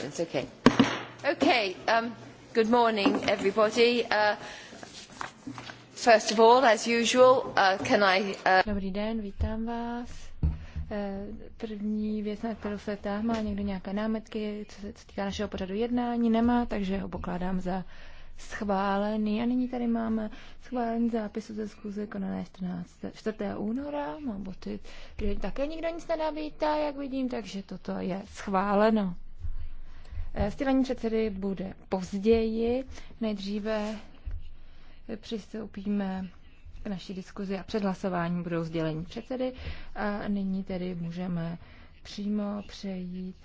questions. Okay. Okay. Um, good morning, everybody. Uh, first of all, as usual, uh, can I... Uh... Dobrý den, vítám vás. Eh, první věc, na kterou se ptá, má někdo nějaké námetky, co se týká našeho pořadu jednání, nemá, takže ho pokládám za schválený. A nyní tady máme schválený zápis ze schůze konané 14. 4. února. Mám boty, také nikdo nic nenavítá, jak vidím, takže toto je schváleno. Sdělení předsedy bude později. Nejdříve přistoupíme k naší diskuzi a před hlasováním budou sdělení předsedy. A nyní tedy můžeme přímo přejít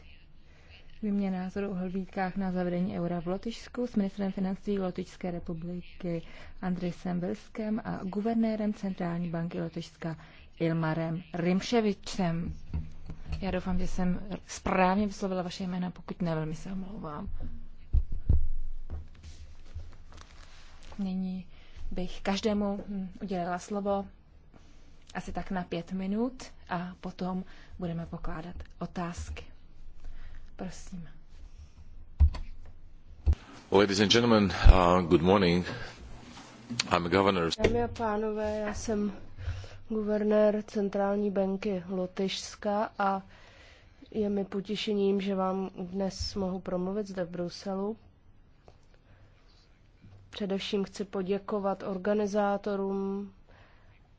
výměně názoru o hlbíkách na zavedení eura v Lotyšsku s ministrem financí Lotyšské republiky Andrisem Vilskem a guvernérem Centrální banky Lotyšska Ilmarem Rimševičem. Já doufám, že jsem správně vyslovila vaše jména, pokud ne, velmi se omlouvám. Nyní bych každému hm, udělala slovo asi tak na pět minut a potom budeme pokládat otázky. Prosím. Ladies and gentlemen, uh, good morning. I'm a governor. Dámy a pánové, já jsem guvernér Centrální banky Lotyšska a je mi potěšením, že vám dnes mohu promluvit zde v Bruselu. Především chci poděkovat organizátorům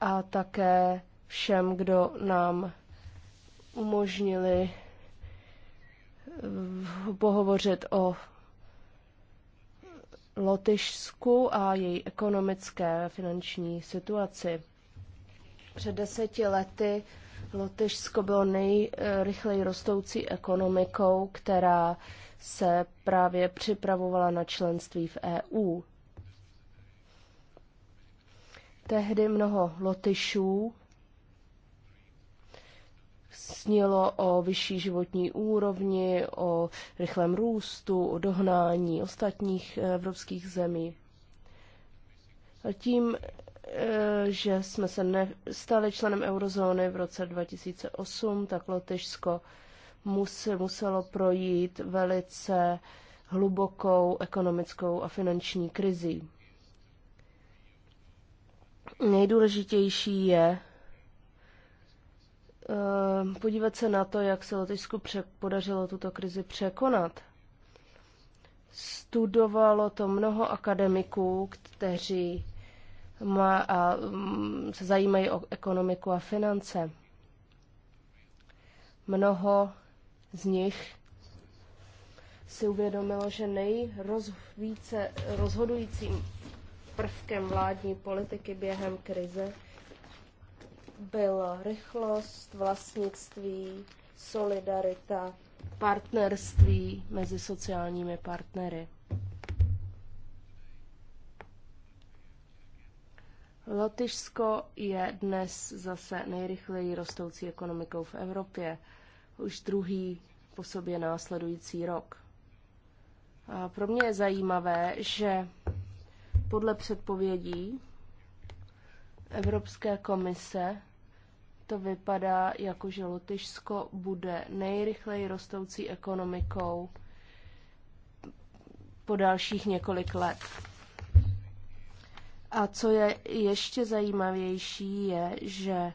a také všem, kdo nám umožnili eh, pohovořit o Lotyšsku a její ekonomické finanční situaci. Před deseti lety Lotyšsko bylo nejrychleji rostoucí ekonomikou, která se právě připravovala na členství v EU. Tehdy mnoho Lotyšů snilo o vyšší životní úrovni, o rychlém růstu, o dohnání ostatních evropských zemí. A tím Eh, že jsme se nestali členem eurozóny v roce 2008, tak Lotyšsko muselo projít velice hlubokou ekonomickou a finanční krizí. Nejdůležitější je eh, podívat se na to, jak se Lotyšsku podařilo tuto krizi překonat. Studovalo to mnoho akademiků, kteří má a mm, se zajímají o ekonomiku a finance. Mnoho z nich si uvědomilo, že nejvíce rozhodujícím prvkem vládní politiky během krize byla rychlost, vlastnictví, solidarita, partnerství mezi sociálními partnery. Lotyšsko je dnes zase nejrychleji rostoucí ekonomikou v Evropě, už druhý po sobě následující rok. A pro mě je zajímavé, že podle předpovědí Evropské komise to vypadá jako, že Lotyšsko bude nejrychleji rostoucí ekonomikou po dalších několik let. A co je ještě zajímavější, je, že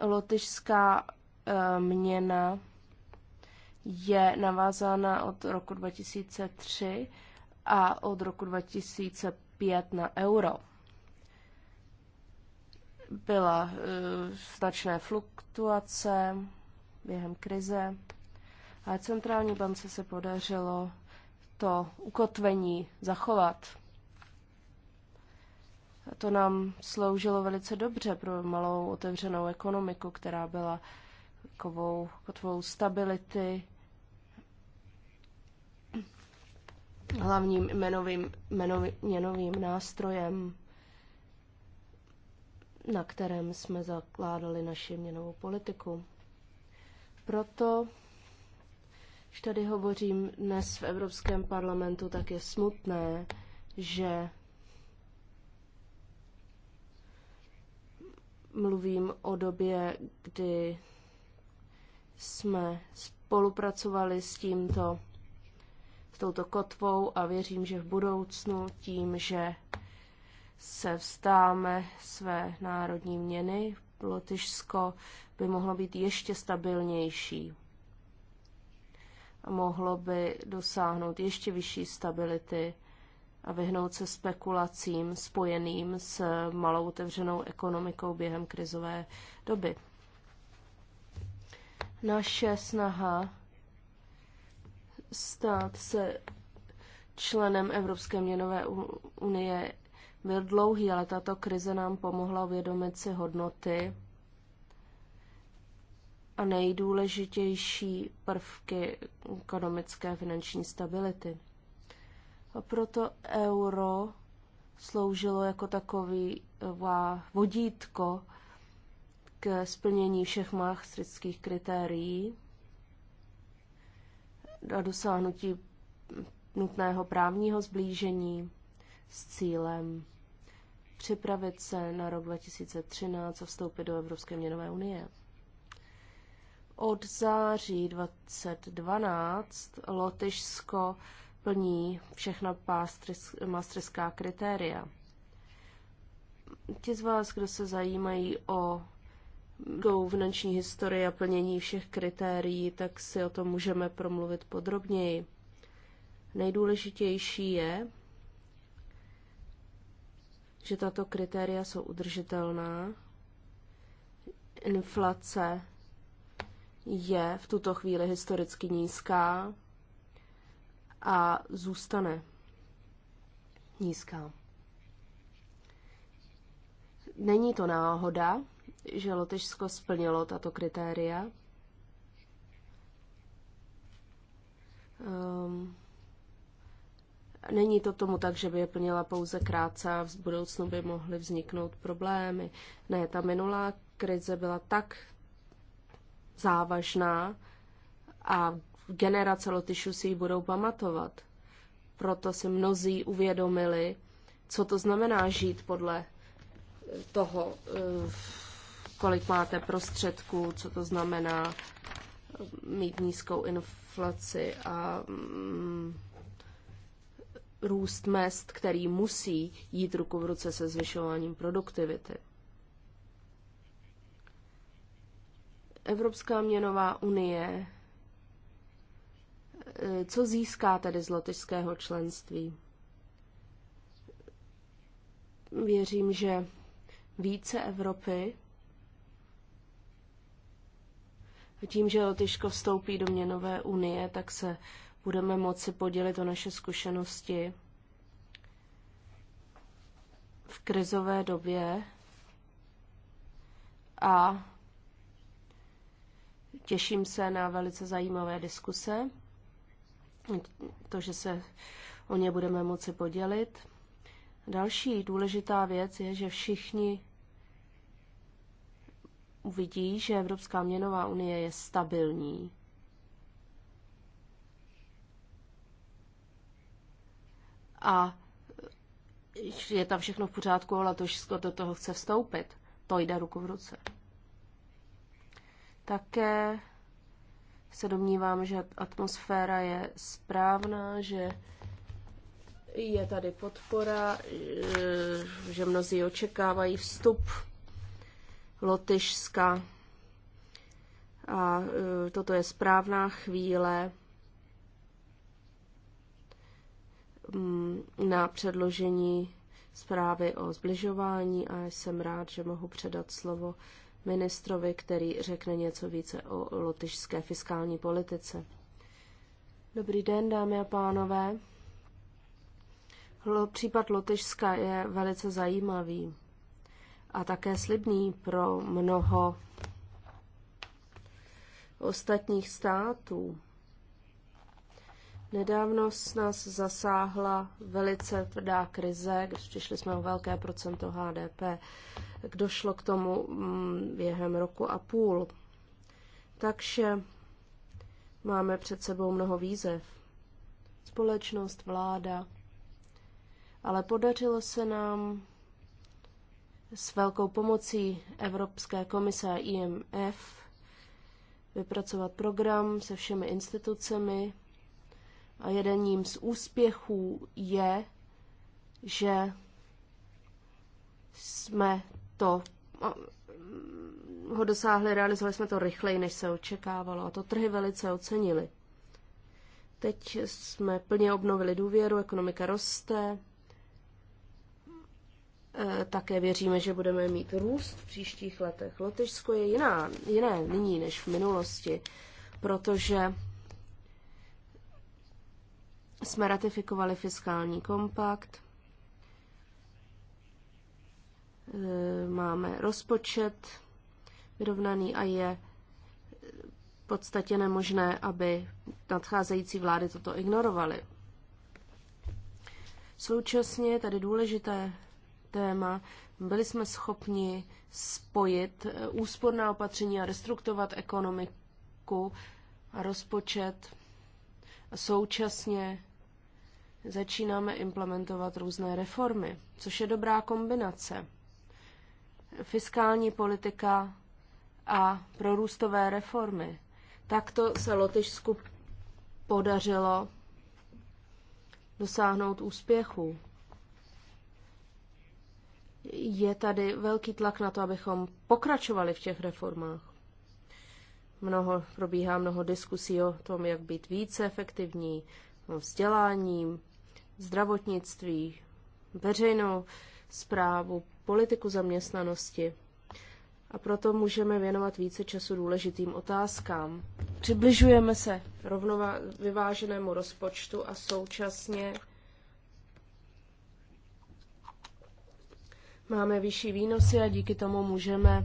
lotyšská eh, měna je navázána od roku 2003 a od roku 2005 na euro. Byla uh, značné fluktuace během krize, ale centrální bance se podařilo to ukotvení zachovat to nám sloužilo velice dobře pro malou otevřenou ekonomiku, která byla kovou kotvou stability, hlavním jmenovým, jmenovým, jmenovým nástrojem, na kterém jsme zakládali naši měnovou politiku. Proto, když tady hovořím dnes v Evropském parlamentu, tak je smutné, že mluvím o době, kdy jsme spolupracovali s tímto, s touto kotvou a věřím, že v budoucnu tím, že se vzdáme své národní měny, Lotyšsko by mohlo být ještě stabilnější a mohlo by dosáhnout ještě vyšší stability a vyhnout se spekulacím spojeným s malou otevřenou ekonomikou během krizové doby. Naše snaha stát se členem Evropské měnové unie byl dlouhý, ale tato krize nám pomohla uvědomit si hodnoty a nejdůležitější prvky ekonomické finanční stability. A proto euro sloužilo jako takový eh, vodítko k splnění všech maastrichtských kritérií a dosáhnutí nutného právního zblížení s cílem připravit se na rok 2013 a vstoupit do Evropské měnové unie. Od září 2012 Lotyšsko plní všechna mastrická kritéria. Ti z vás, kdo se zajímají o finanční historii a plnění všech kritérií, tak si o tom můžeme promluvit podrobněji. Nejdůležitější je, že tato kritéria jsou udržitelná. Inflace je v tuto chvíli historicky nízká, a zůstane nízká. Není to náhoda, že Lotyšsko splnilo tato kritéria. Um, není to tomu tak, že by je plnila pouze krátce a v budoucnu by mohly vzniknout problémy. Ne, ta minulá krize byla tak závažná a generace Lotyšů si ji budou pamatovat. Proto si mnozí uvědomili, co to znamená žít podle eh, toho, eh, kolik máte prostředků, co to znamená eh, mít nízkou inflaci a mm, růst mest, který musí jít ruku v ruce se zvyšováním produktivity. Evropská měnová unie Eh, co získá tedy z lotyšského členství? Věřím, že více Evropy tím, že Lotyško vstoupí do měnové unie, tak se budeme moci podělit o naše zkušenosti v krizové době a těším se na velice zajímavé diskuse to, že se o ně budeme moci podělit. Další důležitá věc je, že všichni uvidí, že Evropská měnová unie je stabilní. A je tam všechno v pořádku, ale všechno do toho chce vstoupit. To jde ruku v ruce. Také se domnívám, že atmosféra je správná, že je tady podpora, eh, že mnozí očekávají vstup Lotyšska. A eh, toto je správná chvíle mm, na předložení zprávy o zbližování a jsem rád, že mohu předat slovo ministrovi, který řekne něco více o lotyšské fiskální politice. Dobrý den, dámy a pánové. Případ Lotyšska je velice zajímavý a také slibný pro mnoho ostatních států. Nedávno s nás zasáhla velice tvrdá krize, když přišli jsme o velké procento HDP. Došlo k tomu mm, během roku a půl. Takže máme před sebou mnoho výzev. Společnost, vláda. Ale podařilo se nám s velkou pomocí Evropské komise a IMF vypracovat program se všemi institucemi, a jedním z úspěchů je, že jsme to mm, ho dosáhli, realizovali jsme to rychleji, než se očekávalo a to trhy velice ocenili. Teď jsme plně obnovili důvěru, ekonomika roste, e, také věříme, že budeme mít růst v příštích letech. Lotyšsko je jiná, jiné nyní než v minulosti, protože jsme ratifikovali fiskální kompakt, e, máme rozpočet vyrovnaný a je v podstatě nemožné, aby nadcházející vlády toto ignorovaly. Současně je tady důležité téma. Byli jsme schopni spojit e, úsporná opatření a restruktovat ekonomiku a rozpočet a současně začínáme implementovat různé reformy, což je dobrá kombinace. Fiskální politika a prorůstové reformy. Takto se Lotyšsku podařilo dosáhnout úspěchu. Je tady velký tlak na to, abychom pokračovali v těch reformách. Mnoho, probíhá mnoho diskusí o tom, jak být více efektivní, vzděláním, zdravotnictví, veřejnou zprávu, politiku zaměstnanosti. A proto můžeme věnovat více času důležitým otázkám. Přibližujeme se rovnova- vyváženému rozpočtu a současně máme vyšší výnosy a díky tomu můžeme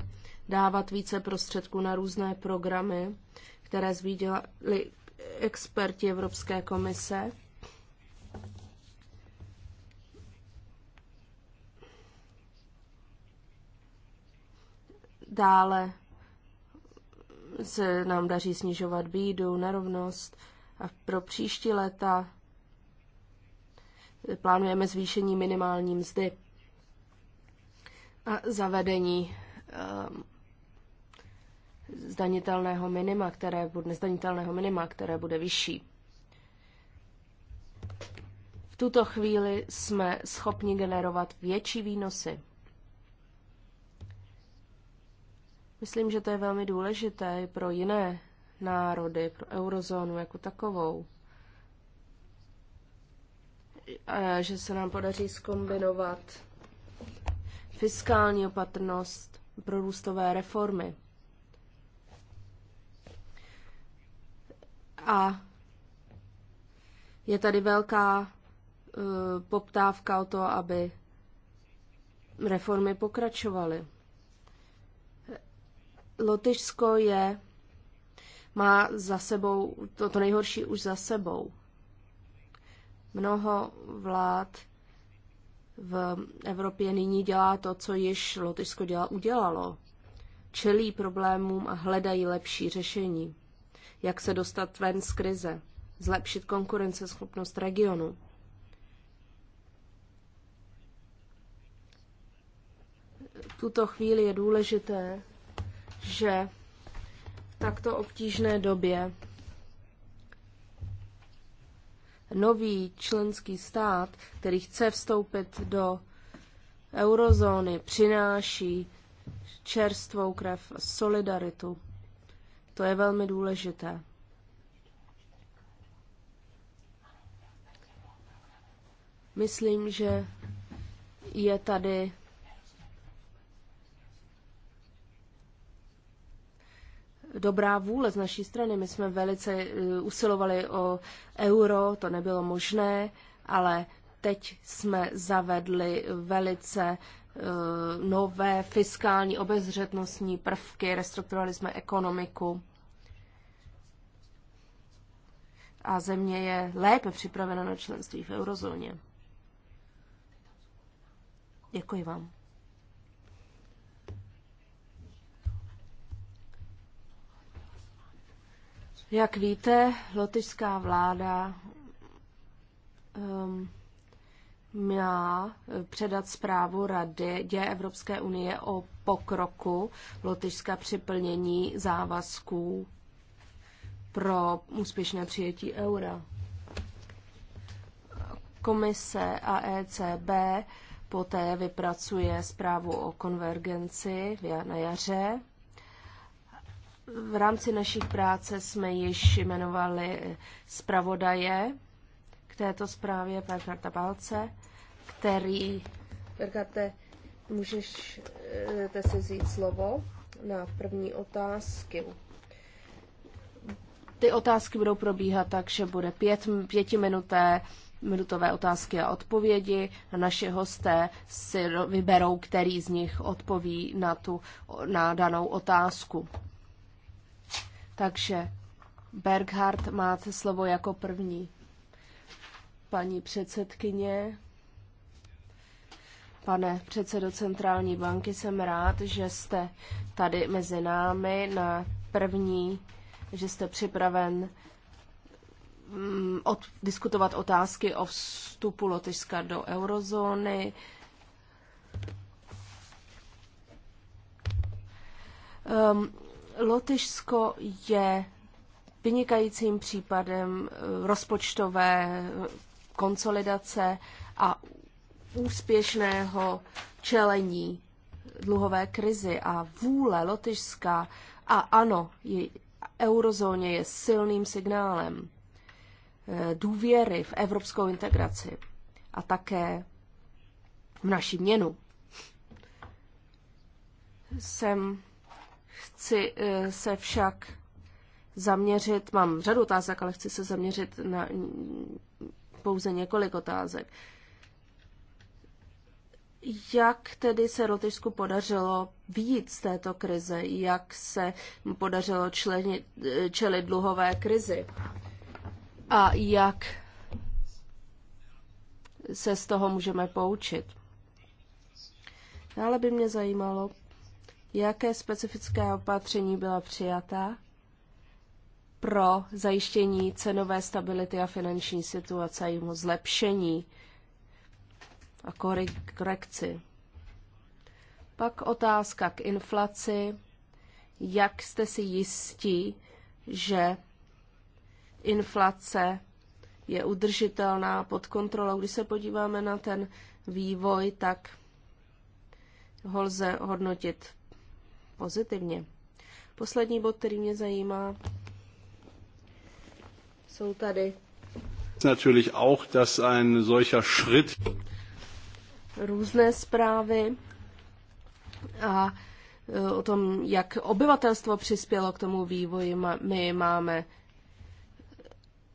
dávat více prostředků na různé programy, které zvídili experti Evropské komise Dále se nám daří snižovat bídu, nerovnost a pro příští léta plánujeme zvýšení minimální mzdy a zavedení um, zdanitelného minima, které bude, nezdanitelného minima, které bude vyšší. V tuto chvíli jsme schopni generovat větší výnosy Myslím, že to je velmi důležité i pro jiné národy, pro eurozónu jako takovou. A že se nám podaří skombinovat fiskální opatrnost pro růstové reformy. A je tady velká uh, poptávka o to, aby reformy pokračovaly. Lotyšsko je, má za sebou, to, to nejhorší už za sebou. Mnoho vlád v Evropě nyní dělá to, co již Lotyšsko děla, udělalo. Čelí problémům a hledají lepší řešení. Jak se dostat ven z krize, zlepšit konkurenceschopnost regionu. tuto chvíli je důležité že v takto obtížné době nový členský stát, který chce vstoupit do eurozóny, přináší čerstvou krev, solidaritu. To je velmi důležité. Myslím, že je tady dobrá vůle z naší strany. My jsme velice eh, usilovali o euro, to nebylo možné, ale teď jsme zavedli velice eh, nové fiskální obezřetnostní prvky, restrukturali jsme ekonomiku a země je lépe připravena na členství v eurozóně. Děkuji vám. Jak víte, lotyšská vláda um, měla eh, předat zprávu Rady Dě Evropské unie o pokroku Lotyšska při plnění závazků pro úspěšné přijetí eura. Komise a ECB poté vypracuje zprávu o konvergenci na jaře v rámci našich práce jsme již jmenovali zpravodaje k této zprávě, Perkarta Balce, který... Perkarte, můžeš eh, te si vzít slovo na první otázky. Ty otázky budou probíhat tak, že bude pět, pětiminuté minutové otázky a odpovědi. Naši hosté si vyberou, který z nich odpoví na, tu, na danou otázku. Takže Berghard, máte slovo jako první. Paní předsedkyně, pane předsedo Centrální banky, jsem rád, že jste tady mezi námi na první, že jste připraven mm, od, diskutovat otázky o vstupu Lotyšska do eurozóny. Um, Lotyšsko je vynikajícím případem eh, rozpočtové eh, konsolidace a úspěšného čelení dluhové krizi a vůle Lotyšska a ano, je, eurozóně je silným signálem eh, důvěry v evropskou integraci a také v naši měnu. Jsem Chci eh, se však zaměřit, mám řadu otázek, ale chci se zaměřit na pouze několik otázek. Jak tedy se Lotyšsku podařilo víc z této krize? Jak se podařilo členit, eh, čelit dluhové krizi? A jak se z toho můžeme poučit? Dále by mě zajímalo, jaké specifické opatření byla přijata pro zajištění cenové stability a finanční situace a jeho zlepšení a korekci. Pak otázka k inflaci. Jak jste si jistí, že inflace je udržitelná pod kontrolou? Když se podíváme na ten vývoj, tak ho lze hodnotit pozitivně. Poslední bod, který mě zajímá, jsou tady. Natürlich auch, dass ein solcher Schritt různé zprávy a e, o tom, jak obyvatelstvo přispělo k tomu vývoji. My máme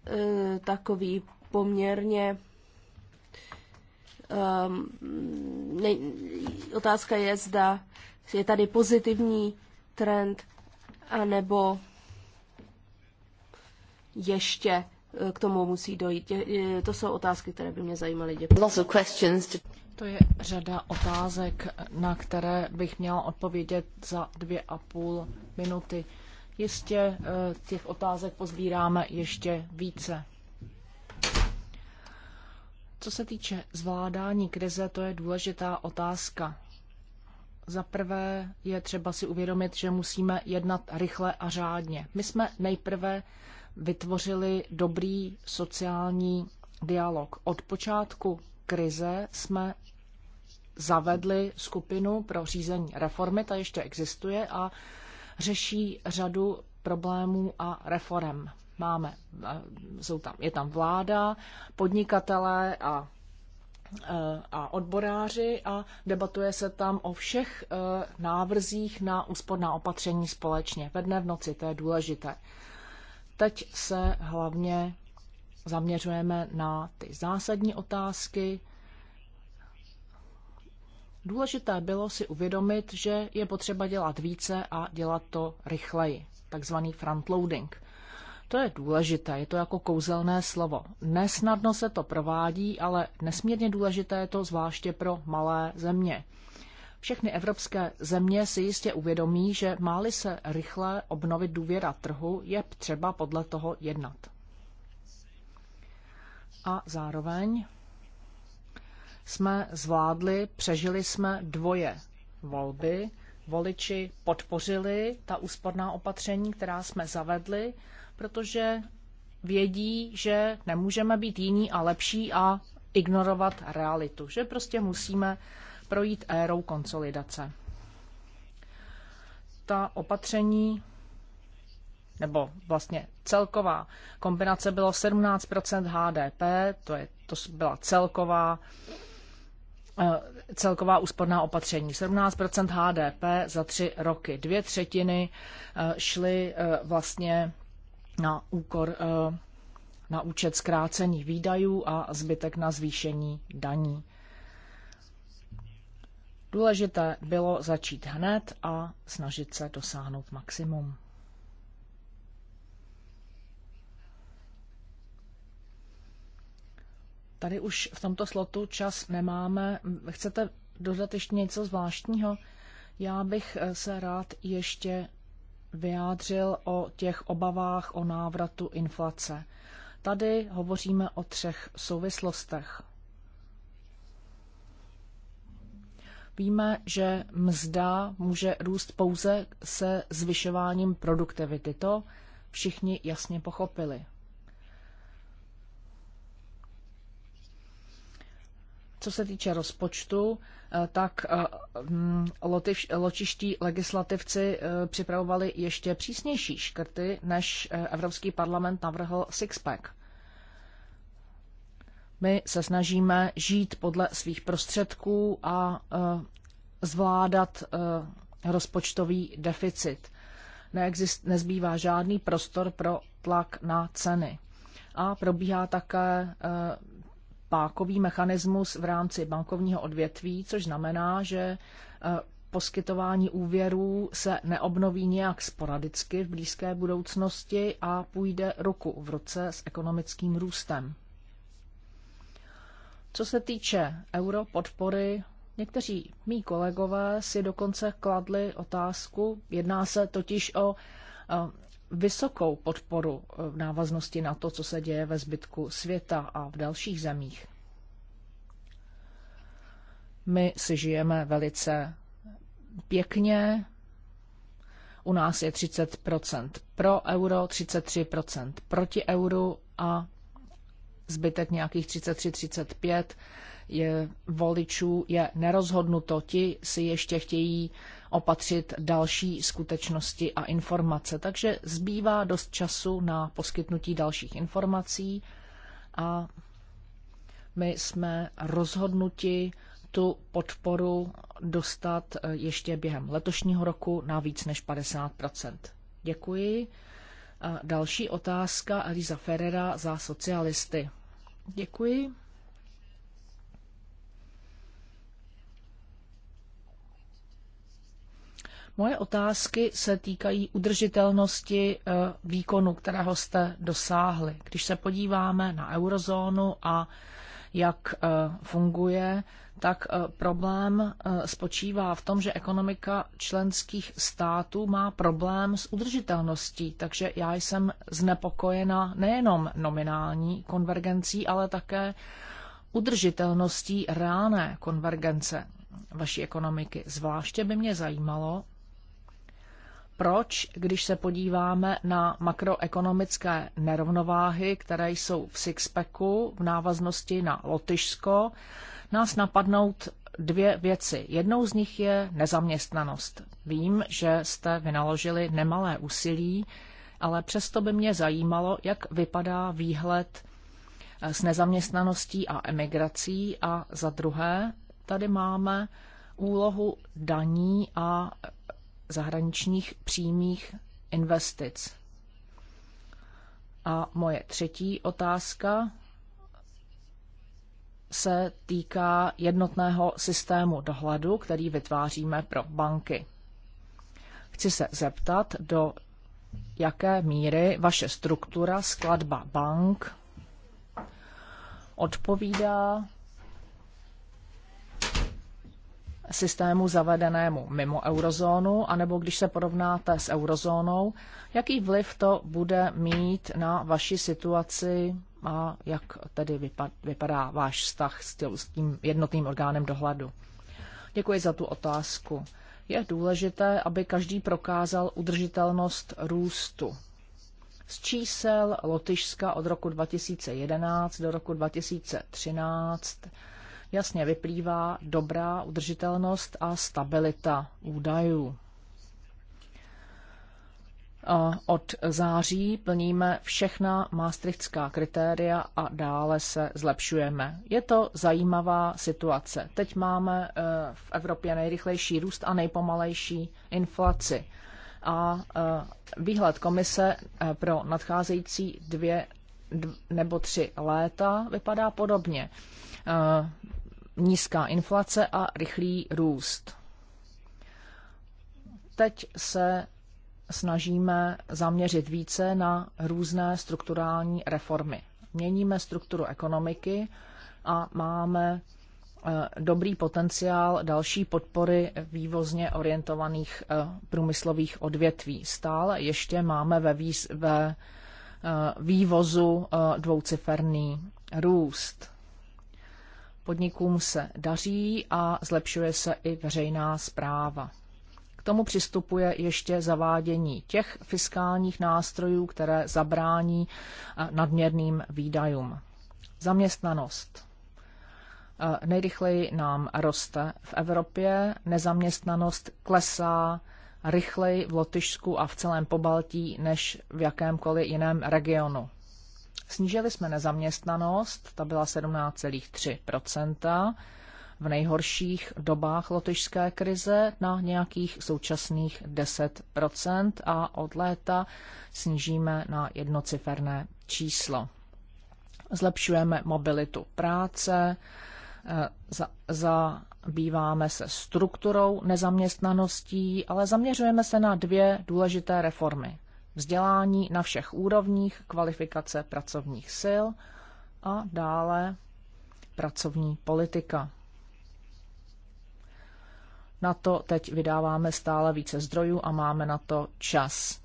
e, takový poměrně e, otázka je, zda je tady pozitivní trend, anebo ještě eh, k tomu musí dojít. To jsou otázky, které by mě zajímaly. Děkuji. To je řada otázek, na které bych měla odpovědět za dvě a půl minuty. Jistě eh, těch otázek pozbíráme ještě více. Co se týče zvládání krize, to je důležitá otázka. Za prvé je třeba si uvědomit, že musíme jednat rychle a řádně. My jsme nejprve vytvořili dobrý sociální dialog. Od počátku krize jsme zavedli skupinu pro řízení reformy, ta ještě existuje a řeší řadu problémů a reform. Máme, eh, jsou tam, je tam vláda, podnikatelé a Eh, a odboráři a debatuje se tam o všech eh, návrzích na úsporná opatření společně. Ve dne v noci, to je důležité. Teď se hlavně zaměřujeme na ty zásadní otázky. Důležité bylo si uvědomit, že je potřeba dělat více a dělat to rychleji, takzvaný frontloading. To je důležité, je to jako kouzelné slovo. Nesnadno se to provádí, ale nesmírně důležité je to zvláště pro malé země. Všechny evropské země si jistě uvědomí, že máli se rychle obnovit důvěra trhu, je třeba podle toho jednat. A zároveň jsme zvládli, přežili jsme dvoje volby. Voliči podpořili ta úsporná opatření, která jsme zavedli, protože vědí, že nemůžeme být jiní a lepší a ignorovat realitu, že prostě musíme projít érou konsolidace. Ta opatření nebo vlastně celková kombinace bylo 17 HDP, to, je, to byla celková eh, celková úsporná opatření. 17 HDP za tři roky. Dvě třetiny eh, šly eh, vlastně na úkor eh, na účet zkrácení výdajů a zbytek na zvýšení daní. Důležité bylo začít hned a snažit se dosáhnout maximum. Tady už v tomto slotu čas nemáme. Chcete dodat ještě něco zvláštního? Já bych eh, se rád ještě vyjádřil o těch obavách o návratu inflace. Tady hovoříme o třech souvislostech. Víme, že mzda může růst pouze se zvyšováním produktivity. To všichni jasně pochopili. co se týče rozpočtu, eh, tak eh, mm, ločiští legislativci eh, připravovali ještě přísnější škrty, než Evropský parlament navrhl Sixpack. My se snažíme žít podle svých prostředků a zvládat rozpočtový deficit. Neexist, nezbývá žádný prostor pro tlak na ceny. A probíhá také pákový mechanismus v rámci bankovního odvětví, což znamená, že eh, poskytování úvěrů se neobnoví nějak sporadicky v blízké budoucnosti a půjde ruku v ruce s ekonomickým růstem. Co se týče euro podpory, někteří mý kolegové si dokonce kladli otázku, jedná se totiž o eh, vysokou podporu eh, v návaznosti na to, co se děje ve zbytku světa a v dalších zemích. My si žijeme velice pěkně. U nás je 30 pro euro, 33 proti euru a zbytek nějakých 33-35 je, voličů je nerozhodnuto. Ti si ještě chtějí opatřit další skutečnosti a informace. Takže zbývá dost času na poskytnutí dalších informací a my jsme rozhodnuti tu podporu dostat eh, ještě během letošního roku na víc než 50 Děkuji. A další otázka Eliza Ferrera za socialisty. Děkuji. Moje otázky se týkají udržitelnosti e, výkonu, kterého jste dosáhli. Když se podíváme na eurozónu a jak e, funguje, tak e, problém spočívá v tom, že ekonomika členských států má problém s udržitelností, takže já jsem znepokojena nejenom nominální konvergencí, ale také udržitelností reálné konvergence vaší ekonomiky. Zvláště by mě zajímalo, proč, když se podíváme na makroekonomické nerovnováhy, které jsou v Sixpacku v návaznosti na Lotyšsko, nás napadnout dvě věci. Jednou z nich je nezaměstnanost. Vím, že jste vynaložili nemalé úsilí, ale přesto by mě zajímalo, jak vypadá výhled eh, s nezaměstnaností a emigrací. A za druhé, tady máme úlohu daní a zahraničních přímých investic. A moje třetí otázka se týká jednotného systému dohledu, který vytváříme pro banky. Chci se zeptat, do jaké míry vaše struktura, skladba bank odpovídá systému zavedenému mimo eurozónu, anebo když se porovnáte s eurozónou, jaký vliv to bude mít na vaši situaci a jak tedy vypadá váš vztah s, tím, s tím jednotným orgánem dohledu. Děkuji za tu otázku. Je důležité, aby každý prokázal udržitelnost růstu. Z čísel Lotyšska od roku 2011 do roku 2013 jasně vyplývá dobrá udržitelnost a stabilita údajů. Od září plníme všechna maastrichtská kritéria a dále se zlepšujeme. Je to zajímavá situace. Teď máme eh, v Evropě nejrychlejší růst a nejpomalejší inflaci. A eh, výhled komise eh, pro nadcházející dvě nebo tři léta vypadá podobně nízká inflace a rychlý růst. Teď se snažíme zaměřit více na různé strukturální reformy. Měníme strukturu ekonomiky a máme eh, dobrý potenciál další podpory vývozně orientovaných eh, průmyslových odvětví. Stále ještě máme ve, výz, ve eh, vývozu dvouciferný růst. Podnikům se daří a zlepšuje se i veřejná zpráva. K tomu přistupuje ještě zavádění těch fiskálních nástrojů, které zabrání eh, nadměrným výdajům. Zaměstnanost. Eh, nejrychleji nám roste v Evropě, nezaměstnanost klesá rychleji v Lotyšsku a v celém Pobaltí než v jakémkoliv jiném regionu. Snížili jsme nezaměstnanost, ta byla 17,3 v nejhorších dobách lotyšské krize na nějakých současných 10 a od léta snížíme na jednociferné číslo. Zlepšujeme mobilitu práce, eh, zabýváme se strukturou nezaměstnaností, ale zaměřujeme se na dvě důležité reformy vzdělání na všech úrovních, kvalifikace pracovních sil a dále pracovní politika. Na to teď vydáváme stále více zdrojů a máme na to čas.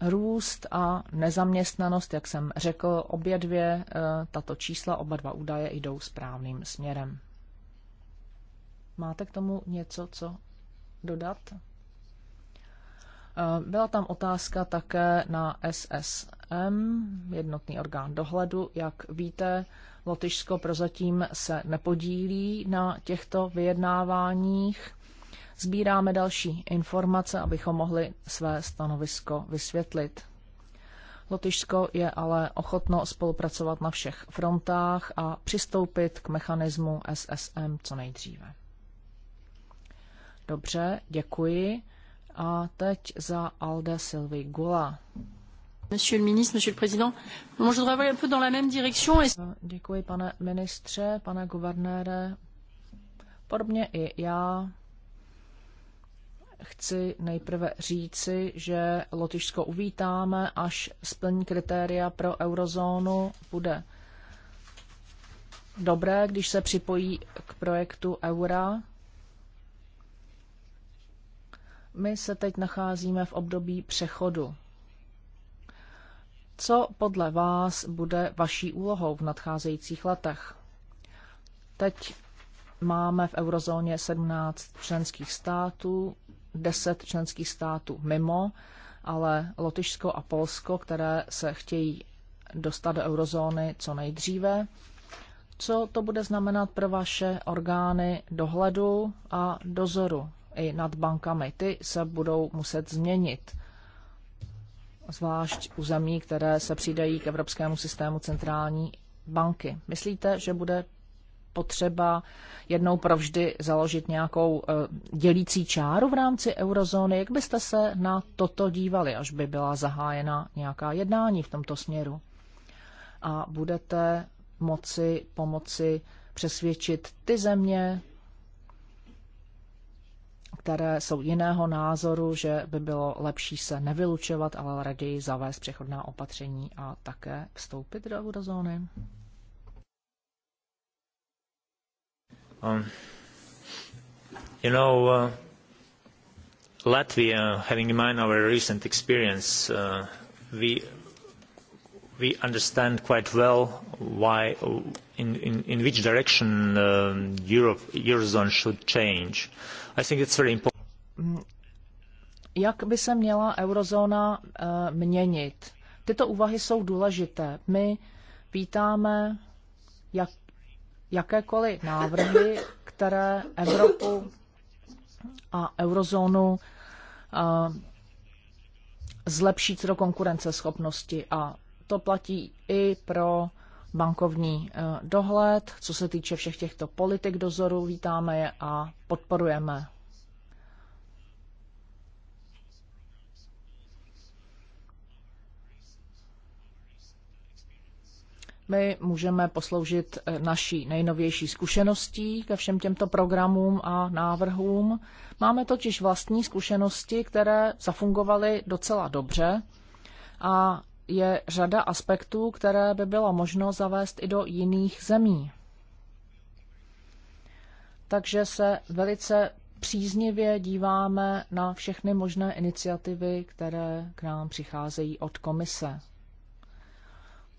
Růst a nezaměstnanost, jak jsem řekl, obě dvě e, tato čísla, oba dva údaje jdou správným směrem. Máte k tomu něco, co dodat? Eh, byla tam otázka také na SSM, jednotný orgán dohledu. Jak víte, Lotyšsko prozatím se nepodílí na těchto vyjednáváních. Sbíráme další informace, abychom mohli své stanovisko vysvětlit. Lotyšsko je ale ochotno spolupracovat na všech frontách a přistoupit k mechanismu SSM co nejdříve. Dobře, děkuji. A teď za Alda Silvi Gula. Monsieur le ministre, monsieur le président, moi je voudrais aller un peu dans la même direction. Et... Děkuji, pane ministře, pane guvernére. Podobně i já chci nejprve říci, že Lotyšsko uvítáme, až splní kritéria pro eurozónu. Bude dobré, když se připojí k projektu eura my se teď nacházíme v období přechodu. Co podle vás bude vaší úlohou v nadcházejících letech? Teď máme v eurozóně 17 členských států, 10 členských států mimo, ale Lotyšsko a Polsko, které se chtějí dostat do eurozóny co nejdříve. Co to bude znamenat pro vaše orgány dohledu a dozoru i nad bankami. Ty se budou muset změnit, zvlášť u zemí, které se přidají k evropskému systému centrální banky. Myslíte, že bude potřeba jednou provždy založit nějakou eh, dělící čáru v rámci eurozóny? Jak byste se na toto dívali, až by byla zahájena nějaká jednání v tomto směru? A budete moci pomoci přesvědčit ty země, které jsou jiného názoru, že by bylo lepší se nevylučovat, ale raději zavést přechodná opatření a také vstoupit do eurozóny? Um, you know, uh, Latvia, having in mind our recent experience, uh, we we understand quite well why, in, in, in which direction um, Europe, Eurozone should change. I think it's very important. Mm, jak by se měla eurozóna uh, měnit? Tyto úvahy jsou důležité. My vítáme jak, jakékoliv návrhy, které Evropu a eurozónu uh, zlepší co do konkurenceschopnosti a to platí i pro bankovní eh, dohled. Co se týče všech těchto politik dozoru, vítáme je a podporujeme. My můžeme posloužit eh, naší nejnovější zkušeností ke všem těmto programům a návrhům. Máme totiž vlastní zkušenosti, které zafungovaly docela dobře a je řada aspektů, které by bylo možno zavést i do jiných zemí. Takže se velice příznivě díváme na všechny možné iniciativy, které k nám přicházejí od komise.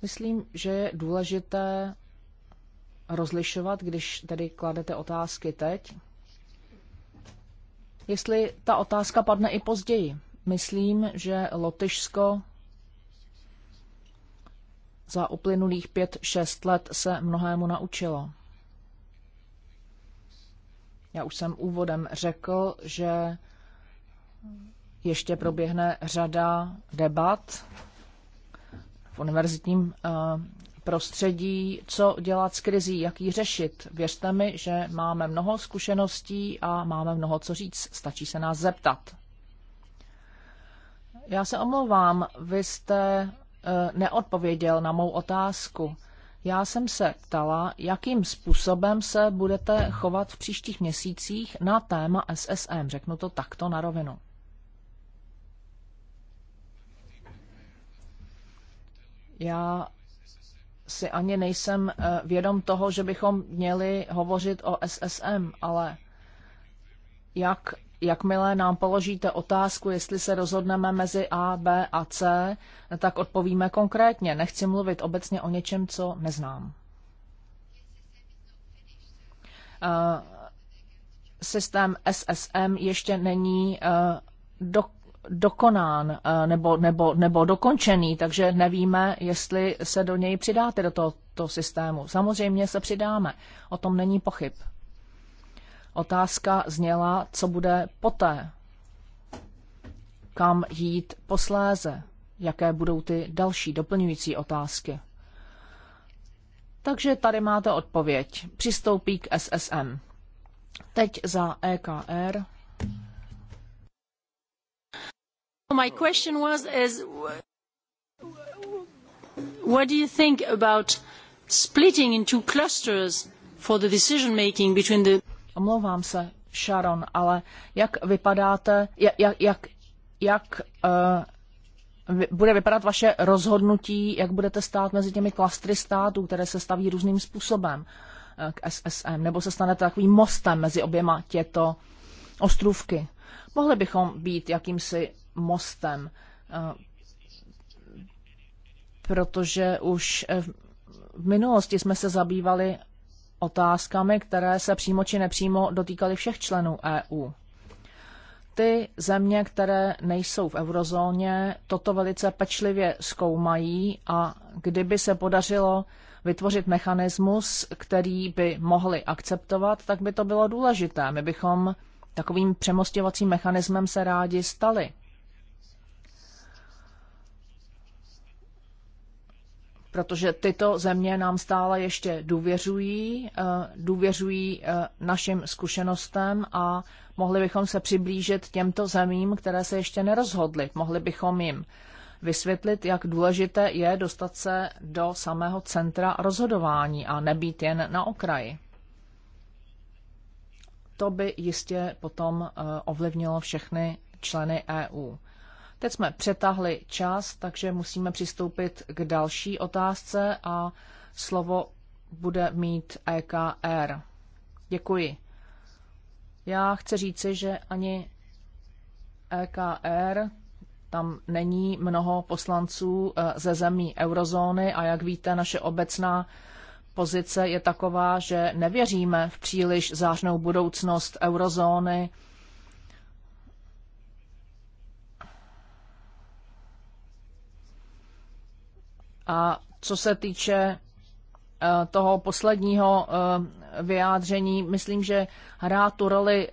Myslím, že je důležité rozlišovat, když tedy kladete otázky teď, jestli ta otázka padne i později. Myslím, že Lotyšsko za uplynulých pět šest let se mnohému naučilo. Já už jsem úvodem řekl, že ještě proběhne řada debat v univerzitním eh, prostředí, co dělat s krizí, jak ji řešit. Věřte mi, že máme mnoho zkušeností a máme mnoho co říct. Stačí se nás zeptat. Já se omlouvám, vy jste Eh, neodpověděl na mou otázku. Já jsem se ptala, jakým způsobem se budete chovat v příštích měsících na téma SSM. Řeknu to takto na rovinu. Já si ani nejsem eh, vědom toho, že bychom měli hovořit o SSM, ale jak jakmile nám položíte otázku, jestli se rozhodneme mezi A, B a C, tak odpovíme konkrétně. Nechci mluvit obecně o něčem, co neznám. Eh, systém SSM ještě není eh, do, dokonán eh, nebo, nebo, nebo dokončený, takže nevíme, jestli se do něj přidáte, do tohoto systému. Samozřejmě se přidáme, o tom není pochyb. Otázka zněla, co bude poté, kam jít posléze, jaké budou ty další doplňující otázky. Takže tady máte odpověď. Přistoupí k SSM. Teď za EKR. My question was is what do you think about splitting into clusters for the decision making between the Omlouvám se, Sharon, ale jak vypadáte, jak, jak, jak, uh, bude vypadat vaše rozhodnutí, jak budete stát mezi těmi klastry států, které se staví různým způsobem eh, k SSM, nebo se stanete takovým mostem mezi oběma těto ostrůvky. Mohli bychom být jakýmsi mostem, eh, protože už v minulosti jsme se zabývali otázkami, které se přímo či nepřímo dotýkaly všech členů EU. Ty země, které nejsou v eurozóně, toto velice pečlivě zkoumají a kdyby se podařilo vytvořit mechanismus, který by mohli akceptovat, tak by to bylo důležité. My bychom takovým přemostěvacím mechanismem se rádi stali. protože tyto země nám stále ještě důvěřují, eh, důvěřují eh, našim zkušenostem a mohli bychom se přiblížit těmto zemím, které se ještě nerozhodly. Mohli bychom jim vysvětlit, jak důležité je dostat se do samého centra rozhodování a nebýt jen na okraji. To by jistě potom eh, ovlivnilo všechny členy EU. Teď jsme přetahli čas, takže musíme přistoupit k další otázce a slovo bude mít EKR. Děkuji. Já chci říci, že ani EKR tam není mnoho poslanců eh, ze zemí eurozóny a jak víte, naše obecná pozice je taková, že nevěříme v příliš zářnou budoucnost eurozóny A co se týče eh, toho posledního eh, vyjádření, myslím, že hrá tu roli eh,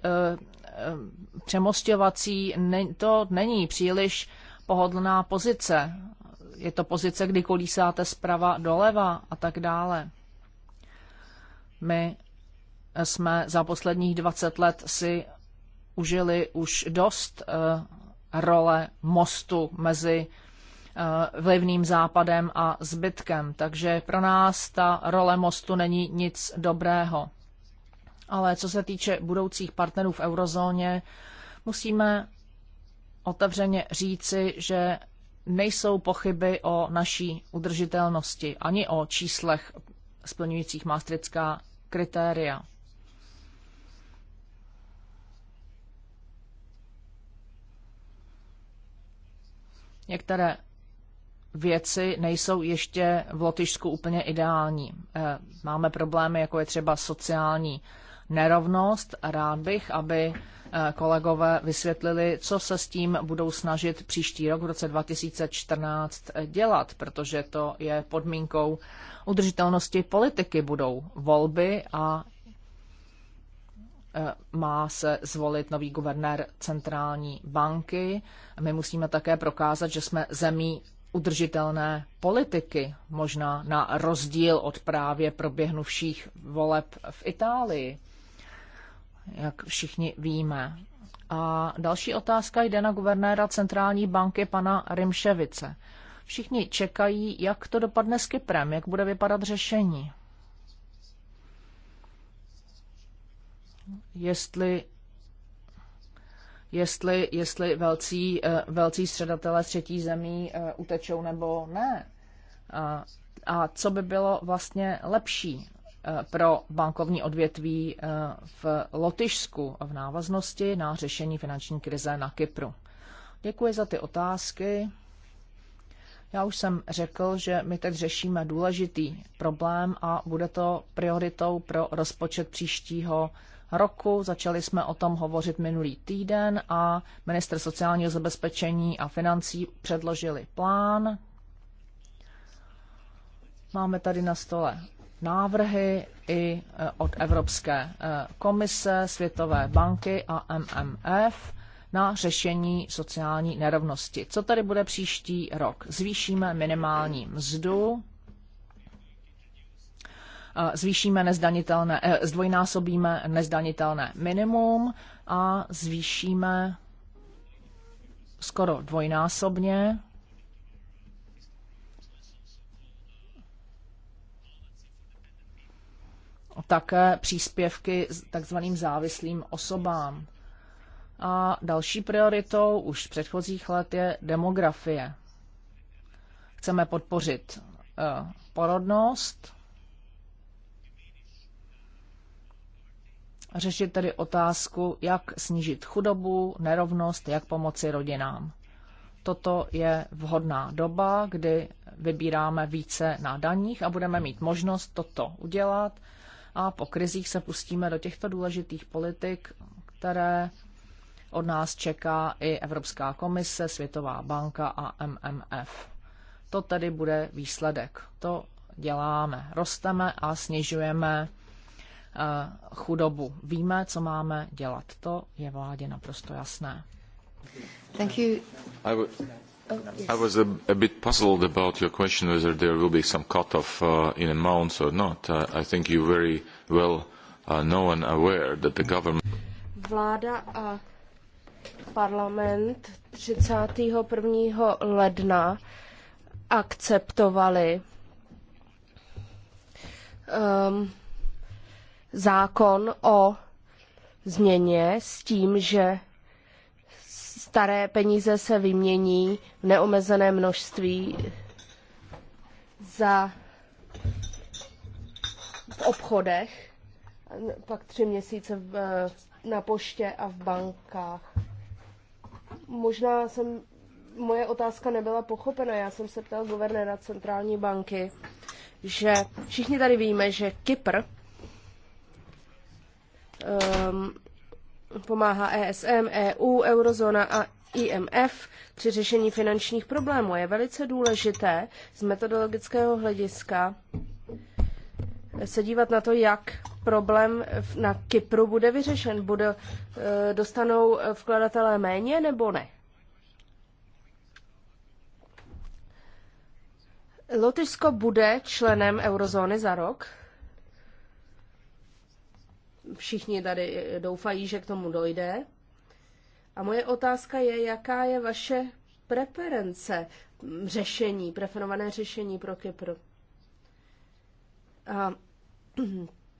přemostěvací, to není příliš pohodlná pozice. Je to pozice, kdy kolísáte zprava doleva a tak dále. My jsme za posledních 20 let si užili už dost role mostu mezi Eh, vlivným západem a zbytkem. Takže pro nás ta role mostu není nic dobrého. Ale co se týče budoucích partnerů v eurozóně, musíme otevřeně říci, že nejsou pochyby o naší udržitelnosti ani o číslech splňujících maastrická kritéria. Některé věci nejsou ještě v Lotyšsku úplně ideální. Eh, máme problémy, jako je třeba sociální nerovnost. Rád bych, aby eh, kolegové vysvětlili, co se s tím budou snažit příští rok v roce 2014 dělat, protože to je podmínkou udržitelnosti politiky. Budou volby a eh, má se zvolit nový guvernér centrální banky. My musíme také prokázat, že jsme zemí udržitelné politiky, možná na rozdíl od právě proběhnuvších voleb v Itálii, jak všichni víme. A další otázka jde na guvernéra centrální banky pana Rimševice. Všichni čekají, jak to dopadne s Kyprem, jak bude vypadat řešení. Jestli jestli, jestli velcí, eh, velcí středatelé třetí zemí eh, utečou nebo ne. Eh, a co by bylo vlastně lepší pro bankovní odvětví v Lotyšsku v návaznosti na řešení finanční krize na Kypru? Děkuji za ty otázky. Já už jsem řekl, že my teď řešíme důležitý problém a bude to prioritou pro rozpočet příštího roku. Začali jsme o tom hovořit minulý týden a minister sociálního zabezpečení a financí předložili plán. Máme tady na stole návrhy i e, od Evropské e, komise, Světové banky a MMF na řešení sociální nerovnosti. Co tady bude příští rok? Zvýšíme minimální mzdu, Eh, zvýšíme nezdanitelné, eh, zdvojnásobíme nezdanitelné minimum a zvýšíme skoro dvojnásobně také příspěvky takzvaným závislým osobám. A další prioritou už z předchozích let je demografie. Chceme podpořit eh, porodnost řešit tedy otázku, jak snížit chudobu, nerovnost, jak pomoci rodinám. Toto je vhodná doba, kdy vybíráme více na daních a budeme mít možnost toto udělat a po krizích se pustíme do těchto důležitých politik, které od nás čeká i Evropská komise, Světová banka a MMF. To tedy bude výsledek. To děláme. Rosteme a snižujeme Eh, chudobu. Víme, co máme dělat. To je vládě naprosto jasné. Thank you. I would... Oh, yes. I was a, a bit puzzled about your question whether there will be some cut-off uh, in amounts or not. Uh, I think you very well uh, know and aware that the government... Vláda a parlament 31. ledna akceptovali um, zákon o změně s tím, že staré peníze se vymění v neomezené množství za v obchodech, pak tři měsíce v, eh, na poště a v bankách. Možná jsem, moje otázka nebyla pochopena, já jsem se ptal guvernéra centrální banky, že všichni tady víme, že Kypr um, pomáhá ESM, EU, eurozóna a IMF při řešení finančních problémů. Je velice důležité z metodologického hlediska se dívat na to, jak problém na Kypru bude vyřešen. Bude, eh, dostanou vkladatelé méně nebo ne? Lotyšsko bude členem eurozóny za rok všichni tady doufají, že k tomu dojde. A moje otázka je, jaká je vaše preference řešení, preferované řešení pro Kypr. A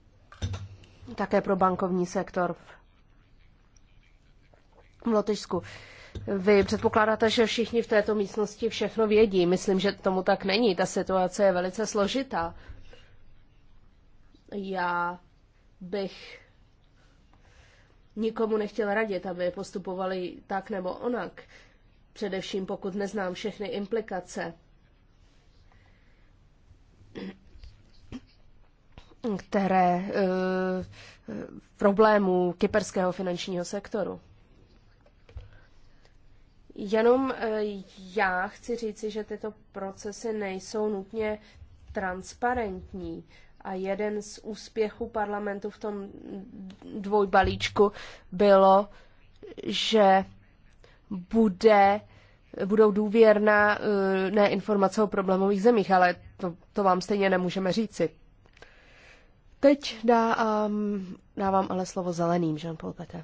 také pro bankovní sektor v Lotyšsku. Vy předpokládáte, že všichni v této místnosti všechno vědí. Myslím, že tomu tak není. Ta situace je velice složitá. Já bych nikomu nechtěl radit, aby postupovali tak nebo onak, především pokud neznám všechny implikace, které e, problémů kyperského finančního sektoru. Jenom eh, já chci říci, že tyto procesy nejsou nutně transparentní. A jeden z úspěchů parlamentu v tom dvojbalíčku bylo, že bude, budou důvěrná eh, ne informace o problémových zemích, ale to, to vám stejně nemůžeme říci. Teď dávám, ehm, dávám ale slovo zeleným, Jean-Paul Pete.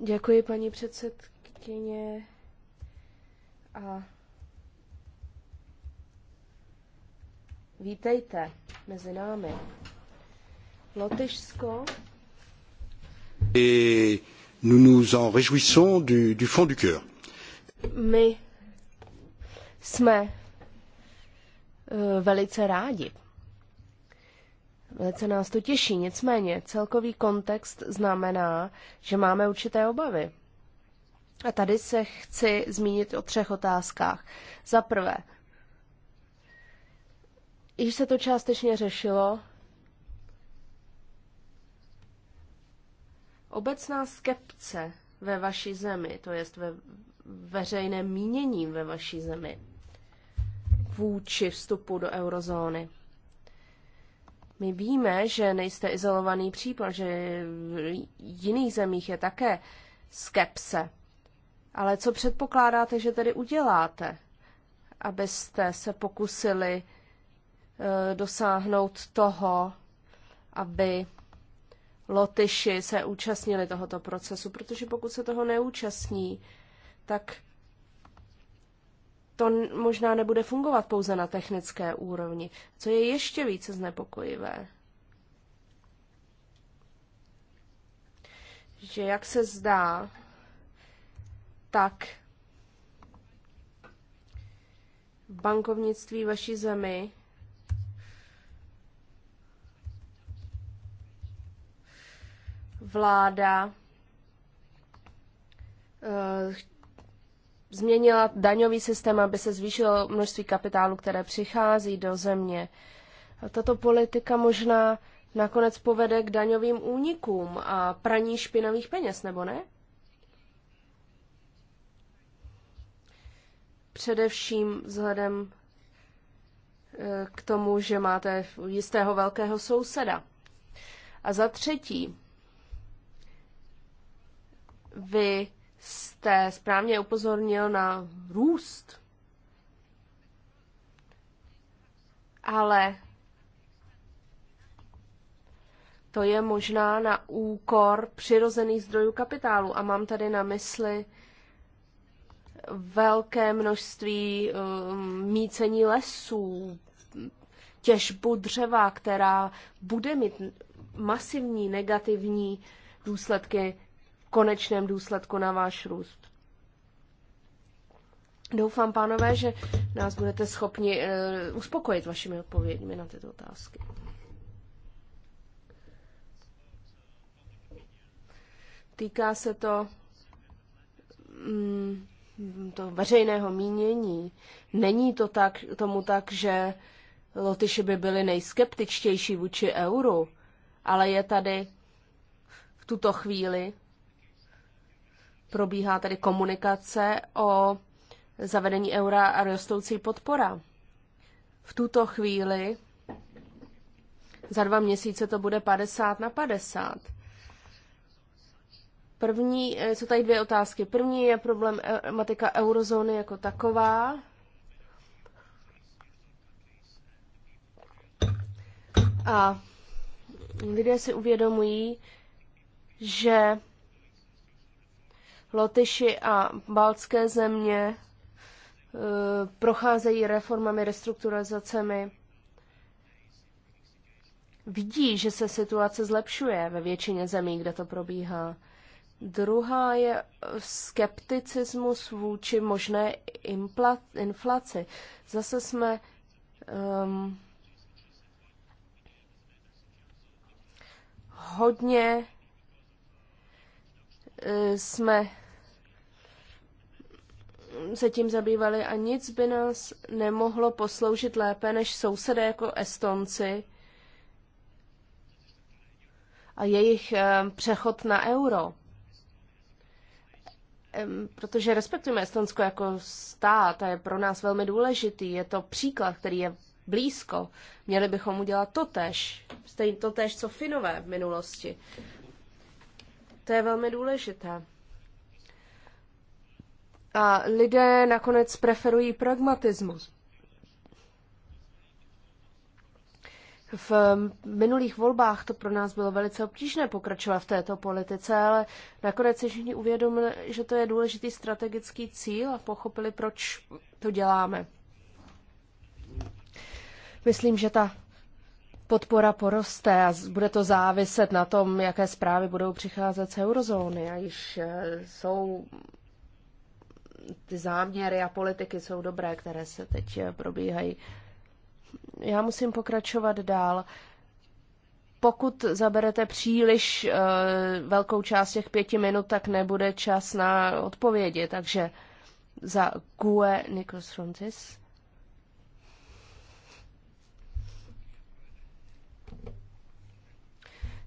Děkuji, paní předsedkyně. A Vítejte mezi námi. Lotyšsko. Et nous nous en réjouissons du, du fond du cœur. My jsme eh, velice rádi. Velice nás to těší, nicméně celkový kontext znamená, že máme určité obavy. A tady se chci zmínit o třech otázkách. Za prvé, Již se to částečně řešilo. Obecná skepce ve vaší zemi, to jest ve veřejném mínění ve vaší zemi, vůči vstupu do eurozóny. My víme, že nejste izolovaný případ, že v jiných zemích je také skepse. Ale co předpokládáte, že tedy uděláte, abyste se pokusili Eh, dosáhnout toho, aby Lotyši se účastnili tohoto procesu, protože pokud se toho neúčastní, tak to možná nebude fungovat pouze na technické úrovni, co je ještě více znepokojivé. Že jak se zdá, tak bankovnictví vaší zemi vláda eh, změnila daňový systém, aby se zvýšilo množství kapitálu, které přichází do země. Tato politika možná nakonec povede k daňovým únikům a praní špinavých peněz, nebo ne? Především vzhledem eh, k tomu, že máte jistého velkého souseda. A za třetí, vy jste správně upozornil na růst, ale to je možná na úkor přirozených zdrojů kapitálu. A mám tady na mysli velké množství um, mícení lesů, těžbu dřeva, která bude mít masivní negativní důsledky konečném důsledku na váš růst. Doufám, pánové, že nás budete schopni uh, uspokojit vašimi odpověďmi na tyto otázky. Týká se to, mm, to veřejného mínění. Není to tak, tomu tak, že Lotyši by byli nejskeptičtější vůči euru, ale je tady v tuto chvíli Probíhá tedy komunikace o zavedení eura a rostoucí podpora. V tuto chvíli za dva měsíce to bude 50 na 50. První, eh, jsou tady dvě otázky. První je problém matika eurozóny jako taková. A lidé si uvědomují, že Lotyši a baltské země e, procházejí reformami, restrukturalizacemi, vidí, že se situace zlepšuje ve většině zemí, kde to probíhá. Druhá je skepticismus vůči možné inflaci. Zase jsme um, hodně Eh, jsme se tím zabývali a nic by nás nemohlo posloužit lépe než sousedé jako Estonci a jejich eh, přechod na euro. Protože respektujeme Estonsko jako stát a je pro nás velmi důležitý. Je to příklad, který je blízko. Měli bychom udělat to tež. Stejně to tež, co Finové v minulosti. To je velmi důležité. A lidé nakonec preferují pragmatismus. V minulých volbách to pro nás bylo velice obtížné pokračovat v této politice, ale nakonec si všichni uvědomili, že to je důležitý strategický cíl a pochopili, proč to děláme. Myslím, že ta podpora poroste a bude to záviset na tom, jaké zprávy budou přicházet z eurozóny. A již eh, jsou ty záměry a politiky jsou dobré, které se teď eh, probíhají. Já musím pokračovat dál. Pokud zaberete příliš eh, velkou část těch pěti minut, tak nebude čas na odpovědi. Takže za QE Nikos Frontis.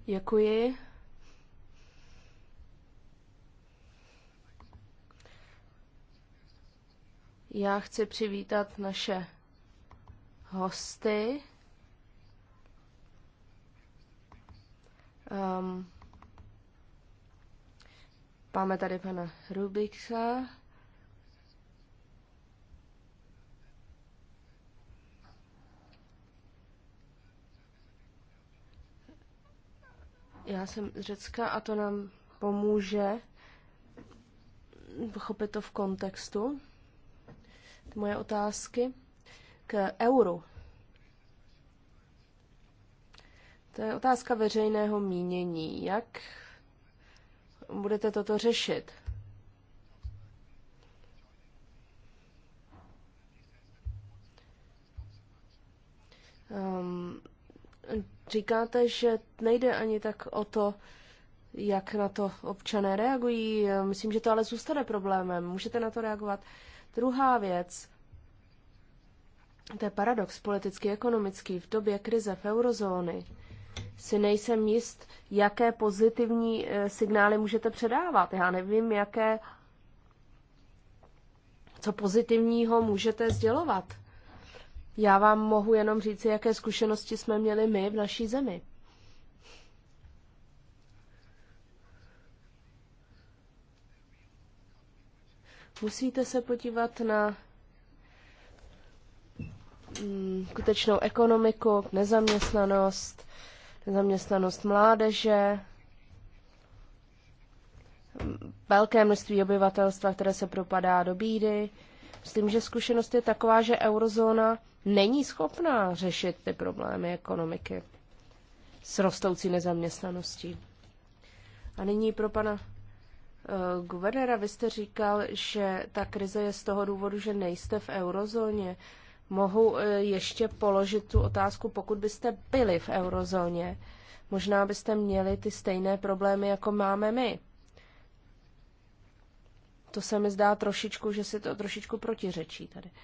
Děkuji. Já chci přivítat naše hosty. Um, máme tady pana Rubiksa. Já jsem z Řecka a to nám pomůže pochopit to v kontextu. Moje otázky k euru. To je otázka veřejného mínění. Jak budete toto řešit? Um, Říkáte, že nejde ani tak o to, jak na to občané reagují. Myslím, že to ale zůstane problémem. Můžete na to reagovat. Druhá věc, to je paradox politicky, ekonomický. V době krize v eurozóny si nejsem jist, jaké pozitivní eh, signály můžete předávat. Já nevím, jaké, co pozitivního můžete sdělovat. Já vám mohu jenom říci, jaké zkušenosti jsme měli my v naší zemi. Musíte se podívat na mm, skutečnou ekonomiku, nezaměstnanost, nezaměstnanost mládeže, velké množství obyvatelstva, které se propadá do bídy. Myslím, že zkušenost je taková, že eurozóna není schopná řešit ty problémy ekonomiky s rostoucí nezaměstnaností. A nyní pro pana uh, eh, guvernéra, vy jste říkal, že ta krize je z toho důvodu, že nejste v eurozóně. Mohu uh, ještě položit tu otázku, pokud byste byli v eurozóně, možná byste měli ty stejné problémy, jako máme my. To se mi zdá trošičku, že si to trošičku protiřečí tady. Uh,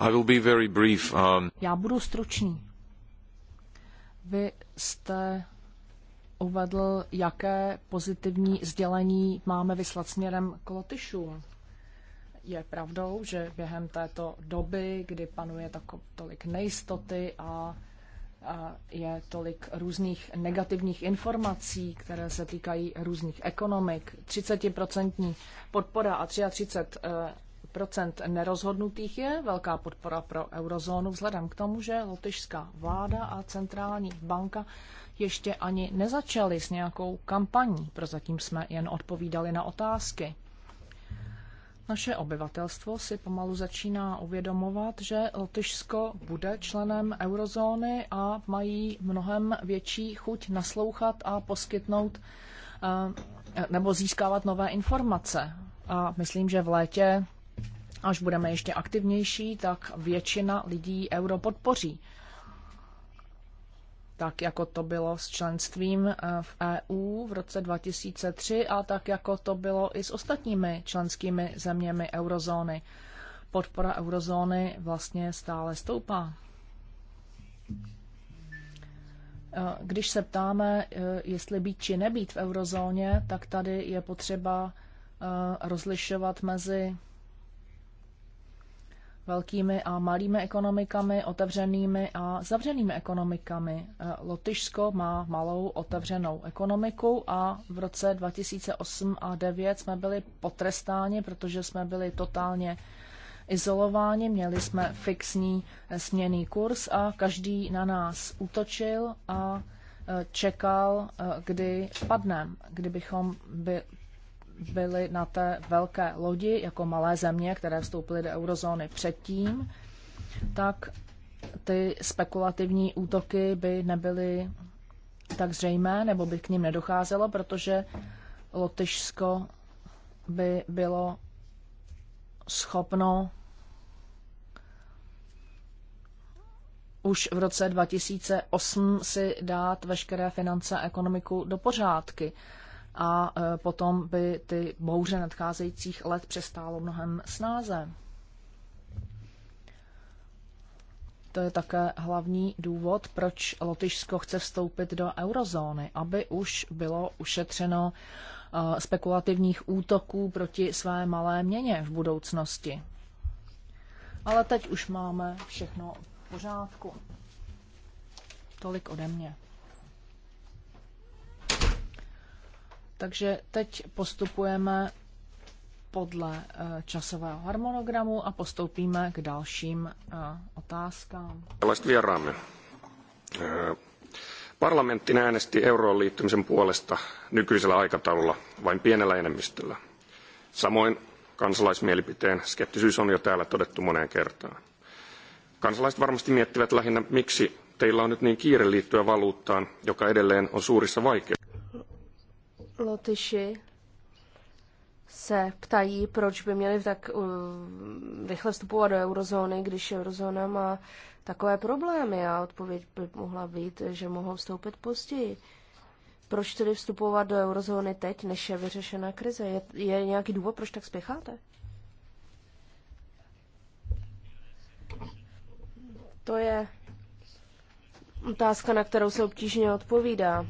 I will be very brief. Um... Já budu stručný. Vy jste uvedl, jaké pozitivní sdělení máme vyslat směrem k Lotyšům. Je pravdou, že během této doby, kdy panuje tako, tolik nejistoty a, a je tolik různých negativních informací, které se týkají různých ekonomik, 30% podpora a 33 nerozhodnutých je velká podpora pro eurozónu vzhledem k tomu, že lotyšská vláda a centrální banka ještě ani nezačaly s nějakou kampaní. Prozatím jsme jen odpovídali na otázky. Naše obyvatelstvo si pomalu začíná uvědomovat, že Lotyšsko bude členem eurozóny a mají mnohem větší chuť naslouchat a poskytnout eh, nebo získávat nové informace. A myslím, že v létě Až budeme ještě aktivnější, tak většina lidí euro podpoří. Tak jako to bylo s členstvím eh, v EU v roce 2003 a tak jako to bylo i s ostatními členskými zeměmi eurozóny. Podpora eurozóny vlastně stále stoupá. Eh, když se ptáme, eh, jestli být či nebýt v eurozóně, tak tady je potřeba rozlišovat mezi velkými a malými ekonomikami, otevřenými a zavřenými ekonomikami. Eh, Lotyšsko má malou otevřenou ekonomiku a v roce 2008 a 2009 jsme byli potrestáni, protože jsme byli totálně izolováni, měli jsme fixní eh, směný kurz a každý na nás útočil a eh, čekal, kdy padneme, kdybychom by byli na té velké lodi jako malé země, které vstoupily do eurozóny předtím, tak ty spekulativní útoky by nebyly tak zřejmé, nebo by k ním nedocházelo, protože Lotyšsko by bylo schopno už v roce 2008 si dát veškeré finance a ekonomiku do pořádky a e, potom by ty bouře nadcházejících let přestálo mnohem snáze. To je také hlavní důvod, proč Lotyšsko chce vstoupit do eurozóny, aby už bylo ušetřeno e, spekulativních útoků proti své malé měně v budoucnosti. Ale teď už máme všechno v pořádku. Tolik ode mě. Takže teď postupujeme podle eh, časového harmonogramu a postoupíme k dalším eh, otázkám. Tällaiset vieraamme. Eh, parlamentti äänesti euroon liittymisen puolesta nykyisellä aikataululla vain pienellä enemmistöllä. Samoin kansalaismielipiteen skeptisyys on jo täällä todettu moneen kertaan. Kansalaiset varmasti miettivät lähinnä, miksi teillä on nyt niin kiire liittyä valuuttaan, joka edelleen on suurissa vaikeuksissa. Lotyši se ptají, proč by měli tak um, rychle vstupovat do eurozóny, když eurozóna má takové problémy. A odpověď by mohla být, že mohou vstoupit později. Proč tedy vstupovat do eurozóny teď, než je vyřešena krize? Je, je nějaký důvod, proč tak spěcháte? To je otázka, na kterou se obtížně odpovídá.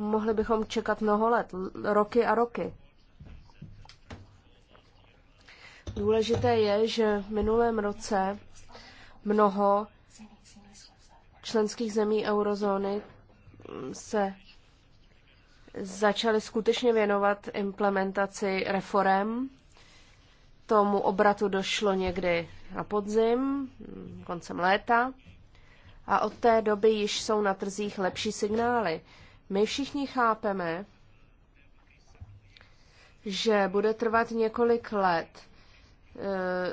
Mohli bychom čekat mnoho let, roky a roky. Důležité je, že v minulém roce mnoho členských zemí eurozóny se začaly skutečně věnovat implementaci reform. Tomu obratu došlo někdy na podzim, koncem léta. A od té doby již jsou na trzích lepší signály. My všichni chápeme, že bude trvat několik let, eh,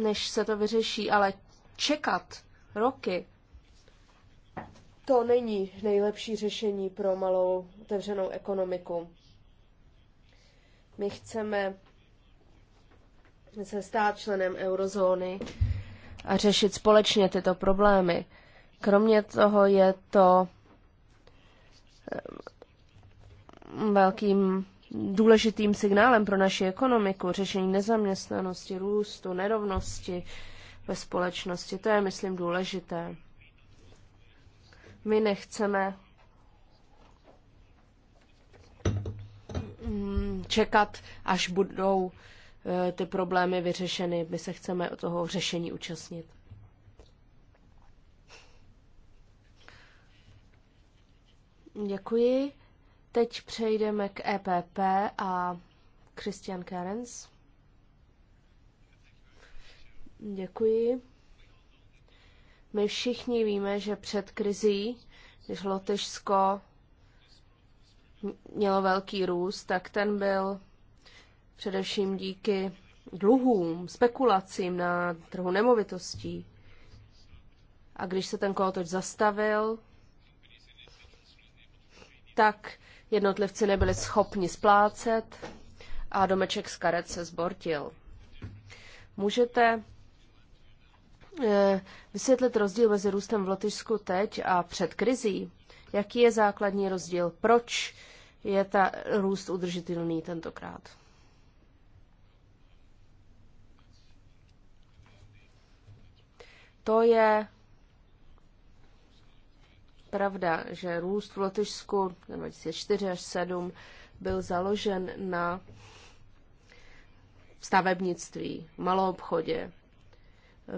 než se to vyřeší, ale čekat roky, to není nejlepší řešení pro malou otevřenou ekonomiku. My chceme se stát členem eurozóny a řešit společně tyto problémy. Kromě toho je to eh, velkým důležitým signálem pro naši ekonomiku, řešení nezaměstnanosti, růstu, nerovnosti ve společnosti. To je, myslím, důležité. My nechceme mm, čekat, až budou eh, ty problémy vyřešeny. My se chceme o toho řešení účastnit. Děkuji. Teď přejdeme k EPP a Christian Kerens. Děkuji. My všichni víme, že před krizí, když Lotyšsko mělo velký růst, tak ten byl především díky dluhům, spekulacím na trhu nemovitostí. A když se ten kolotoč zastavil, tak jednotlivci nebyli schopni splácet a domeček z karet se zbortil. Můžete eh, vysvětlit rozdíl mezi růstem v Lotyšsku teď a před krizí? Jaký je základní rozdíl? Proč je ta růst udržitelný tentokrát? To je pravda, že růst v Lotyšsku 2004 až 7 byl založen na stavebnictví, malou obchodě,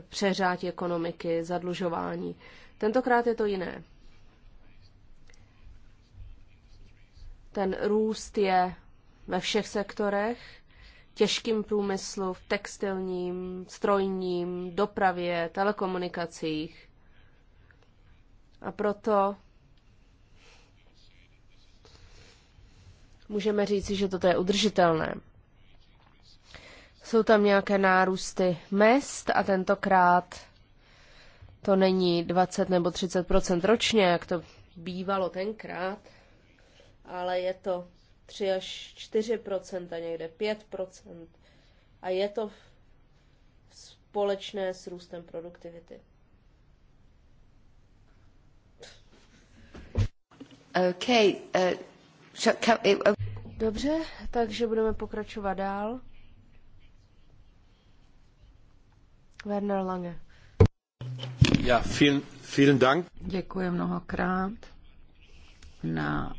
přeřátí ekonomiky, zadlužování. Tentokrát je to jiné. Ten růst je ve všech sektorech, těžkým průmyslu, v textilním, strojním, dopravě, telekomunikacích, a proto můžeme říci, že toto je udržitelné. Jsou tam nějaké nárůsty mest a tentokrát to není 20 nebo 30 ročně, jak to bývalo tenkrát, ale je to 3 až 4 a někde 5 a je to společné s růstem produktivity. Okay, uh, shall, can, uh, Dobře, takže budeme pokračovat dál. Werner Lange. Ja, vielen, vielen Dank. Děkuji mnohokrát na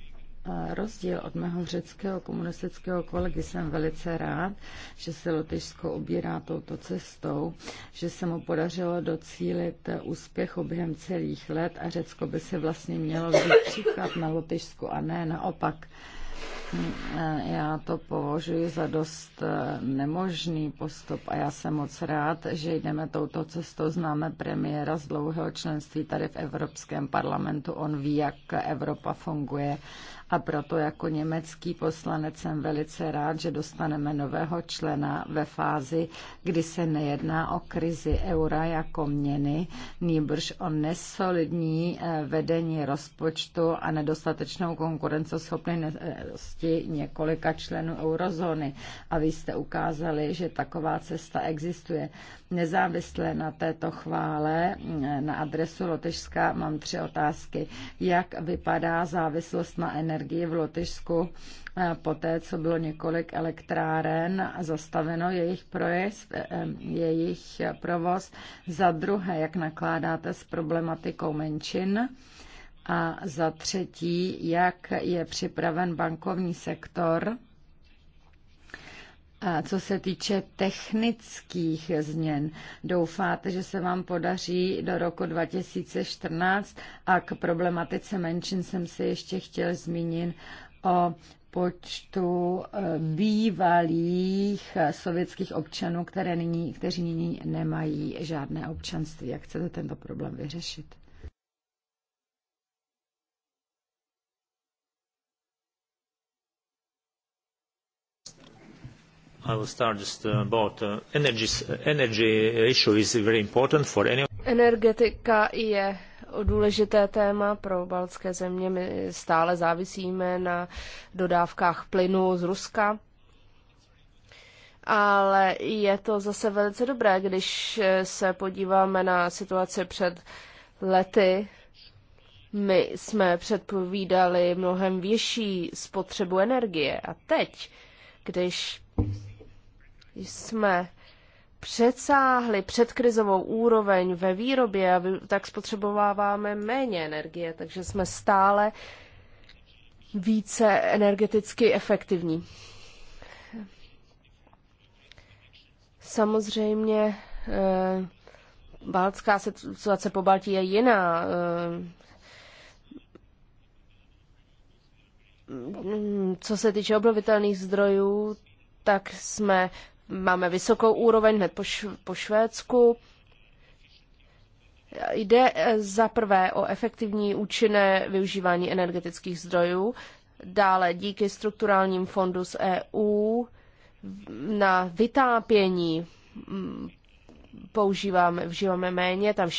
rozdíl od mého řeckého komunistického kolegy jsem velice rád, že se Lotyšsko ubírá touto cestou, že se mu podařilo docílit úspěchu během celých let a Řecko by se vlastně mělo vzít příklad na Lotyšsku a ne naopak. Já to považuji za dost nemožný postup a já jsem moc rád, že jdeme touto cestou. Známe premiéra z dlouhého členství tady v Evropském parlamentu. On ví, jak Evropa funguje a proto jako německý poslanec jsem velice rád, že dostaneme nového člena ve fázi, kdy se nejedná o krizi eura jako měny, nýbrž o nesolidní eh, vedení rozpočtu a nedostatečnou konkurenceschopnosti několika členů eurozóny. A vy jste ukázali, že taková cesta existuje. Nezávisle na této chvále eh, na adresu Lotyšska mám tři otázky. Jak vypadá závislost na energii? energii v Lotyšsku eh, poté, co bylo několik elektráren zastaveno jejich, projez, eh, eh, jejich provoz. Za druhé, jak nakládáte s problematikou menšin? A za třetí, jak je připraven bankovní sektor a co se týče technických změn, doufáte, že se vám podaří do roku 2014 a k problematice menšin jsem se ještě chtěl zmínit o počtu eh, bývalých eh, sovětských občanů, které nyní, kteří nyní nemají žádné občanství. Jak chcete tento problém vyřešit? I will start just uh, about uh, energy issue is very important for any... Energetika je důležité téma pro baltské země. My stále závisíme na dodávkách plynu z Ruska. Ale je to zase velice dobré, když eh, se podíváme na situaci před lety. My jsme předpovídali mnohem větší spotřebu energie. A teď, když jsme přecáhli předkrizovou úroveň ve výrobě a tak spotřebováváme méně energie, takže jsme stále více energeticky efektivní. Samozřejmě eh, baltská situace po Baltí je jiná. Eh, mm, co se týče obnovitelných zdrojů, tak jsme Máme vysokou úroveň hned po, š- po Švédsku. Jde eh, za prvé o efektivní účinné využívání energetických zdrojů, dále díky strukturálním fondu z EU na vytápění mm, používáme, vžíváme méně, tam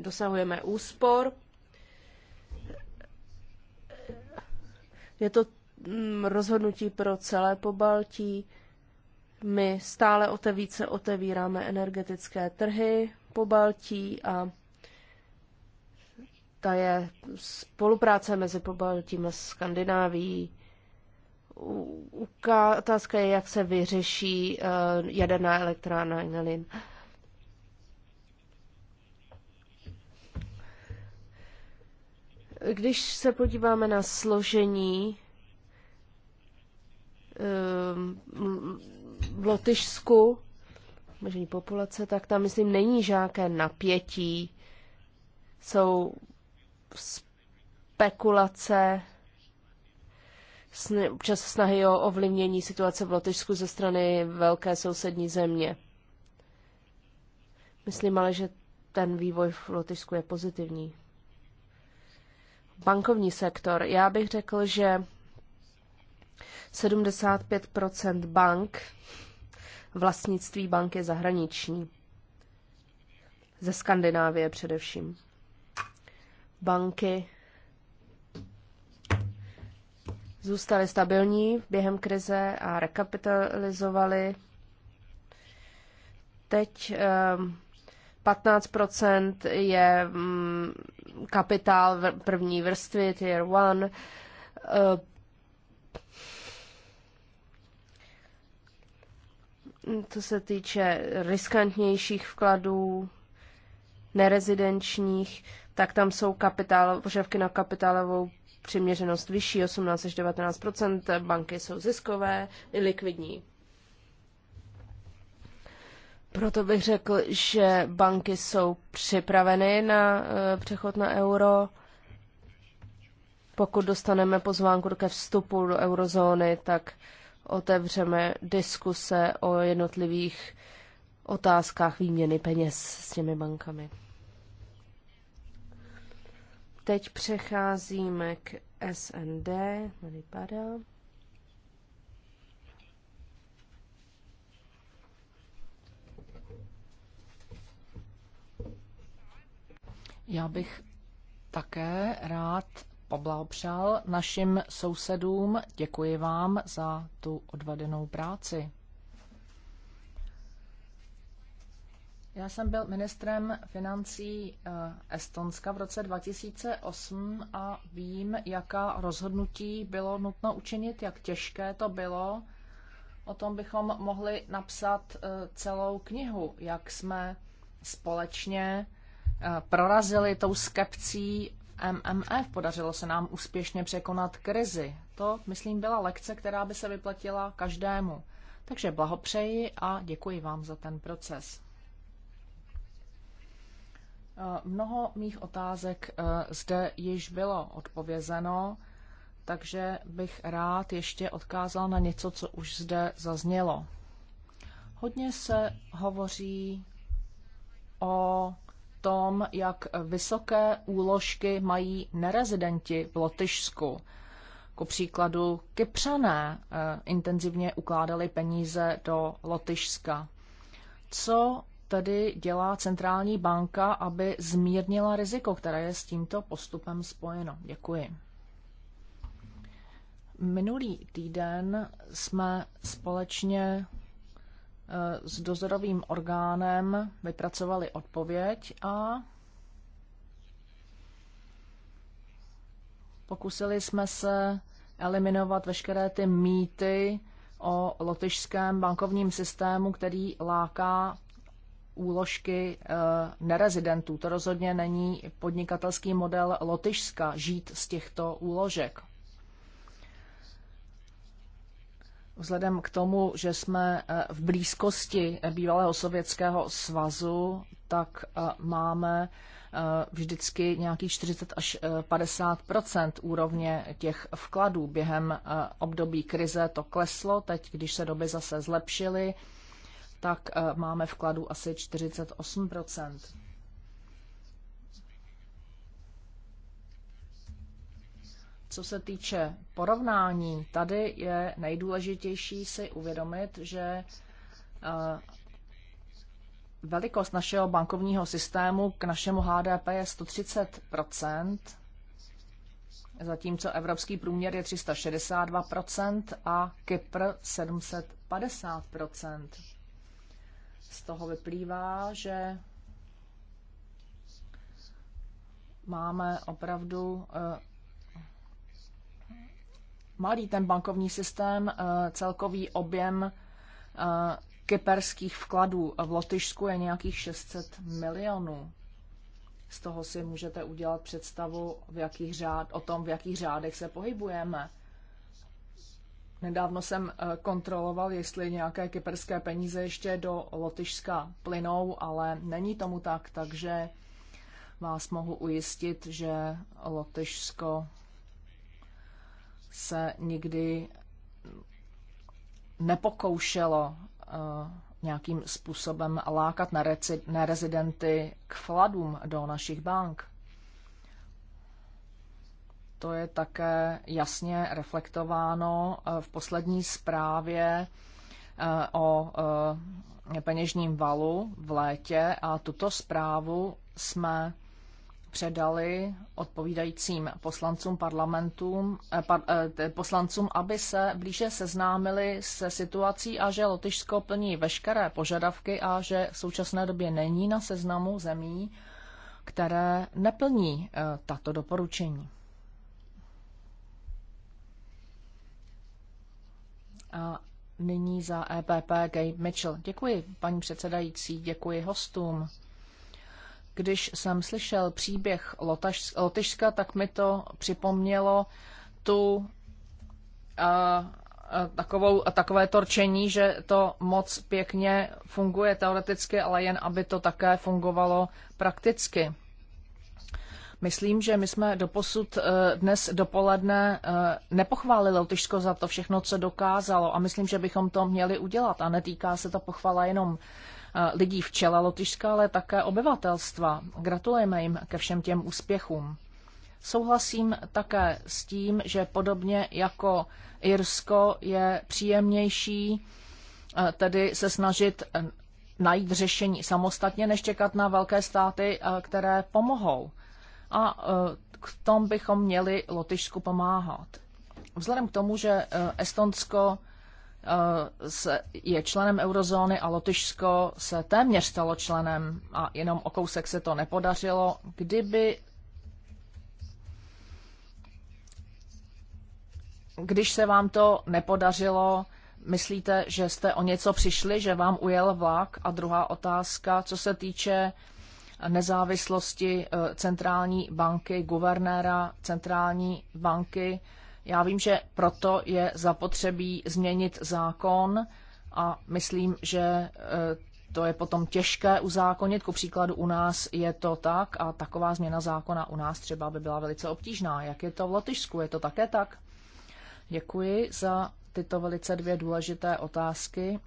dosahujeme úspor. Je to mm, rozhodnutí pro celé pobaltí. My stále o více otevíráme energetické trhy po Baltí a ta je spolupráce mezi Pobaltím a Skandinávií. Otázka je, jak se vyřeší eh, jaderná elektrána Ignalin. Když se podíváme na složení eh, v Lotyšsku, možný populace, tak tam, myslím, není žádné napětí. Jsou spekulace, občas snahy o ovlivnění situace v Lotyšsku ze strany velké sousední země. Myslím ale, že ten vývoj v Lotyšsku je pozitivní. Bankovní sektor. Já bych řekl, že 75 bank vlastnictví banky zahraniční. Ze Skandinávie především. Banky zůstaly stabilní během krize a rekapitalizovaly. Teď 15 ehm, je mm, kapitál v první vrstvy, tier 1, co se týče riskantnějších vkladů, nerezidenčních, tak tam jsou kapitál, požadavky na kapitálovou přiměřenost vyšší, 18 až 19 banky jsou ziskové i likvidní. Proto bych řekl, že banky jsou připraveny na eh, přechod na euro. Pokud dostaneme pozvánku ke vstupu do eurozóny, tak otevřeme diskuse o jednotlivých otázkách výměny peněz s těmi bankami. Teď přecházíme k SND, tady Já bych také rád poblahopřál našim sousedům. Děkuji vám za tu odvedenou práci. Já jsem byl ministrem financí eh, Estonska v roce 2008 a vím, jaká rozhodnutí bylo nutno učinit, jak těžké to bylo. O tom bychom mohli napsat eh, celou knihu, jak jsme společně eh, prorazili tou skepcí MMF. Podařilo se nám úspěšně překonat krizi. To, myslím, byla lekce, která by se vyplatila každému. Takže blahopřeji a děkuji vám za ten proces. Eh, mnoho mých otázek eh, zde již bylo odpovězeno, takže bych rád ještě odkázal na něco, co už zde zaznělo. Hodně se hovoří o tom, jak vysoké úložky mají nerezidenti v Lotyšsku. Ku příkladu Kypřané eh, intenzivně ukládali peníze do Lotyšska. Co tedy dělá centrální banka, aby zmírnila riziko, které je s tímto postupem spojeno? Děkuji. Minulý týden jsme společně s dozorovým orgánem vypracovali odpověď a pokusili jsme se eliminovat veškeré ty mýty o lotyšském bankovním systému, který láká úložky e, nerezidentů. To rozhodně není podnikatelský model Lotyšska žít z těchto úložek. Vzhledem k tomu, že jsme eh, v blízkosti eh, bývalého Sovětského svazu, tak eh, máme vždycky nějakých 40 až 50 úrovně těch vkladů. Během období krize to kleslo, teď, když se doby zase zlepšily, tak máme vkladu asi 48 Co se týče porovnání, tady je nejdůležitější si uvědomit, že eh, velikost našeho bankovního systému k našemu HDP je 130 zatímco evropský průměr je 362 a Kypr 750 Z toho vyplývá, že máme opravdu eh, malý ten bankovní systém, eh, celkový objem eh, kyperských vkladů v Lotyšsku je nějakých 600 milionů. Z toho si můžete udělat představu v jakých řád, o tom, v jakých řádech se pohybujeme. Nedávno jsem eh, kontroloval, jestli nějaké kyperské peníze ještě do Lotyšska plynou, ale není tomu tak, takže vás mohu ujistit, že Lotyšsko se nikdy nepokoušelo eh, nějakým způsobem lákat na rezidenty k vkladům do našich bank. To je také jasně reflektováno eh, v poslední zprávě eh, o peněžním valu v létě a tuto zprávu jsme předali odpovídajícím poslancům parlamentům, eh, par, eh, poslancům, aby se blíže seznámili se situací a že Lotyšsko plní veškeré požadavky a že v současné době není na seznamu zemí, které neplní eh, tato doporučení. A nyní za EPP Gabe Mitchell. Děkuji, paní předsedající, děkuji hostům. Když jsem slyšel příběh Lotyšska, tak mi to připomnělo tu a, a, takovou, a takové torčení, že to moc pěkně funguje teoreticky, ale jen aby to také fungovalo prakticky. Myslím, že my jsme doposud e, dnes dopoledne e, nepochválili Lotyšsko za to všechno, co dokázalo a myslím, že bychom to měli udělat a netýká se to pochvala jenom Eh, lidí v čele Lotyšska, ale také obyvatelstva. Gratulujeme jim ke všem těm úspěchům. Souhlasím také s tím, že podobně jako Irsko je příjemnější eh, tedy se snažit eh, najít řešení samostatně, než čekat na velké státy, které pomohou. A k tom bychom měli Lotyšsku pomáhat. Vzhledem k tomu, že Estonsko Eh, je členem eurozóny a Lotyšsko se téměř stalo členem a jenom o kousek se to nepodařilo. Kdyby když se vám to nepodařilo, myslíte, že jste o něco přišli, že vám ujel vlak? A druhá otázka, co se týče nezávislosti eh, centrální banky, guvernéra centrální banky, já vím, že proto je zapotřebí změnit zákon a myslím, že eh, to je potom těžké uzákonit. Ku příkladu u nás je to tak a taková změna zákona u nás třeba by byla velice obtížná. Jak je to v Lotyšsku? Je to také tak? Děkuji za tyto velice dvě důležité otázky.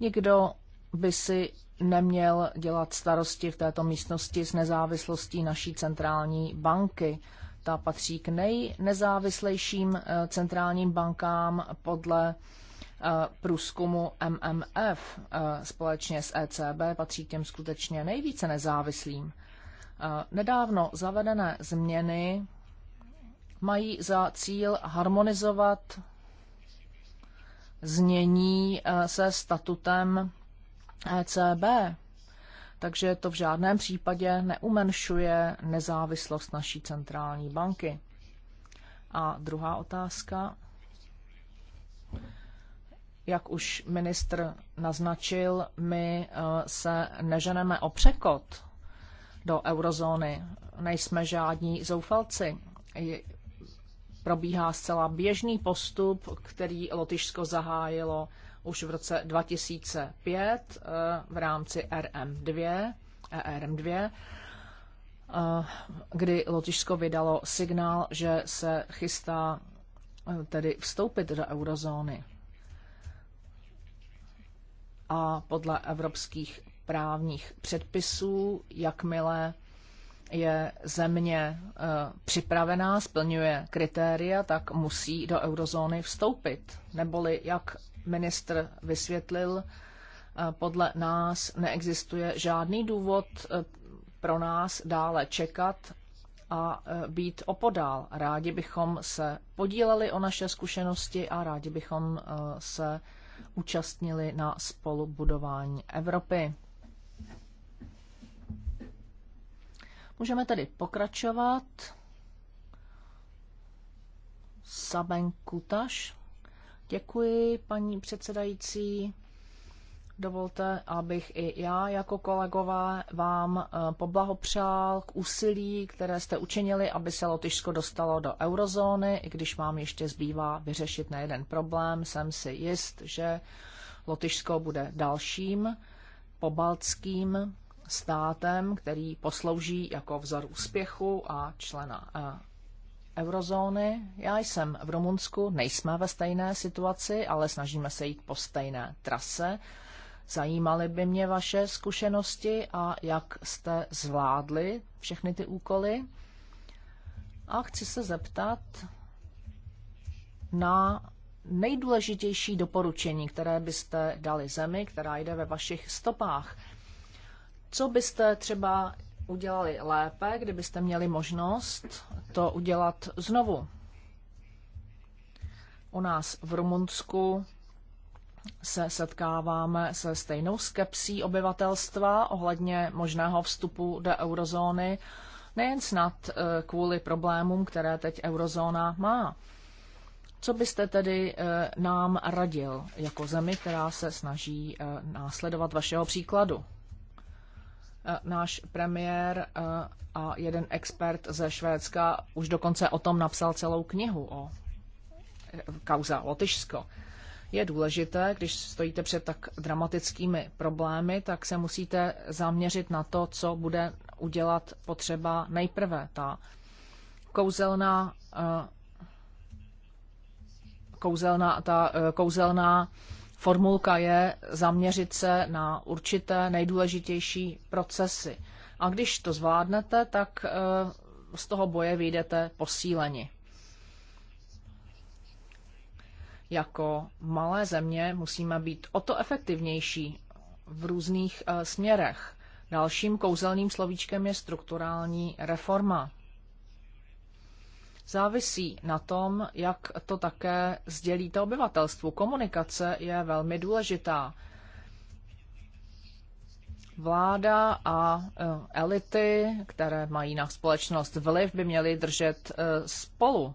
Nikdo by si neměl dělat starosti v této místnosti s nezávislostí naší centrální banky ta patří k nejnezávislejším eh, centrálním bankám podle eh, průzkumu MMF eh, společně s ECB patří k těm skutečně nejvíce nezávislým. Nedávno zavedené změny mají za cíl harmonizovat znění se statutem ECB takže to v žádném případě neumenšuje nezávislost naší centrální banky. A druhá otázka. Jak už ministr naznačil, my eh, se neženeme o překot do eurozóny. Nejsme žádní zoufalci. Probíhá zcela běžný postup, který Lotyšsko zahájilo už v roce 2005 eh, v rámci RM2, ERM2, eh, eh, kdy Lotyšsko vydalo signál, že se chystá tedy vstoupit do eurozóny. A podle evropských právních předpisů, jakmile je země eh, připravená, splňuje kritéria, tak musí do eurozóny vstoupit. Neboli, jak ministr vysvětlil, eh, podle nás neexistuje žádný důvod eh, pro nás dále čekat a být opodál. Rádi bychom se podíleli o naše zkušenosti a rádi bychom se účastnili na spolubudování Evropy. Můžeme tedy pokračovat. Saben Kutaš. Děkuji, paní předsedající. Dovolte, abych i já jako kolegové vám eh, poblahopřál k úsilí, které jste učinili, aby se Lotyšsko dostalo do eurozóny, i když vám ještě zbývá vyřešit na jeden problém. Jsem si jist, že Lotyšsko bude dalším pobaltským státem, který poslouží jako vzor úspěchu a člena eurozóny. Já jsem v Rumunsku, nejsme ve stejné situaci, ale snažíme se jít po stejné trase. Zajímaly by mě vaše zkušenosti a jak jste zvládli všechny ty úkoly. A chci se zeptat na nejdůležitější doporučení, které byste dali zemi, která jde ve vašich stopách. Co byste třeba udělali lépe, kdybyste měli možnost to udělat znovu? U nás v Rumunsku se setkáváme se stejnou skepsí obyvatelstva ohledně možného vstupu do eurozóny, nejen snad eh, kvůli problémům, které teď eurozóna má. Co byste tedy eh, nám radil jako zemi, která se snaží eh, následovat vašeho příkladu? Eh, náš premiér eh, a jeden expert ze Švédska už dokonce o tom napsal celou knihu o eh, kauza Lotyšsko. Je důležité, když stojíte před tak dramatickými problémy, tak se musíte zaměřit na to, co bude udělat potřeba nejprve. Ta kouzelná, kouzelná, ta kouzelná Formulka je zaměřit se na určité nejdůležitější procesy. A když to zvládnete, tak eh, z toho boje vyjdete posíleni. Jako malé země musíme být o to efektivnější v různých eh, směrech. Dalším kouzelným slovíčkem je strukturální reforma závisí na tom, jak to také sdělíte obyvatelstvu. Komunikace je velmi důležitá. Vláda a eh, elity, které mají na společnost vliv, by měly držet eh, spolu.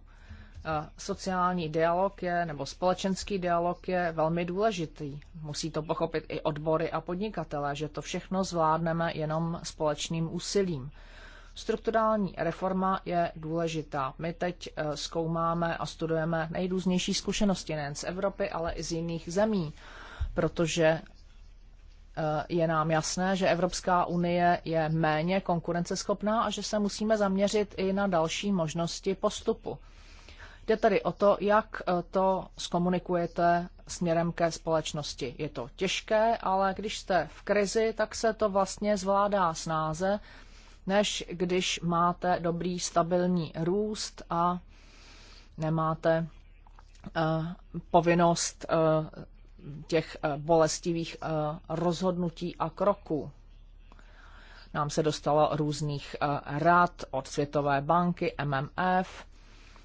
Sociální dialog je, nebo společenský dialog je velmi důležitý. Musí to pochopit i odbory a podnikatele, že to všechno zvládneme jenom společným úsilím. Strukturální reforma je důležitá. My teď eh, zkoumáme a studujeme nejrůznější zkušenosti nejen z Evropy, ale i z jiných zemí, protože eh, je nám jasné, že Evropská unie je méně konkurenceschopná a že se musíme zaměřit i na další možnosti postupu. Jde tedy o to, jak eh, to zkomunikujete směrem ke společnosti. Je to těžké, ale když jste v krizi, tak se to vlastně zvládá snáze, než když máte dobrý stabilní růst a nemáte eh, povinnost eh, těch eh, bolestivých rozhodnutí a kroků. Nám se dostalo různých rad od Světové banky, MMF,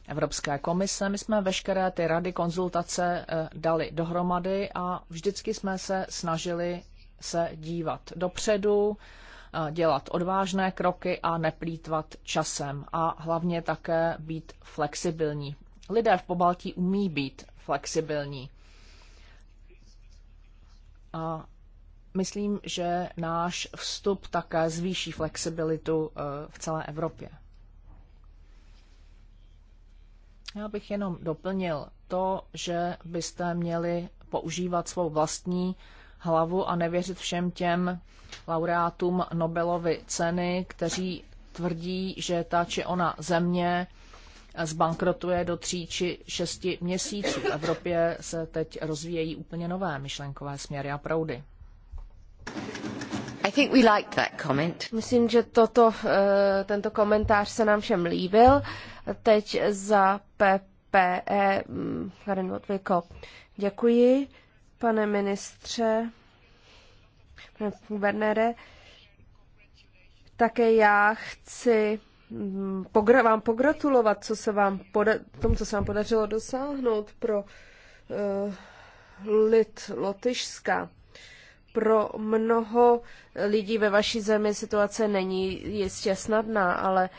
Evropské komise. My jsme veškeré ty rady, konzultace dali dohromady a vždycky jsme se snažili se dívat dopředu, dělat odvážné kroky a neplýtvat časem a hlavně také být flexibilní. Lidé v Pobaltí umí být flexibilní. A myslím, že náš vstup také zvýší flexibilitu e, v celé Evropě. Já bych jenom doplnil to, že byste měli používat svou vlastní hlavu a nevěřit všem těm laureátům Nobelovy ceny, kteří tvrdí, že ta či ona země zbankrotuje do tří či šesti měsíců. V Evropě se teď rozvíjejí úplně nové myšlenkové směry a proudy. I think we liked that comment. Myslím, že toto, eh, tento komentář se nám všem líbil. Teď za PPE mm, Karen Vodviko. Děkuji. Pane ministře, pane guvernére, také já chci mm, vám pogratulovat, co se vám poda- tom, co se vám podařilo dosáhnout pro uh, lid Lotyšska. Pro mnoho lidí ve vaší zemi situace není jistě snadná, ale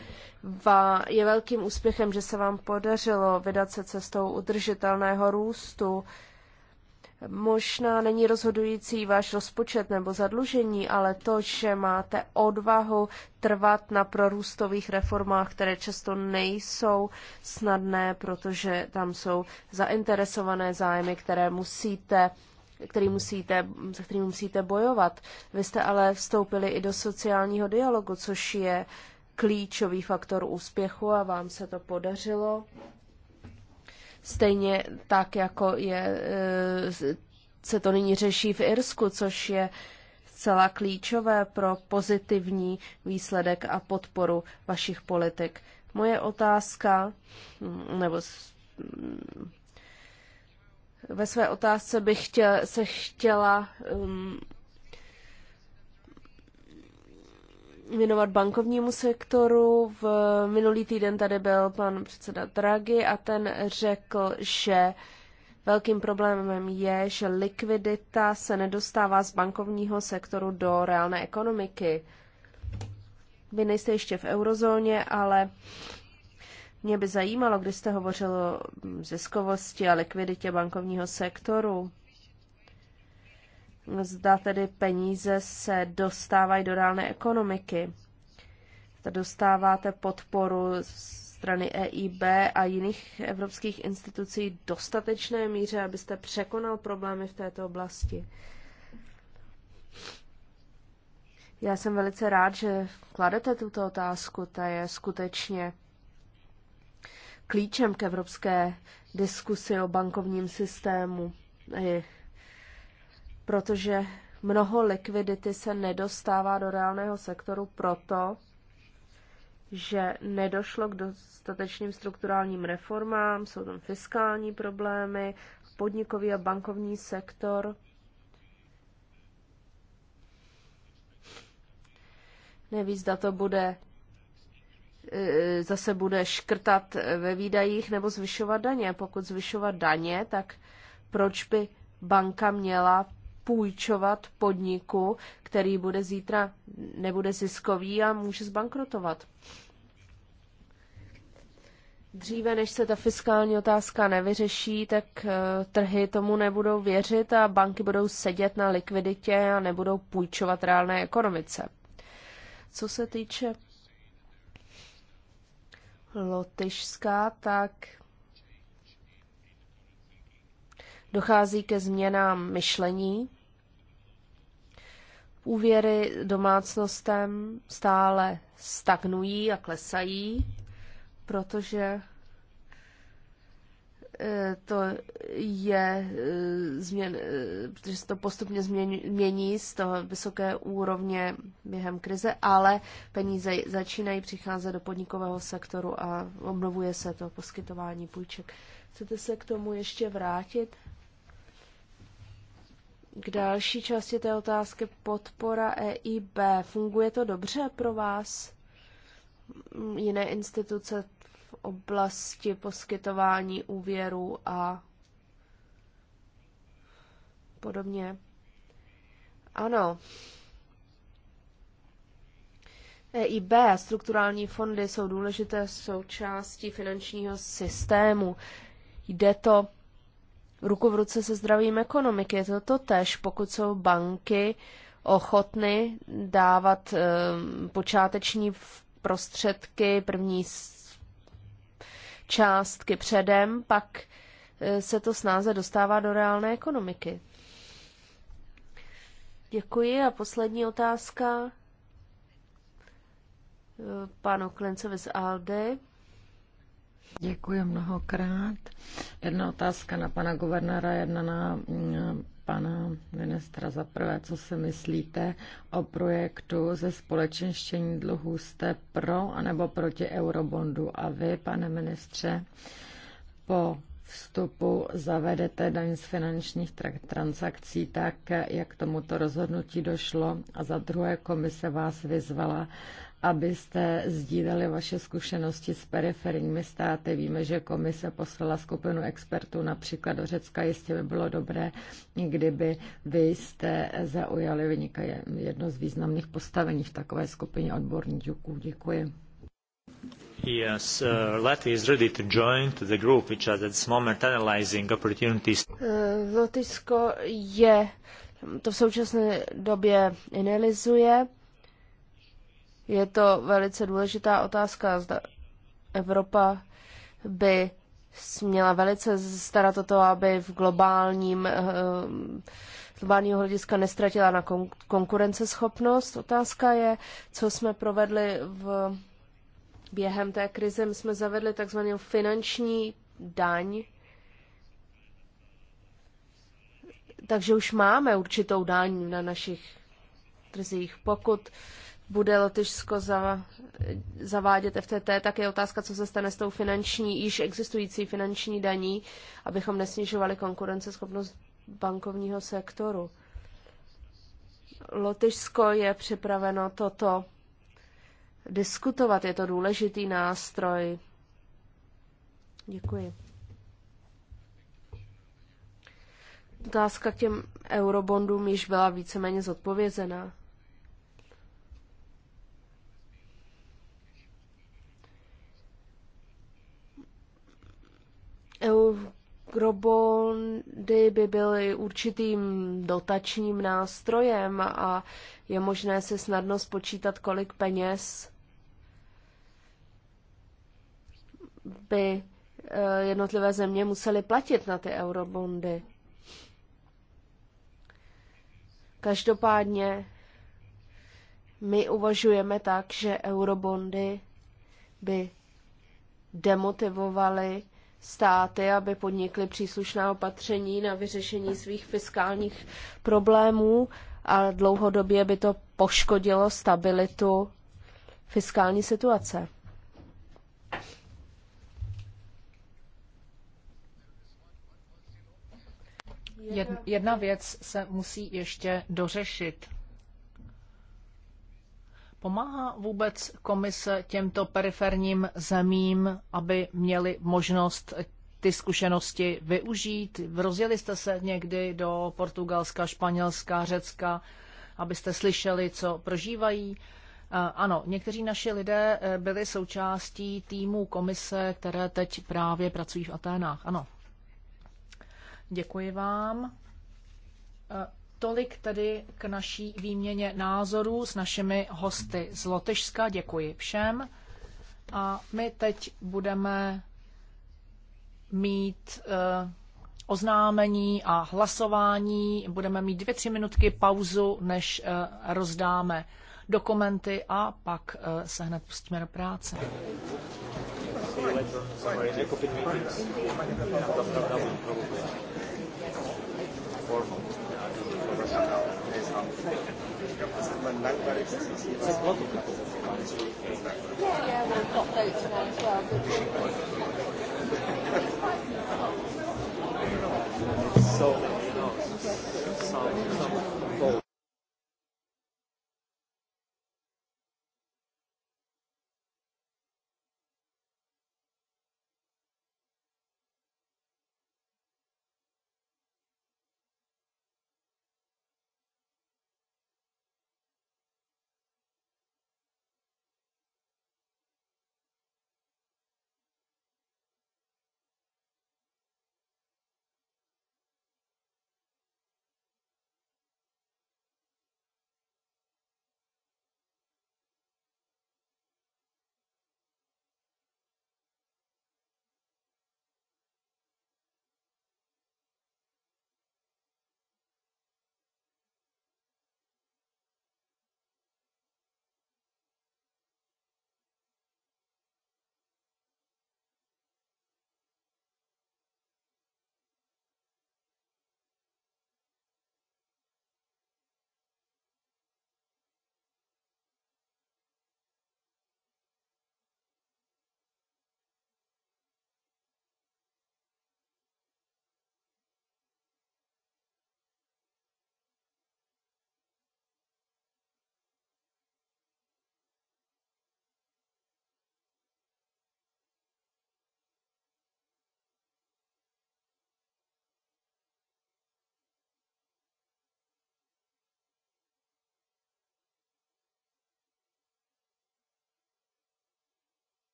va- je velkým úspěchem, že se vám podařilo vydat se cestou udržitelného růstu, Možná není rozhodující váš rozpočet nebo zadlužení, ale to, že máte odvahu trvat na prorůstových reformách, které často nejsou snadné, protože tam jsou zainteresované zájmy, které musíte který musíte, se kterým musíte bojovat. Vy jste ale vstoupili i do sociálního dialogu, což je klíčový faktor úspěchu a vám se to podařilo. Stejně tak, jako je, e, se to nyní řeší v Irsku, což je zcela klíčové pro pozitivní výsledek a podporu vašich politik. Moje otázka, nebo ve své otázce bych chtěl, se chtěla um, věnovat bankovnímu sektoru. V minulý týden tady byl pan předseda Draghi a ten řekl, že velkým problémem je, že likvidita se nedostává z bankovního sektoru do reálné ekonomiky. Vy nejste ještě v eurozóně, ale mě by zajímalo, kdy jste hovořil o ziskovosti a likviditě bankovního sektoru zda tedy peníze se dostávají do reálné ekonomiky. Zda dostáváte podporu strany EIB a jiných evropských institucí dostatečné míře, abyste překonal problémy v této oblasti. Já jsem velice rád, že kladete tuto otázku. Ta je skutečně klíčem k evropské diskusi o bankovním systému protože mnoho likvidity se nedostává do reálného sektoru proto, že nedošlo k dostatečným strukturálním reformám, jsou tam fiskální problémy, podnikový a bankovní sektor. Neví, zda to bude e, zase bude škrtat ve výdajích nebo zvyšovat daně. Pokud zvyšovat daně, tak proč by banka měla půjčovat podniku, který bude zítra nebude ziskový a může zbankrotovat. Dříve, než se ta fiskální otázka nevyřeší, tak eh, trhy tomu nebudou věřit a banky budou sedět na likviditě a nebudou půjčovat reálné ekonomice. Co se týče Lotyšská, tak dochází ke změnám myšlení. Úvěry domácnostem stále stagnují a klesají, protože e, to je e, změn, e, protože se to postupně změní z toho vysoké úrovně během krize, ale peníze začínají přicházet do podnikového sektoru a obnovuje se to poskytování půjček. Chcete se k tomu ještě vrátit? K další části té otázky podpora EIB. Funguje to dobře pro vás? Jiné instituce v oblasti poskytování úvěru a podobně. Ano. EIB, strukturální fondy, jsou důležité součástí finančního systému. Jde to ruku v ruce se zdravím ekonomiky. Je to to tež, pokud jsou banky ochotny dávat e, počáteční prostředky, první částky předem, pak e, se to snáze dostává do reálné ekonomiky. Děkuji a poslední otázka. Eh, Pánu Klencovi z Aldy. Děkuji mnohokrát. Jedna otázka na pana guvernéra, jedna na mm, pana ministra. Za prvé, co si myslíte o projektu ze společenštění dluhů? Jste pro anebo proti eurobondu? A vy, pane ministře, po vstupu zavedete daň z finančních transakcí tak, jak tomuto rozhodnutí došlo. A za druhé komise vás vyzvala, abyste sdíleli vaše zkušenosti s periferními státy. Víme, že komise poslala skupinu expertů například do Řecka. Jistě by bylo dobré, kdyby vy jste zaujali vynikají jedno z významných postavení v takové skupině odborníků. Děkuji. Yes, uh, Latvia is ready to join to the group which is at this moment analyzing opportunities. Uh, je to v současné době analyzuje je to velice důležitá otázka. Zda Evropa by měla velice starat o to, aby v globálním eh, globálního hlediska nestratila na konkurenceschopnost. Otázka je, co jsme provedli v, během té krize. My jsme zavedli takzvaný finanční daň, takže už máme určitou daň na našich trzích. Pokud bude Lotyšsko za, zavádět FTT, tak je otázka, co se stane s tou finanční, již existující finanční daní, abychom nesnižovali konkurenceschopnost bankovního sektoru. Lotyšsko je připraveno toto diskutovat. Je to důležitý nástroj. Děkuji. Otázka k těm eurobondům již byla víceméně zodpovězená. Eurobondy by byly určitým dotačním nástrojem a je možné se snadno spočítat, kolik peněz by eh, jednotlivé země musely platit na ty eurobondy. Každopádně my uvažujeme tak, že eurobondy by demotivovaly státy, aby podnikly příslušná opatření na vyřešení svých fiskálních problémů a dlouhodobě by to poškodilo stabilitu fiskální situace. Jedna věc se musí ještě dořešit Pomáhá vůbec komise těmto periferním zemím, aby měli možnost ty zkušenosti využít? Rozjeli jste se někdy do Portugalska, Španělska, Řecka, abyste slyšeli, co prožívají? Eh, ano, někteří naši lidé eh, byli součástí týmu komise, které teď právě pracují v Aténách. Ano. Děkuji vám. Eh, Tolik tedy k naší výměně názorů s našimi hosty z Lotyšska. Děkuji všem. A my teď budeme mít uh, oznámení a hlasování. Budeme mít dvě, tři minutky pauzu, než uh, rozdáme dokumenty a pak uh, se hned pustíme do práce. Formal ist anfängt. Ich glaube, das ist immer ein langweiliges Ziel. Das ist Gott. Yeah, yeah, we've got votes now as well. So, so, so.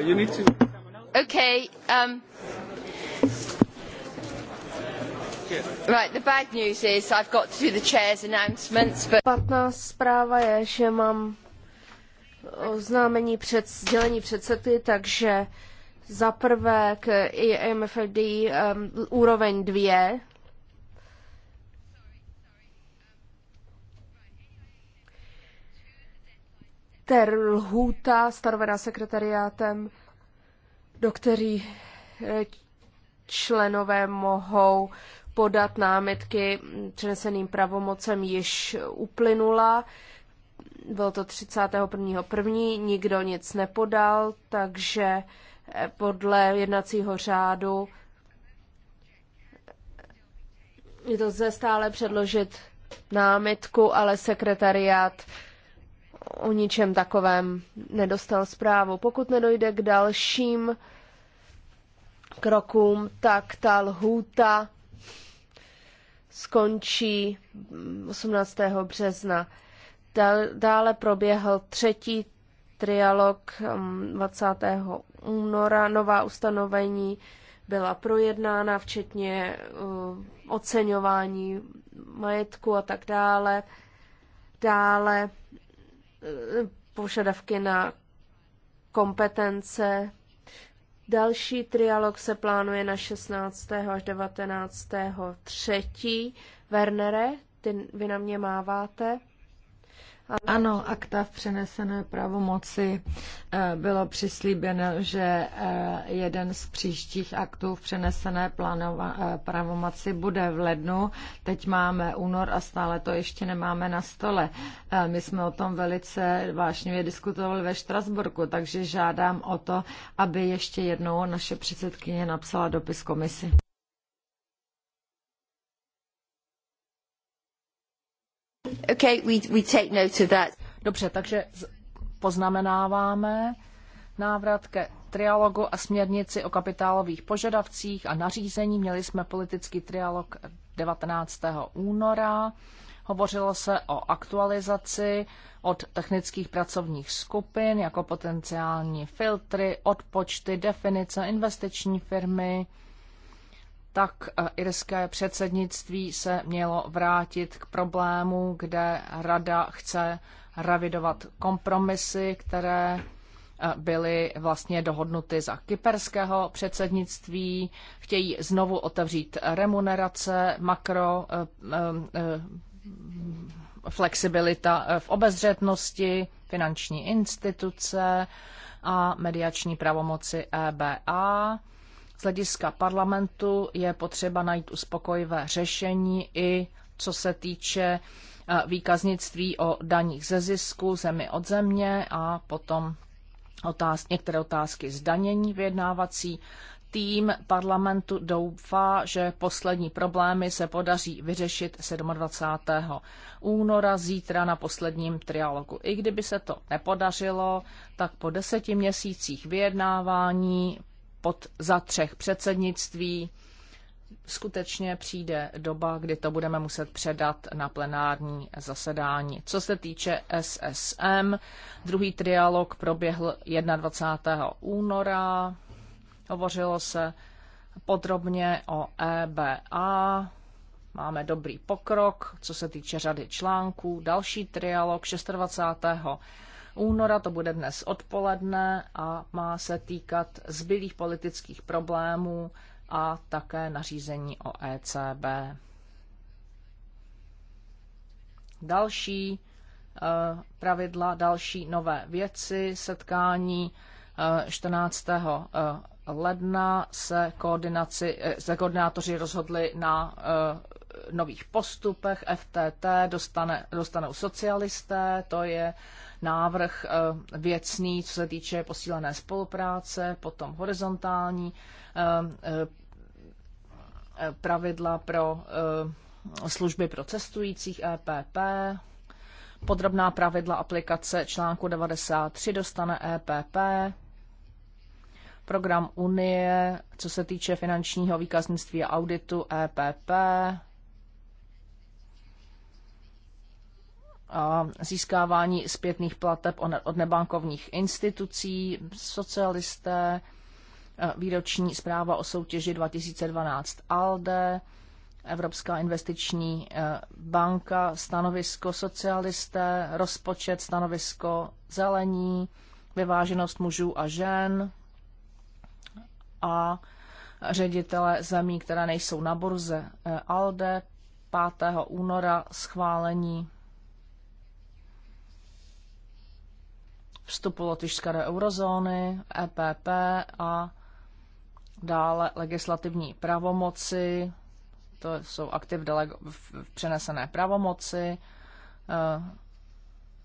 Uh, you need to... Okay. Um... Right, the bad news is I've got to do the chair's announcements, but... zpráva je, že mám oznámení před sdělení předsedy, takže za prvé k IMFD um, úroveň 2 té lhůta stanovená sekretariátem, do který eh, členové mohou podat námitky přeneseným pravomocem již uplynula. Bylo to 31.1. nikdo nic nepodal, takže eh, podle jednacího řádu je to zde stále předložit námitku, ale sekretariát o ničem takovém nedostal zprávu. Pokud nedojde k dalším krokům, tak ta lhůta skončí 18. Mm, března. Dále proběhl třetí trialog 20. Mm, února. Nová ustanovení byla projednána, včetně oceňování majetku a tak dále. Dále požadavky na kompetence. Další trialog se plánuje na 16. až 19. třetí. Wernere, ty, vy na mě máváte. Ano, akta v přenesené pravomoci eh, bylo přislíbeno, že eh, jeden z příštích aktů v přenesené plánova, eh, pravomoci bude v lednu. Teď máme únor a stále to ještě nemáme na stole. My jsme o tom velice vážně diskutovali ve Štrasburku, takže žádám o to, aby ještě jednou naše předsedkyně napsala dopis komisi. Okay, we, we take note of that. Dobře, takže poznamenáváme návrat ke trialogu a směrnici o kapitálových požadavcích a nařízení. Měli jsme politický trialog 19. února. Hovořilo se o aktualizaci od technických pracovních skupin jako potenciální filtry, odpočty, definice, investiční firmy, tak eh, irské předsednictví se mělo vrátit k problému, kde rada chce revidovat kompromisy, které eh, byly vlastně dohodnuty za kyperského předsednictví. Chtějí znovu otevřít remunerace, makro eh, flexibilita v obezřetnosti, finanční instituce a mediační pravomoci EBA z hlediska parlamentu je potřeba najít uspokojivé řešení i co se týče eh, výkaznictví o daních ze zisku zemi od země a potom otáz, některé otázky zdanění vyjednávací. Tým parlamentu doufá, že poslední problémy se podaří vyřešit 27. února zítra na posledním trialogu. I kdyby se to nepodařilo, tak po deseti měsících vyjednávání pod, za třech předsednictví. Skutečně přijde doba, kdy to budeme muset předat na plenární zasedání. Co se týče SSM, druhý trialog proběhl 21. února. Hovořilo se podrobně o EBA. Máme dobrý pokrok, co se týče řady článků. Další trialog 26 února, to bude dnes odpoledne a má se týkat zbylých politických problémů a také nařízení o ECB. Další eh, pravidla, další nové věci, setkání 14. Eh, eh, ledna se, koordinaci, se koordinátoři rozhodli na nových postupech FTT dostane, dostanou socialisté, to je návrh eh, věcný, co se týče posílené spolupráce, potom horizontální eh, eh, pravidla pro služby pro cestujících EPP, podrobná pravidla aplikace článku 93 dostane EPP, program Unie, co se týče finančního výkaznictví a auditu EPP, získávání zpětných plateb od nebankovních institucí, socialisté, e, výroční zpráva o soutěži 2012 ALDE, Evropská investiční e, banka, stanovisko socialisté, rozpočet, stanovisko zelení, vyváženost mužů a žen a ředitele zemí, které nejsou na burze e, ALDE 5. února schválení vstupu Lotyšska do eurozóny, EPP a dále legislativní pravomoci, to jsou aktiv delego- v přenesené pravomoci, e,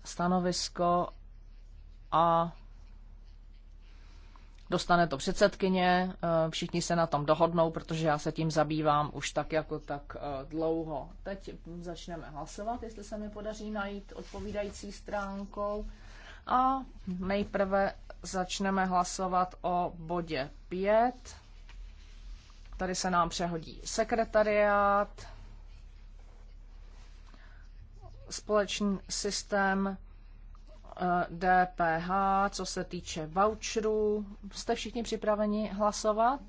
stanovisko a dostane to předsedkyně, e, všichni se na tom dohodnou, protože já se tím zabývám už tak jako tak e, dlouho. Teď začneme hlasovat, jestli se mi podaří najít odpovídající stránkou. A nejprve začneme hlasovat o bodě 5. Tady se nám přehodí sekretariát, společný systém DPH, eh, co se týče voucherů. Jste všichni připraveni hlasovat?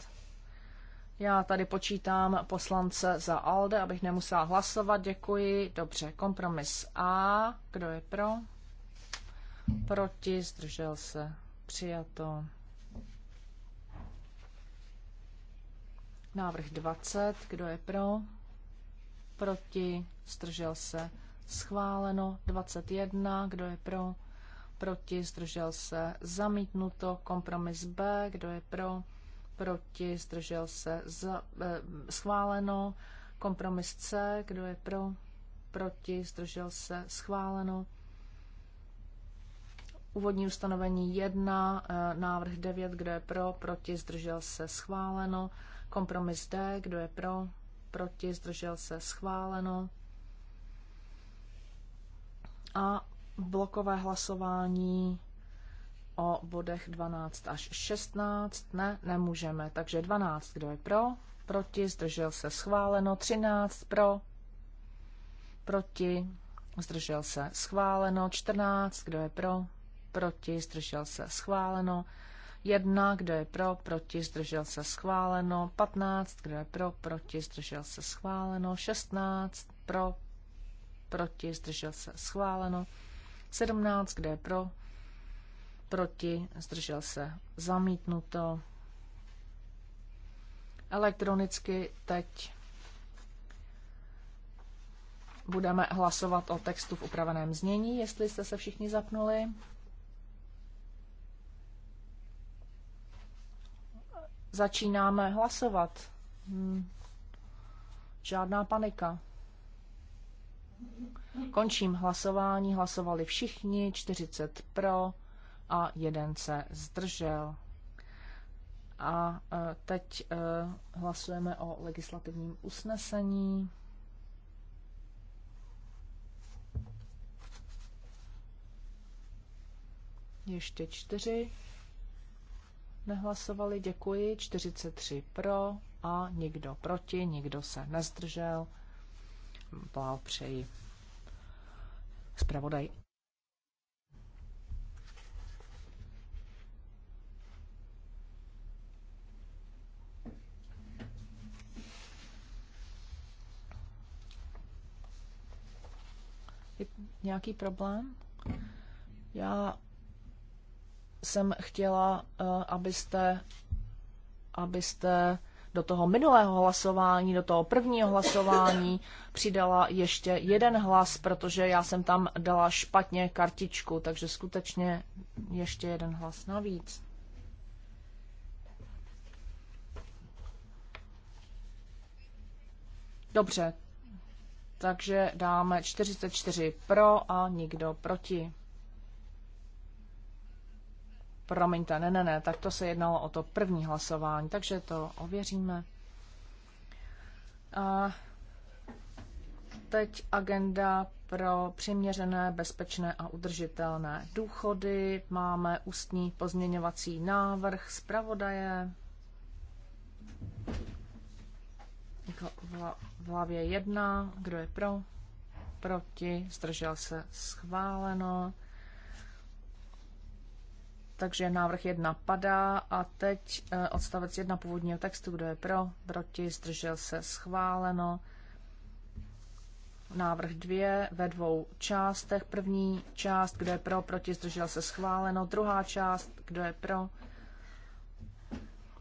Já tady počítám poslance za ALDE, abych nemusela hlasovat. Děkuji. Dobře, kompromis A. Kdo je pro? proti, zdržel se, přijato. Návrh 20, kdo je pro, proti, zdržel se, schváleno. 21, kdo je pro, proti, zdržel se, zamítnuto. Kompromis B, kdo je pro, proti, zdržel se, za, eh, schváleno. Kompromis C, kdo je pro, proti, zdržel se, schváleno. Úvodní ustanovení 1, eh, návrh 9, kdo je pro, proti, zdržel se, schváleno. Kompromis D, kdo je pro, proti, zdržel se, schváleno. A blokové hlasování o bodech 12 až 16. Ne, nemůžeme. Takže 12, kdo je pro, proti, zdržel se, schváleno. 13 pro, proti, zdržel se, schváleno. 14, kdo je pro, proti, zdržel se, schváleno. 1, kdo je pro, proti, zdržel se, schváleno. 15, kdo je pro, proti, zdržel se, schváleno. 16, pro, proti, zdržel se, schváleno. 17, kdo je pro, proti, zdržel se, zamítnuto. Elektronicky teď budeme hlasovat o textu v upraveném znění, jestli jste se všichni zapnuli. Začínáme hlasovat. Hmm. Žádná panika. Končím hlasování. Hlasovali všichni, 40 pro a jeden se zdržel. A e, teď e, hlasujeme o legislativním usnesení. Ještě čtyři nehlasovali, děkuji. 43 pro a nikdo proti, nikdo se nezdržel. Blahopřeji. Zpravodaj. Je nějaký problém? Já jsem chtěla, eh, abyste, abyste do toho minulého hlasování, do toho prvního hlasování přidala ještě jeden hlas, protože já jsem tam dala špatně kartičku, takže skutečně ještě jeden hlas navíc. Dobře, takže dáme 44 pro a nikdo proti. Promiňte, ne, ne, ne, tak to se jednalo o to první hlasování, takže to ověříme. A teď agenda pro přiměřené, bezpečné a udržitelné důchody. Máme ústní pozměňovací návrh zpravodaje. Jako v hlavě jedna. kdo je pro? Proti, zdržel se schváleno. Takže návrh 1 padá a teď eh, odstavec 1 původního textu, kdo je pro, proti, zdržel se, schváleno. Návrh 2 ve dvou částech. První část, kdo je pro, proti, zdržel se, schváleno. Druhá část, kdo je pro,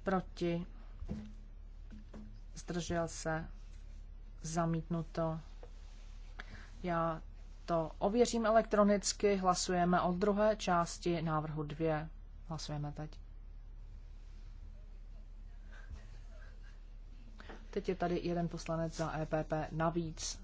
proti, zdržel se, zamítnuto. Já to ověřím elektronicky, hlasujeme o druhé části návrhu 2. Hlasujeme teď. Teď je tady jeden poslanec za EPP navíc.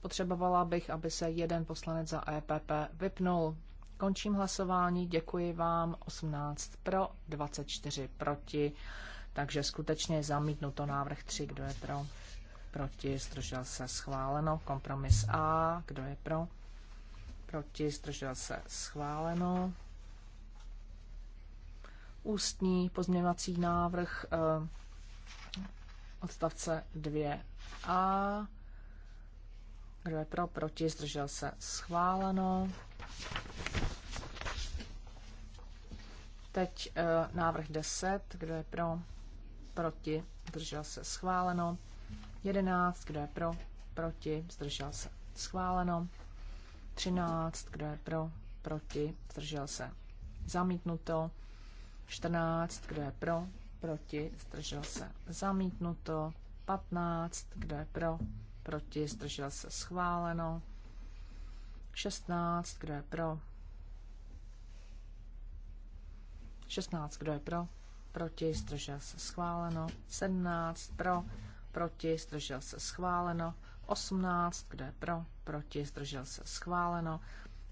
Potřebovala bych, aby se jeden poslanec za EPP vypnul. Končím hlasování, děkuji vám. 18 pro, 24 proti. Takže skutečně zamítnuto návrh 3, kdo je pro proti, zdržel se schváleno. Kompromis A, kdo je pro, proti, zdržel se schváleno. Ústní pozměňovací návrh eh, odstavce 2a. Kdo je pro, proti, zdržel se schváleno. Teď eh, návrh 10. Kdo je pro, proti, zdržel se schváleno. 11, kdo je pro, proti, zdržel se. Schváleno. 13, kdo je pro, proti, zdržel se. Zamítnuto. 14, kdo je pro, proti, zdržel se. Zamítnuto. 15, kdo je pro, proti, zdržel se. Schváleno. 16, kdo je pro, 16, kdo je pro, proti, zdržel se. Schváleno. 17, pro, proti, zdržel se schváleno. 18, kdo je pro, proti, zdržel se schváleno.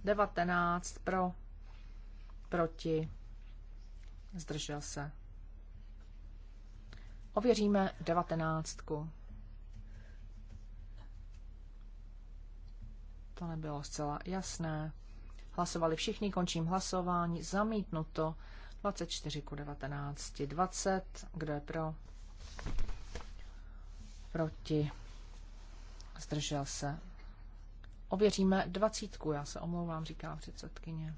19 pro, proti, zdržel se. Ověříme 19. To nebylo zcela jasné. Hlasovali všichni, končím hlasování. Zamítnuto 24 ku 19. 20. Kdo je pro? proti, zdržel se. Ověříme dvacítku, já se omlouvám, říká předsedkyně.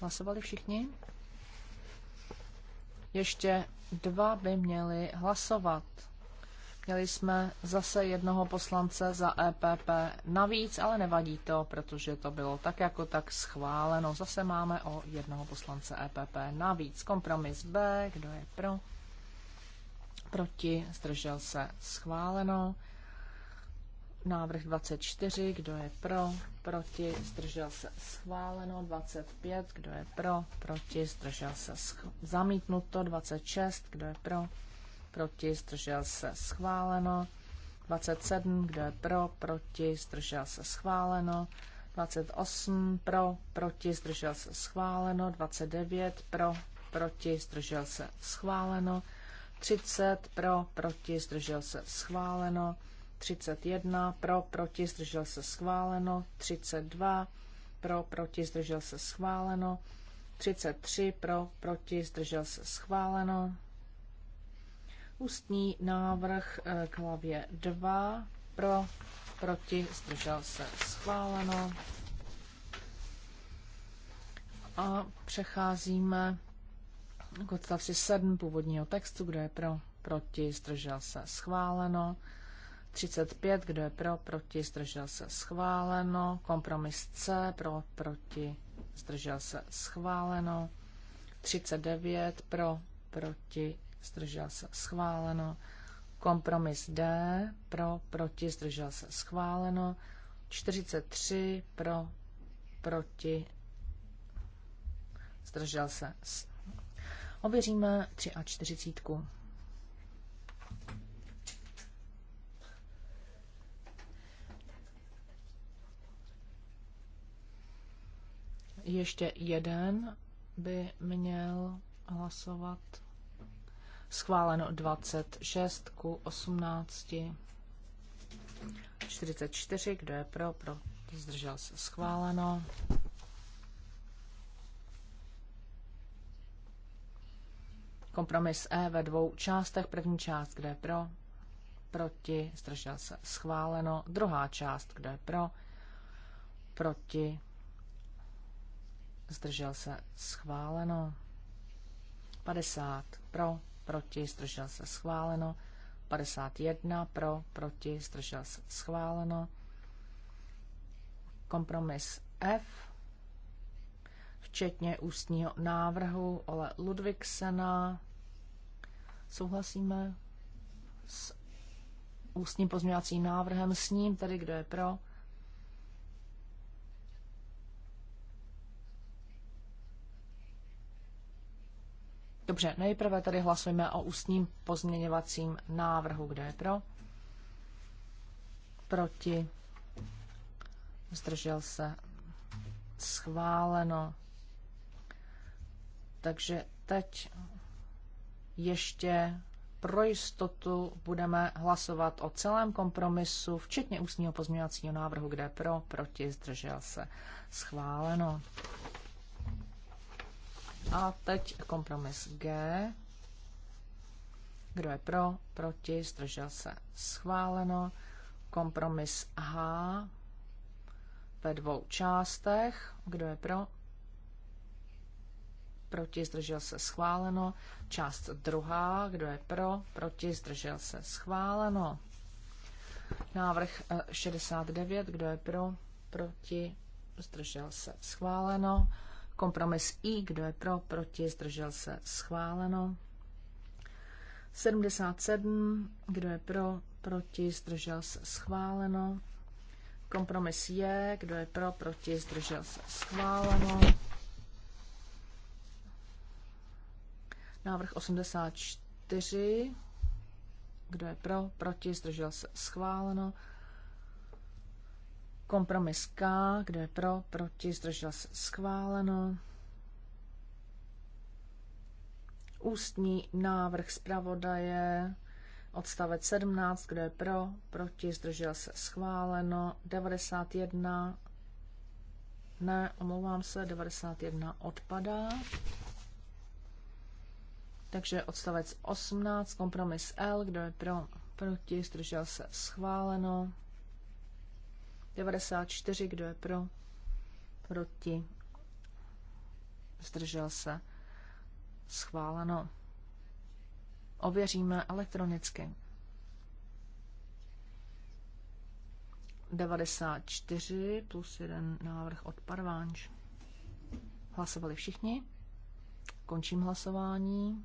Hlasovali všichni? Ještě dva by měli hlasovat. Měli jsme zase jednoho poslance za EPP navíc, ale nevadí to, protože to bylo tak jako tak schváleno. Zase máme o jednoho poslance EPP navíc. Kompromis B, kdo je pro? Proti, zdržel se schváleno. Návrh 24, kdo je pro, proti, zdržel se schváleno, 25, kdo je pro, proti, zdržel se sch- zamítnuto, 26, kdo je pro, proti, zdržel se schváleno. 27, kdo je pro, proti, zdržel se schváleno. 28 pro, proti, zdržel se schváleno. 29 pro, proti, zdržel se schváleno. 30 pro, proti, zdržel se schváleno. 31 pro, proti, zdržel se schváleno. 32 pro, proti, zdržel se schváleno. 33 pro, proti, zdržel se schváleno. Ústní návrh eh, k hlavě 2 pro, proti, zdržel se schváleno. A přecházíme k odstavci 7 původního textu, kdo je pro, proti, zdržel se schváleno. 35, kdo je pro, proti, zdržel se schváleno. Kompromis C, pro, proti, zdržel se schváleno. 39, pro, proti, zdržel se schváleno. Kompromis D pro, proti, zdržel se schváleno. 43 pro, proti, zdržel se. Ověříme 40. Ještě jeden by měl hlasovat schváleno 26 ku 18. 44, kdo je pro, pro, zdržel se schváleno. Kompromis E ve dvou částech. První část, kde je pro, proti, zdržel se schváleno. Druhá část, kde je pro, proti, zdržel se schváleno. 50 pro, proti, zdržel se schváleno. 51 pro, proti, zdržel se schváleno. Kompromis F, včetně ústního návrhu Ole Ludvigsena. Souhlasíme s ústním pozměňovacím návrhem s ním, tedy kdo je pro, Dobře, nejprve tady hlasujeme o ústním pozměňovacím návrhu. Kdo je pro? Proti? Zdržel se? Schváleno. Takže teď ještě pro jistotu budeme hlasovat o celém kompromisu, včetně ústního pozměňovacího návrhu, kde pro, proti, zdržel se. Schváleno. A teď kompromis G. Kdo je pro, proti, zdržel se, schváleno. Kompromis H ve dvou částech. Kdo je pro, proti, zdržel se, schváleno. Část druhá, kdo je pro, proti, zdržel se, schváleno. Návrh 69, eh, kdo je pro, proti, zdržel se, schváleno. Kompromis I, kdo je pro, proti, zdržel se, schváleno. 77, kdo je pro, proti, zdržel se, schváleno. Kompromis je, kdo je pro, proti, zdržel se, schváleno. Návrh 84, kdo je pro, proti, zdržel se, schváleno. Kompromis K, kdo je pro, proti, zdržel se schváleno. Ústní návrh zpravodaje, odstavec 17, kdo je pro, proti, zdržel se schváleno. 91, ne, omlouvám se, 91 odpadá. Takže odstavec 18, kompromis L, kdo je pro, proti, zdržel se schváleno. 94, kdo je pro, proti, zdržel se, schváleno. Ověříme elektronicky. 94 plus jeden návrh od Parvánč. Hlasovali všichni. Končím hlasování.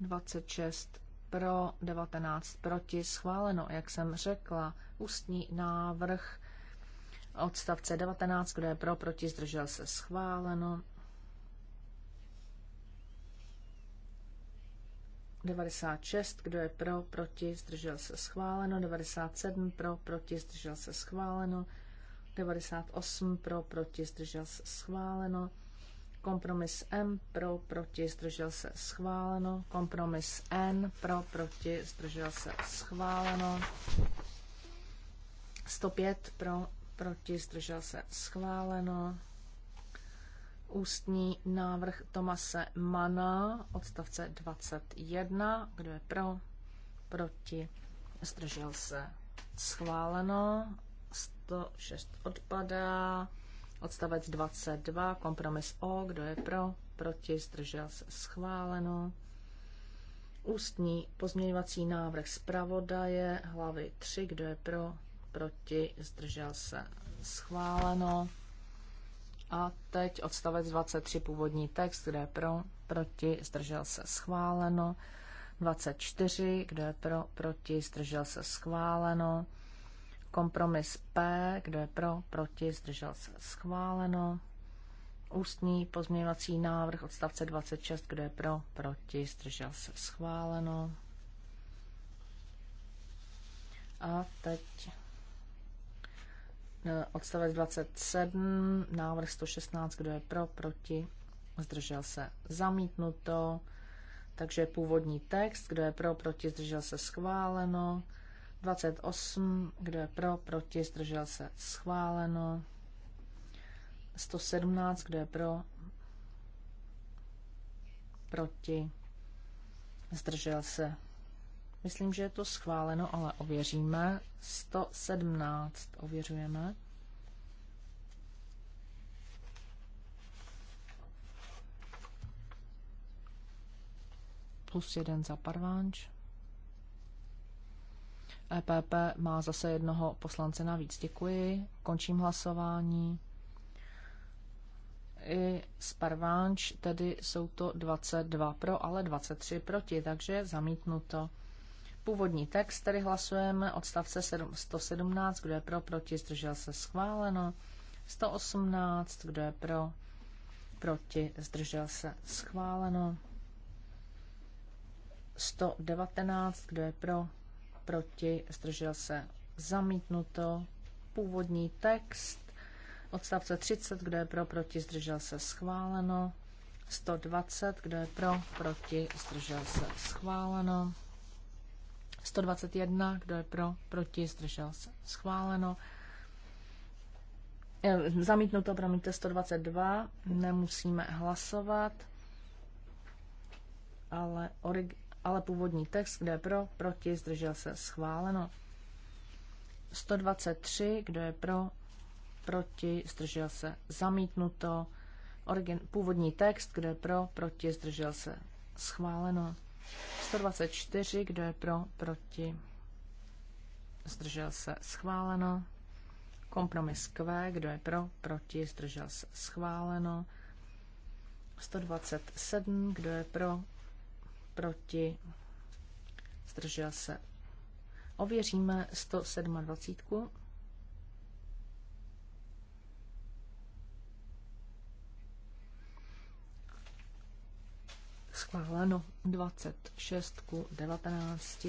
26 pro, 19 proti, schváleno, jak jsem řekla, ústní návrh odstavce 19, kdo je pro, proti, zdržel se, schváleno. 96, kdo je pro, proti, zdržel se, schváleno. 97, pro, proti, zdržel se, schváleno. 98, pro, proti, zdržel se, schváleno. Kompromis M pro, proti, zdržel se schváleno. Kompromis N pro, proti, zdržel se schváleno. 105 pro, proti, zdržel se schváleno. Ústní návrh Tomase Mana, odstavce 21. Kdo je pro? Proti. Zdržel se schváleno. 106 odpadá. Odstavec 22, kompromis O, kdo je pro, proti, zdržel se schváleno. Ústní pozměňovací návrh zpravodaje, hlavy 3, kdo je pro, proti, zdržel se schváleno. A teď odstavec 23, původní text, kde je pro, proti, zdržel se schváleno. 24, kdo je pro, proti, zdržel se schváleno. Kompromis P, kdo je pro, proti, zdržel se schváleno. Ústní pozměňovací návrh odstavce 26, kdo je pro, proti, zdržel se schváleno. A teď e, odstavec 27, návrh 116, kdo je pro, proti, zdržel se zamítnuto. Takže původní text, kdo je pro, proti, zdržel se schváleno. 28, kdo je pro, proti, zdržel se, schváleno. 117, kdo je pro, proti, zdržel se. Myslím, že je to schváleno, ale ověříme. 117 ověřujeme. Plus jeden za parvánč. EPP má zase jednoho poslance navíc. Děkuji. Končím hlasování. I z Parvánč, tedy jsou to 22 pro, ale 23 proti, takže zamítnuto. Původní text, tedy hlasujeme, odstavce 7, 117, kdo je pro, proti, zdržel se schváleno. 118, kdo je pro, proti, zdržel se schváleno. 119, kdo je pro, proti, zdržel se zamítnuto. Původní text odstavce 30, kdo je pro, proti, zdržel se schváleno. 120, kdo je pro, proti, zdržel se schváleno. 121, kdo je pro, proti, zdržel se schváleno. E, zamítnuto, promiňte, 122, nemusíme hlasovat, ale orig- ale původní text, kde je pro, proti, zdržel se, schváleno. 123, kdo je pro, proti, zdržel se, zamítnuto. Origin, původní text, kde je pro, proti, zdržel se, schváleno. 124, kdo je pro, proti, zdržel se, schváleno. Kompromis Q, kdo je pro, proti, zdržel se, schváleno. 127, kdo je pro, proti, zdržel se. Ověříme 127. Schváleno 26 ku 19.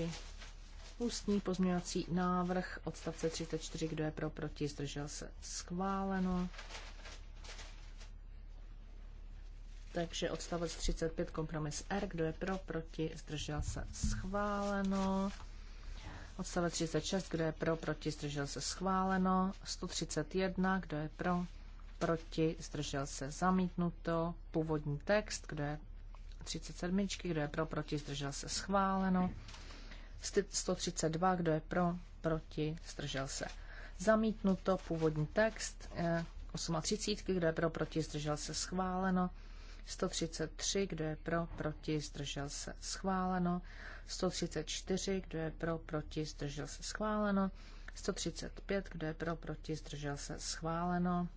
Ústní pozměňovací návrh odstavce 34, kdo je pro, proti, zdržel se. Schváleno takže odstavec 35, kompromis R, kdo je pro, proti, zdržel se, schváleno. Odstavec 36, kdo je pro, proti, zdržel se, schváleno. 131, kdo je pro, proti, zdržel se, zamítnuto. Původní text, kdo je 37, kdo je pro, proti, zdržel se, schváleno. 132, kdo je pro, proti, zdržel se. Zamítnuto původní text, 38, eh, kdo je pro, proti, zdržel se, schváleno. 133, kdo je pro, proti, zdržel se, schváleno. 134, kdo je pro, proti, zdržel se, schváleno. 135, kdo je pro, proti, zdržel se, schváleno.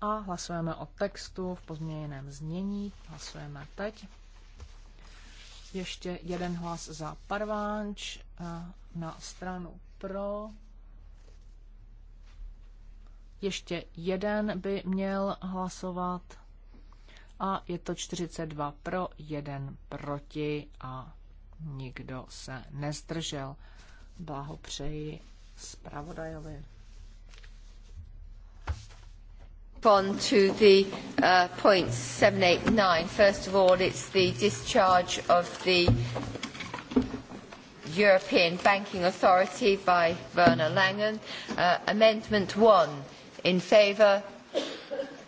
A hlasujeme o textu v pozměněném znění. Hlasujeme teď. Ještě jeden hlas za Parvánč eh, na stranu pro. Ještě jeden by měl hlasovat a je to 42 pro, 1 proti a nikdo se nezdržel. Blahopřeji zpravodajovi. On to the uh, points 7, 8, 9. First of all, it's the discharge of the European Banking Authority by Werner Langen. Uh, amendment 1 in favour,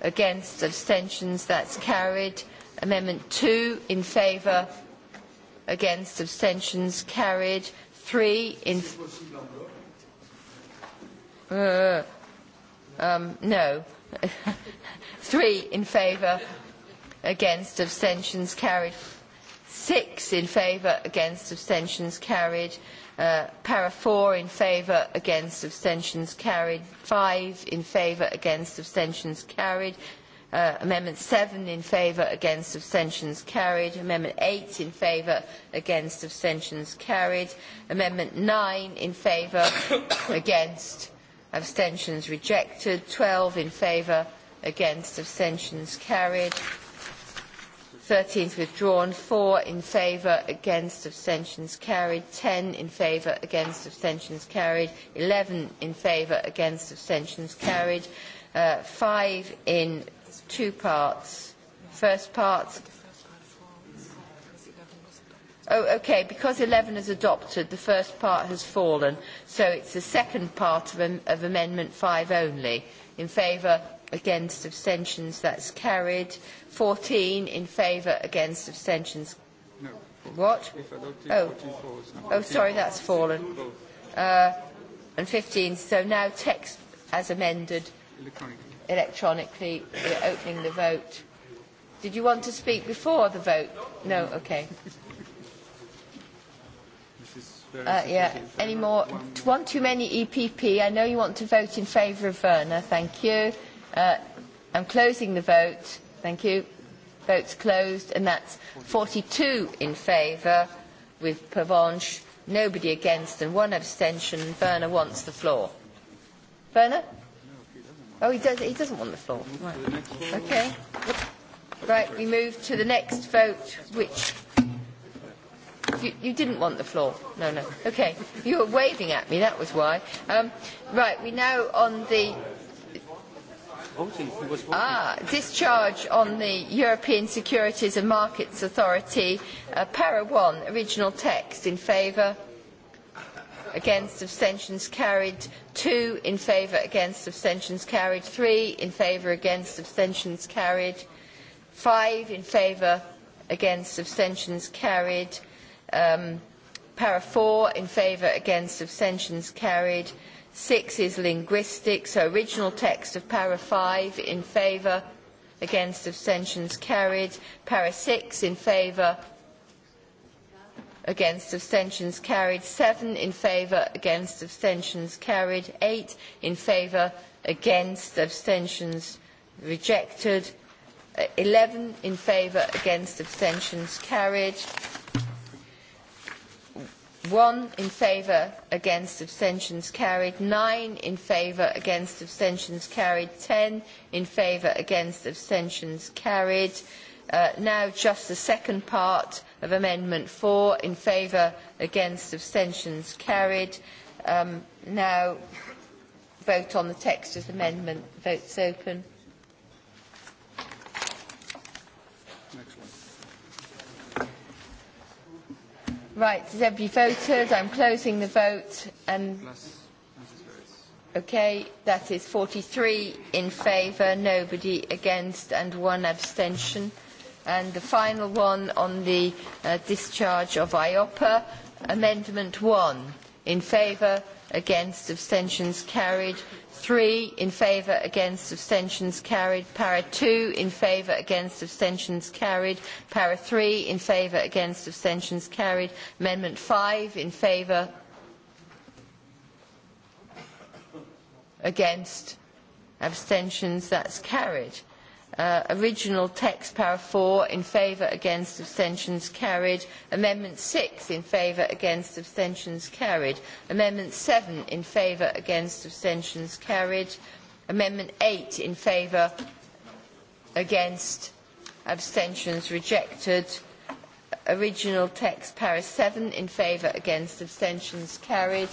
against abstentions that's carried amendment 2 in favour against abstentions carried 3 in uh, um, no 3 in favour against abstentions carried 6 in favour against abstentions carried Uh, para four in favour against abstentions carried five in favour against abstentions carried uh, amendment seven in favour against abstentions carried amendment eight in favour against abstentions carried amendment nine in favour against abstentions rejected twelve in favour against abstentions carried thirteen is withdrawn, four in favour, against, abstentions carried, ten in favour, against, abstentions carried, eleven in favour, against, abstentions carried, uh, 5 in two parts, first part. Oh, okay, because 11 is adopted, the first part has fallen, so it's the second part of, of Amendment 5 only. In favour, against abstentions that's carried 14 in favor against abstentions no. what oh. oh sorry that's fallen uh, and 15 so now text as amended electronically, electronically opening the vote did you want to speak before the vote no okay Uh, yeah, any more? One too many EPP. I know you want to vote in favour of Werner. Thank you. Uh, I'm closing the vote. Thank you. Vote's closed, and that's 42 in favour with Pavanche, nobody against, and one abstention. Werner wants the floor. Werner? Oh, he, does, he doesn't want the floor. Right. Okay. Right, we move to the next vote, which You, you didn't want the floor. No, no. Okay. You were waving at me, that was why. Um, right, we now on the Ah, discharge on the European Securities and Markets Authority, uh, para 1, original text, in favour, against, abstentions carried, 2, in favour, against, abstentions carried, 3, in favour, against, abstentions carried, 5, in favour, against, abstentions carried, um, para 4, in favour, against, abstentions carried, Six is linguistic, so original text of para five in favour, against abstentions carried. Para six in favour, against abstentions carried. Seven in favour, against abstentions carried. Eight in favour, against abstentions rejected. Eleven in favour, against abstentions carried. 1 in favour against abstentions carried 9 in favour against abstentions carried 10 in favour against abstentions carried uh, now just the second part of amendment 4 in favour against abstentions carried um, now vote on the text as amendment votes open Right, has everybody voted? I'm closing the vote and... Okay, that is 43 in favour, nobody against and one abstention. And the final one on the uh, discharge of IOPA, Amendment 1. In favour, against, abstentions carried three in favour against abstentions carried para two in favour against abstentions carried para three in favour against abstentions carried amendment five in favour against abstentions that's carried Uh, original text paragraph four in favour against abstentions carried amendment six in favour against abstentions carried amendment seven in favour against abstentions carried amendment eight in favour against abstentions rejected original text paragraph seven in favour against abstentions carried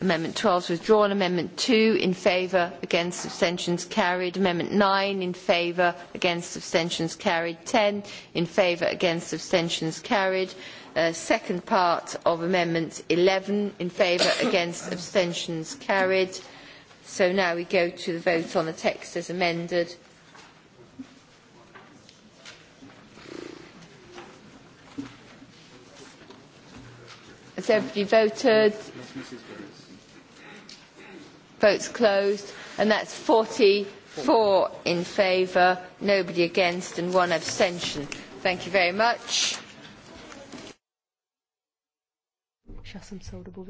Amendment 12 is withdrawn. Amendment 2 in favour, against abstentions carried. Amendment 9 in favour, against abstentions carried. 10 in favour, against abstentions carried. Uh, second part of Amendment 11 in favour, against abstentions carried. So now we go to the vote on the text as amended. Has everybody voted? Votes closed. And that's 44 in favour, nobody against and one abstention. Thank you very much. Já jsem celou dobu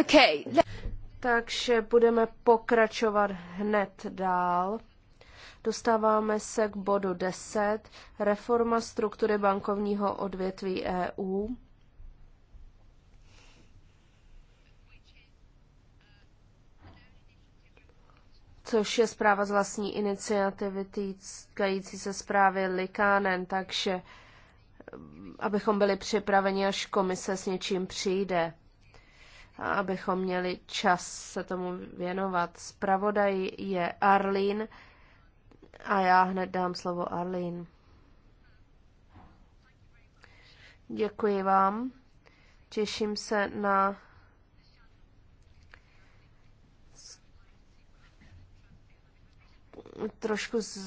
Okay. Takže budeme pokračovat hned dál. Dostáváme se k bodu 10. Reforma struktury bankovního odvětví EU. což je zpráva z vlastní iniciativy týkající se zprávy Likánen, takže mm, abychom byli připraveni, až komise s něčím přijde a abychom měli čas se tomu věnovat. Spravodaj je Arlín a já hned dám slovo Arlín. Děkuji vám. Těším se na trošku z,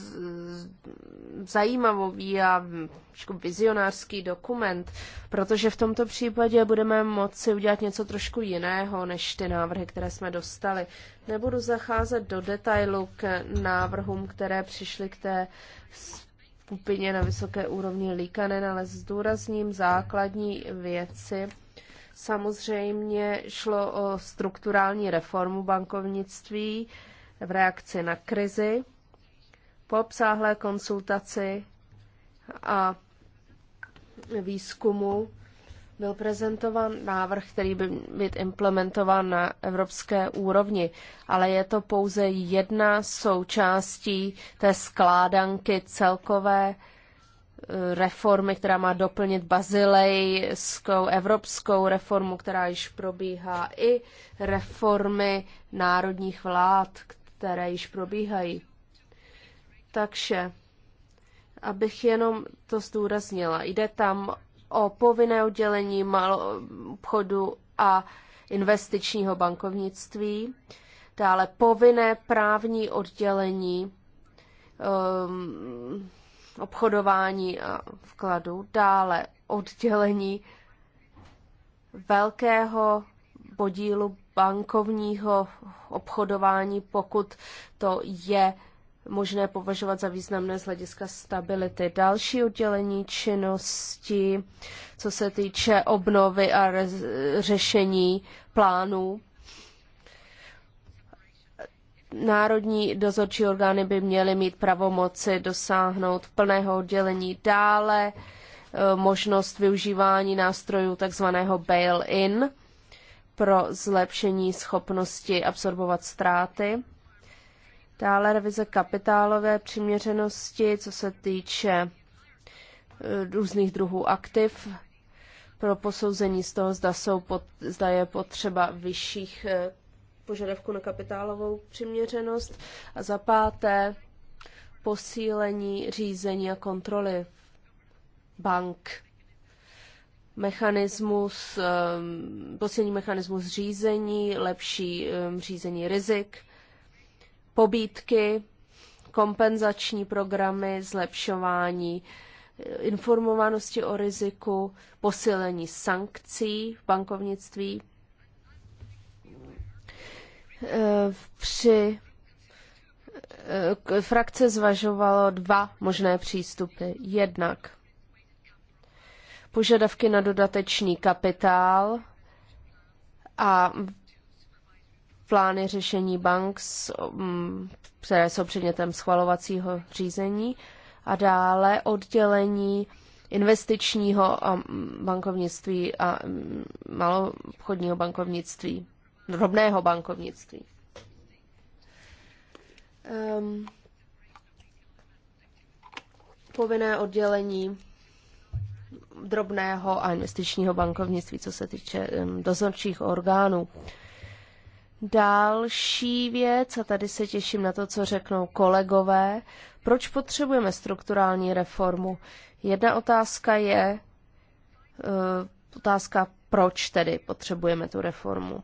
zajímavý a trošku vizionářský dokument, protože v tomto případě budeme moci udělat něco trošku jiného než ty návrhy, které jsme dostali. Nebudu zacházet do detailu k návrhům, které přišly k té skupině na vysoké úrovni Likanen, ale zdůrazním základní věci. Samozřejmě šlo o strukturální reformu bankovnictví v reakci na krizi. Po obsáhlé konsultaci a výzkumu byl prezentován návrh, který by být implementován na evropské úrovni, ale je to pouze jedna součástí té skládanky celkové eh, reformy, která má doplnit bazilejskou evropskou reformu, která již probíhá, i reformy národních vlád, které již probíhají. Takže, abych jenom to zdůraznila, jde tam o povinné oddělení malo obchodu a investičního bankovnictví, dále povinné právní oddělení um, obchodování a vkladu, dále oddělení velkého podílu bankovního obchodování, pokud to je možné považovat za významné z hlediska stability. Další oddělení činnosti, co se týče obnovy a řešení plánů. Národní dozorčí orgány by měly mít pravomoci dosáhnout plného oddělení dále, e, možnost využívání nástrojů tzv. bail-in pro zlepšení schopnosti absorbovat ztráty Dále revize kapitálové přiměřenosti, co se týče eh, různých druhů aktiv pro posouzení z toho, zda, jsou pod, zda je potřeba vyšších eh, požadavků na kapitálovou přiměřenost. A za páté, posílení řízení a kontroly bank. Mechanismus, eh, posílení mechanismus řízení, lepší řízení rizik pobídky, kompenzační programy, zlepšování informovanosti o riziku, posílení sankcí v bankovnictví. Eh, při eh, frakce zvažovalo dva možné přístupy. Jednak požadavky na dodatečný kapitál a plány řešení bank, mm, které jsou předmětem schvalovacího řízení a dále oddělení investičního a mm, bankovnictví a mm, maloobchodního bankovnictví, drobného bankovnictví. Um, povinné oddělení drobného a investičního bankovnictví, co se týče ehm, dozorčích orgánů. Uh, Další věc, a tady se těším na to, co řeknou kolegové, proč potřebujeme strukturální reformu? Jedna otázka je, eh, otázka, proč tedy potřebujeme tu reformu.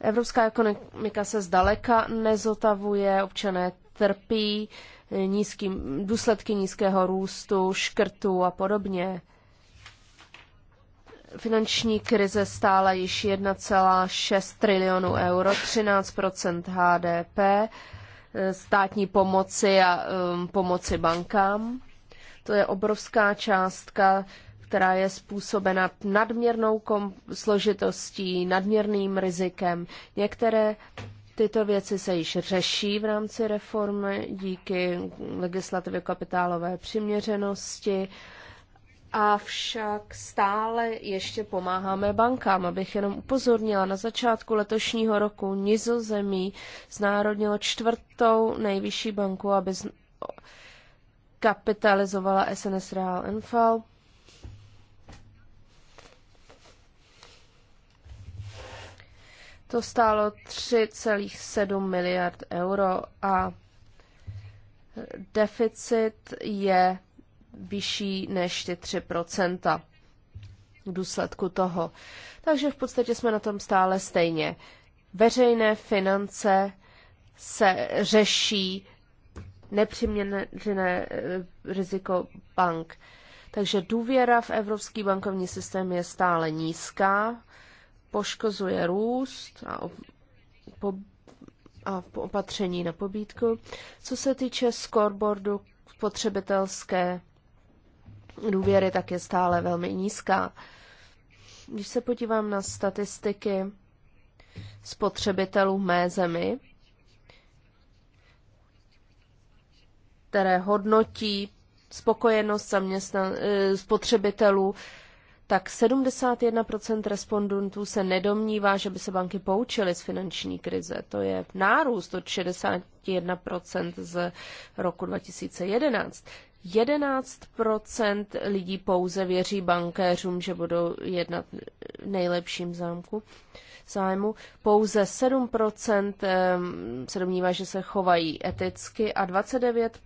Evropská ekonomika se zdaleka nezotavuje, občané trpí eh, nízkým, důsledky nízkého růstu, škrtů a podobně. Finanční krize stála již 1,6 trilionu euro, 13 HDP, státní pomoci a um, pomoci bankám. To je obrovská částka, která je způsobena nadměrnou složitostí, nadměrným rizikem. Některé tyto věci se již řeší v rámci reformy díky legislativě kapitálové přiměřenosti. Uh, Avšak stále ještě pomáháme bankám, abych jenom upozornila. Na začátku letošního roku Nizozemí znárodnilo čtvrtou nejvyšší banku, aby kapitalizovala SNS Real Enfal. To stálo 3,7 miliard euro a deficit je vyšší než ty 3 v důsledku toho. Takže v podstatě jsme na tom stále stejně. Veřejné finance se řeší nepřiměřené eh, riziko bank. Takže důvěra v evropský bankovní systém je stále nízká, poškozuje růst a, po, a opatření na pobídku. Co se týče scoreboardu spotřebitelské důvěry, tak je stále velmi nízká. Když se podívám na statistiky spotřebitelů v mé zemi, které hodnotí spokojenost zaměstnan- eh, spotřebitelů, tak 71% respondentů se nedomnívá, že by se banky poučily z finanční krize. To je nárůst od 61% z roku 2011. 11 lidí pouze věří bankéřům, že budou jednat v nejlepším zámku zájmu. Pouze 7 se domnívá, že se chovají eticky a 29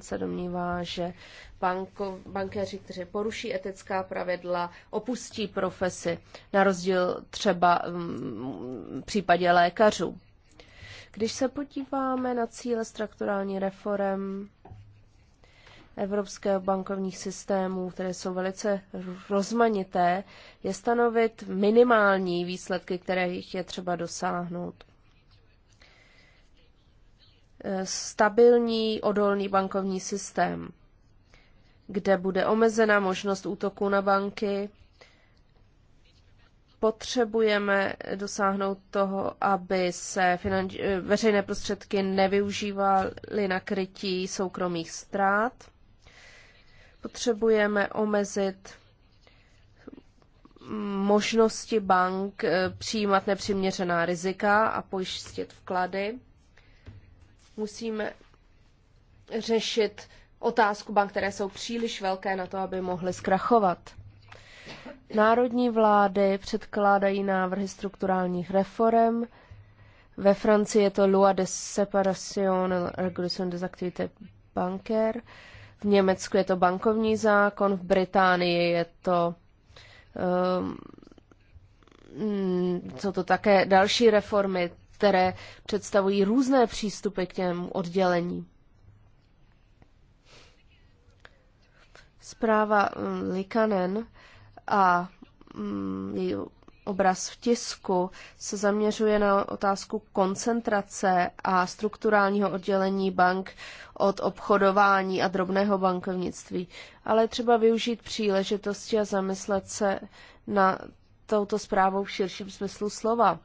se domnívá, že banko, bankéři, kteří poruší etická pravidla, opustí profesi, na rozdíl třeba v případě lékařů. Když se podíváme na cíle strukturální reform, evropského bankovních systémů, které jsou velice rozmanité, je stanovit minimální výsledky, jich je třeba dosáhnout. Stabilní, odolný bankovní systém, kde bude omezena možnost útoku na banky, potřebujeme dosáhnout toho, aby se finanč... veřejné prostředky nevyužívaly na krytí soukromých ztrát. Potřebujeme omezit možnosti bank eh, přijímat nepřiměřená rizika a pojistit vklady. Musíme řešit otázku bank, které jsou příliš velké na to, aby mohly zkrachovat. Národní vlády předkládají návrhy strukturálních reform. Ve Francii je to loi de séparation et des activités bancaires. Německu je to bankovní zákon, v Británii je to um, jsou to také další reformy, které představují různé přístupy k těm oddělením. Zpráva mm, Likanen a mm, její obraz v tisku se zaměřuje na otázku koncentrace a strukturálního oddělení bank od obchodování a drobného bankovnictví. Ale třeba využít příležitosti a zamyslet se na touto zprávou v širším smyslu slova,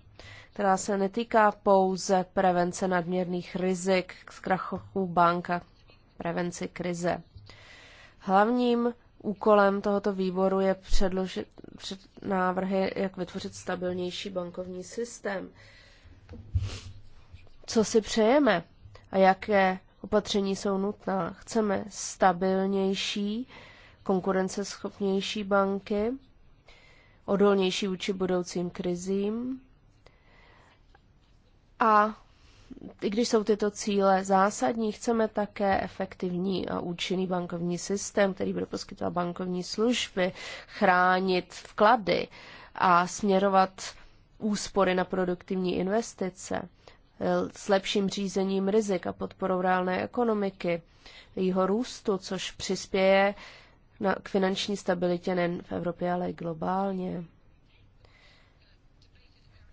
která se netýká pouze prevence nadměrných rizik z krachů banka, prevenci krize. Hlavním Úkolem tohoto výboru je předložit před návrhy, jak vytvořit stabilnější bankovní systém. Co si přejeme a jaké opatření jsou nutná? Chceme stabilnější, konkurenceschopnější banky, odolnější vůči budoucím krizím a i když jsou tyto cíle zásadní, chceme také efektivní a účinný bankovní systém, který bude poskytovat bankovní služby, chránit vklady a směrovat úspory na produktivní investice s lepším řízením rizik a podporou reálné ekonomiky, jeho růstu, což přispěje na, k finanční stabilitě nejen v Evropě, ale i globálně.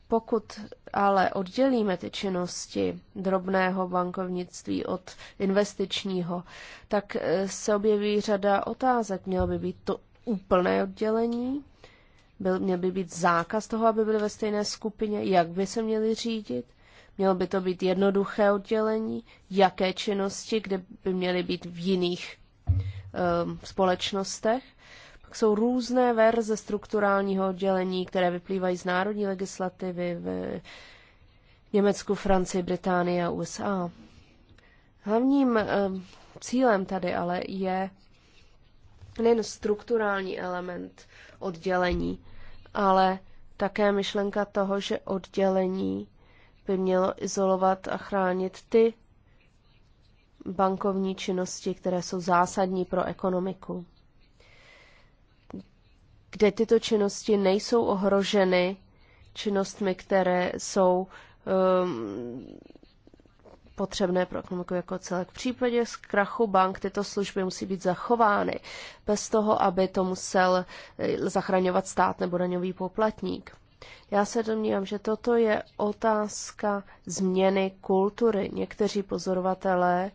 Pokud ale oddělíme ty činnosti drobného bankovnictví od investičního, tak e, se objeví řada otázek. Mělo by být to úplné oddělení? Byl, měl by být zákaz toho, aby byly ve stejné skupině? Jak by se měli řídit? Mělo by to být jednoduché oddělení? Jaké činnosti, kde by měly být v jiných um, společnostech? jsou různé verze strukturálního oddělení, které vyplývají z národní legislativy v Německu, Francii, Británii a USA. Hlavním eh, cílem tady ale je nejen strukturální element oddělení, ale také myšlenka toho, že oddělení by mělo izolovat a chránit ty bankovní činnosti, které jsou zásadní pro ekonomiku kde tyto činnosti nejsou ohroženy činnostmi, které jsou um, potřebné pro ekonomiku jako celek. V případě z krachu bank tyto služby musí být zachovány, bez toho, aby to musel eh, zachraňovat stát nebo daňový poplatník. Já se domnívám, že toto je otázka změny kultury. Někteří pozorovatelé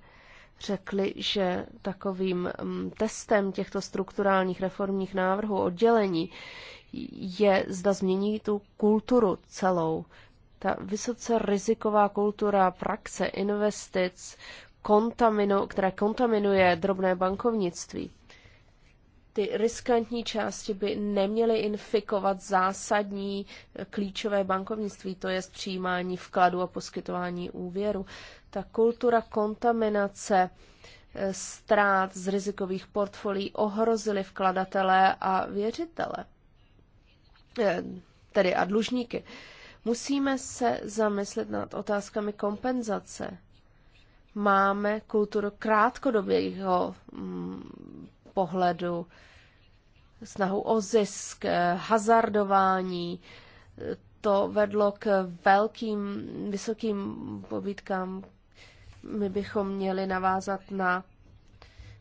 řekli, že takovým mm, testem těchto strukturálních reformních návrhů oddělení je, zda změní tu kulturu celou. Ta vysoce riziková kultura praxe investic, kontaminu, která kontaminuje drobné bankovnictví. Ty riskantní části by neměly infikovat zásadní klíčové bankovnictví, to je přijímání vkladu a poskytování úvěru. Ta kultura kontaminace eh, ztrát z rizikových portfolií ohrozily vkladatele a věřitele, eh, tedy a dlužníky. Musíme se zamyslet nad otázkami kompenzace. Máme kulturu krátkodobějího mm, pohledu, snahu o zisk, eh, hazardování. To vedlo k velkým, vysokým pobítkám my bychom měli navázat na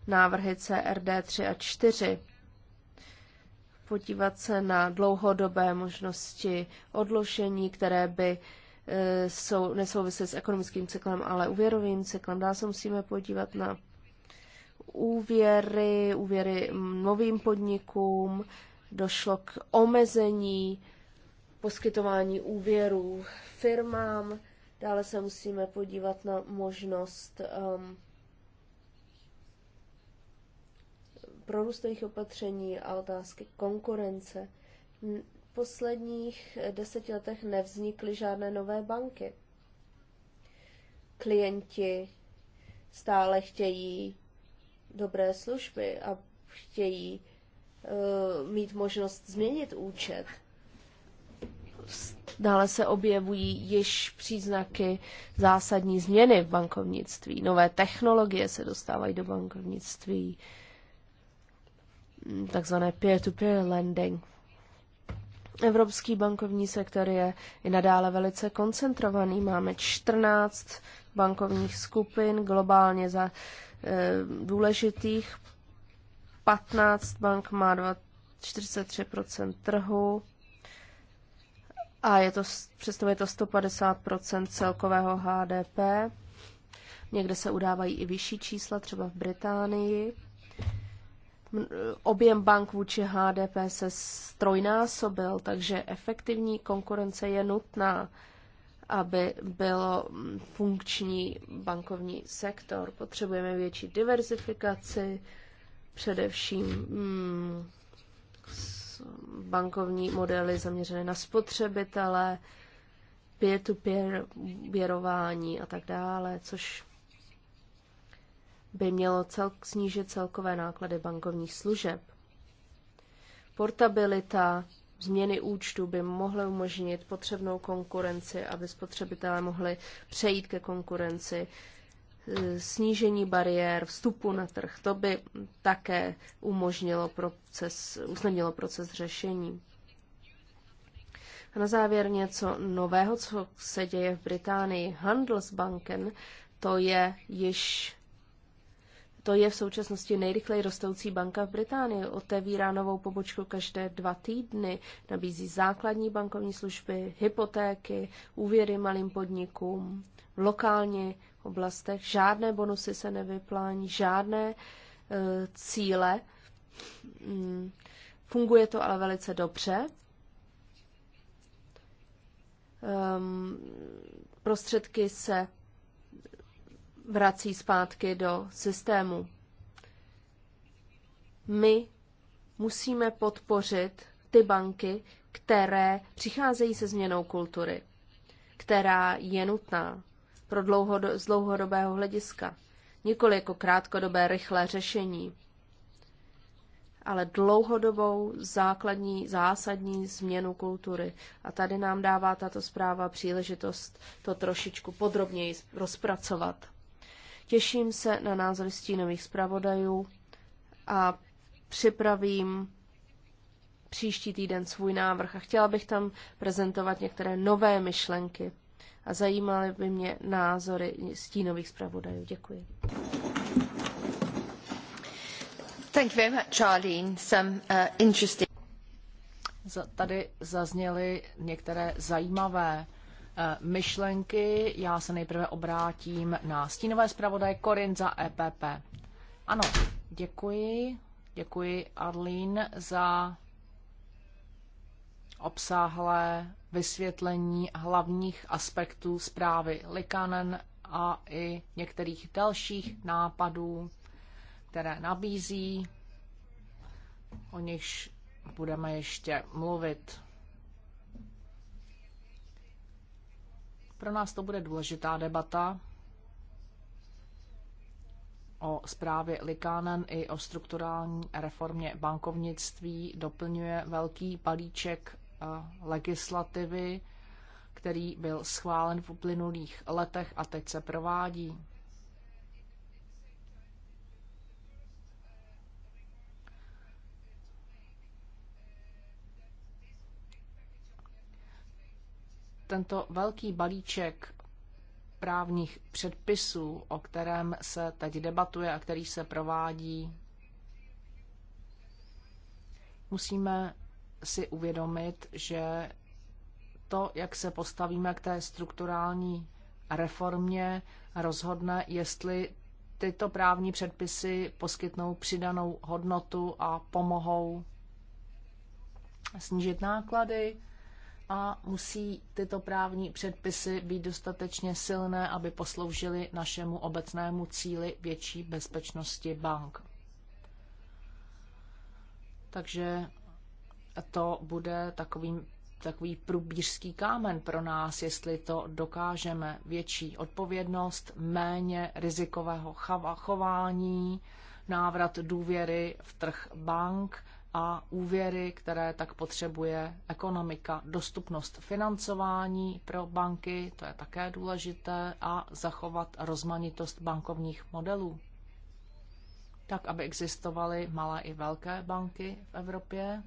návrhy CRD 3 a 4, podívat se na dlouhodobé možnosti odložení, které by jsou, e, nesouvisí s ekonomickým cyklem, ale úvěrovým cyklem. Dá se musíme podívat na úvěry, úvěry novým podnikům, došlo k omezení poskytování úvěrů firmám, Dále se musíme podívat na možnost um, prorůstových opatření a otázky konkurence. V posledních deseti letech nevznikly žádné nové banky. Klienti stále chtějí dobré služby a chtějí uh, mít možnost změnit účet dále se objevují již příznaky zásadní změny v bankovnictví. Nové technologie se dostávají do bankovnictví, takzvané peer-to-peer lending. Evropský bankovní sektor je i nadále velice koncentrovaný. Máme 14 bankovních skupin globálně za e, důležitých. 15 bank má 43 trhu a je to, představuje to 150 celkového HDP. Někde se udávají i vyšší čísla, třeba v Británii. Objem bank vůči HDP se strojnásobil, takže efektivní konkurence je nutná, aby byl funkční bankovní sektor. Potřebujeme větší diverzifikaci, především hmm, bankovní modely zaměřené na spotřebitele, peer-to-peer věrování a tak dále, což by mělo cel- snížit celkové náklady bankovních služeb. Portabilita, změny účtu by mohly umožnit potřebnou konkurenci, aby spotřebitelé mohli přejít ke konkurenci Eh, snížení bariér vstupu na trh. To by také umožnilo proces, usnadnilo proces řešení. A na závěr něco nového, co se děje v Británii. Handelsbanken, to je již to je v současnosti nejrychleji rostoucí banka v Británii. Otevírá novou pobočku každé dva týdny, nabízí základní bankovní služby, hypotéky, úvěry malým podnikům, lokálně oblastech. Žádné bonusy se nevyplání, žádné e, cíle. Mm, funguje to ale velice dobře. Ehm, prostředky se vrací zpátky do systému. My musíme podpořit ty banky, které přicházejí se změnou kultury, která je nutná pro dlouhodo, z dlouhodobého hlediska. Nikoli jako krátkodobé rychlé řešení, ale dlouhodobou základní, zásadní změnu kultury. A tady nám dává tato zpráva příležitost to trošičku podrobněji rozpracovat. Těším se na názory stínových zpravodajů a připravím příští týden svůj návrh a chtěla bych tam prezentovat některé nové myšlenky a zajímaly by mě názory stínových zpravodajů. Děkuji. Thank you very much, Charlene. Some, uh, Tady zazněly některé zajímavé uh, myšlenky. Já se nejprve obrátím na stínové zpravodaj Korin za EPP. Ano, děkuji. Děkuji Arlín za obsáhlé vysvětlení hlavních aspektů zprávy Likanen a i některých dalších nápadů, které nabízí. O nichž budeme ještě mluvit. Pro nás to bude důležitá debata o zprávě Likánen i o strukturální reformě bankovnictví doplňuje velký balíček legislativy, který byl schválen v uplynulých letech a teď se provádí. Tento velký balíček právních předpisů, o kterém se teď debatuje a který se provádí, musíme si uvědomit, že to, jak se postavíme k té strukturální reformě, rozhodne, jestli tyto právní předpisy poskytnou přidanou hodnotu a pomohou snížit náklady a musí tyto právní předpisy být dostatečně silné, aby posloužily našemu obecnému cíli větší bezpečnosti bank. Takže to bude takový, takový průbířský kámen pro nás, jestli to dokážeme. Větší odpovědnost, méně rizikového chování, návrat důvěry v trh bank a úvěry, které tak potřebuje ekonomika. Dostupnost financování pro banky, to je také důležité, a zachovat rozmanitost bankovních modelů tak, aby existovaly malé i velké banky v Evropě.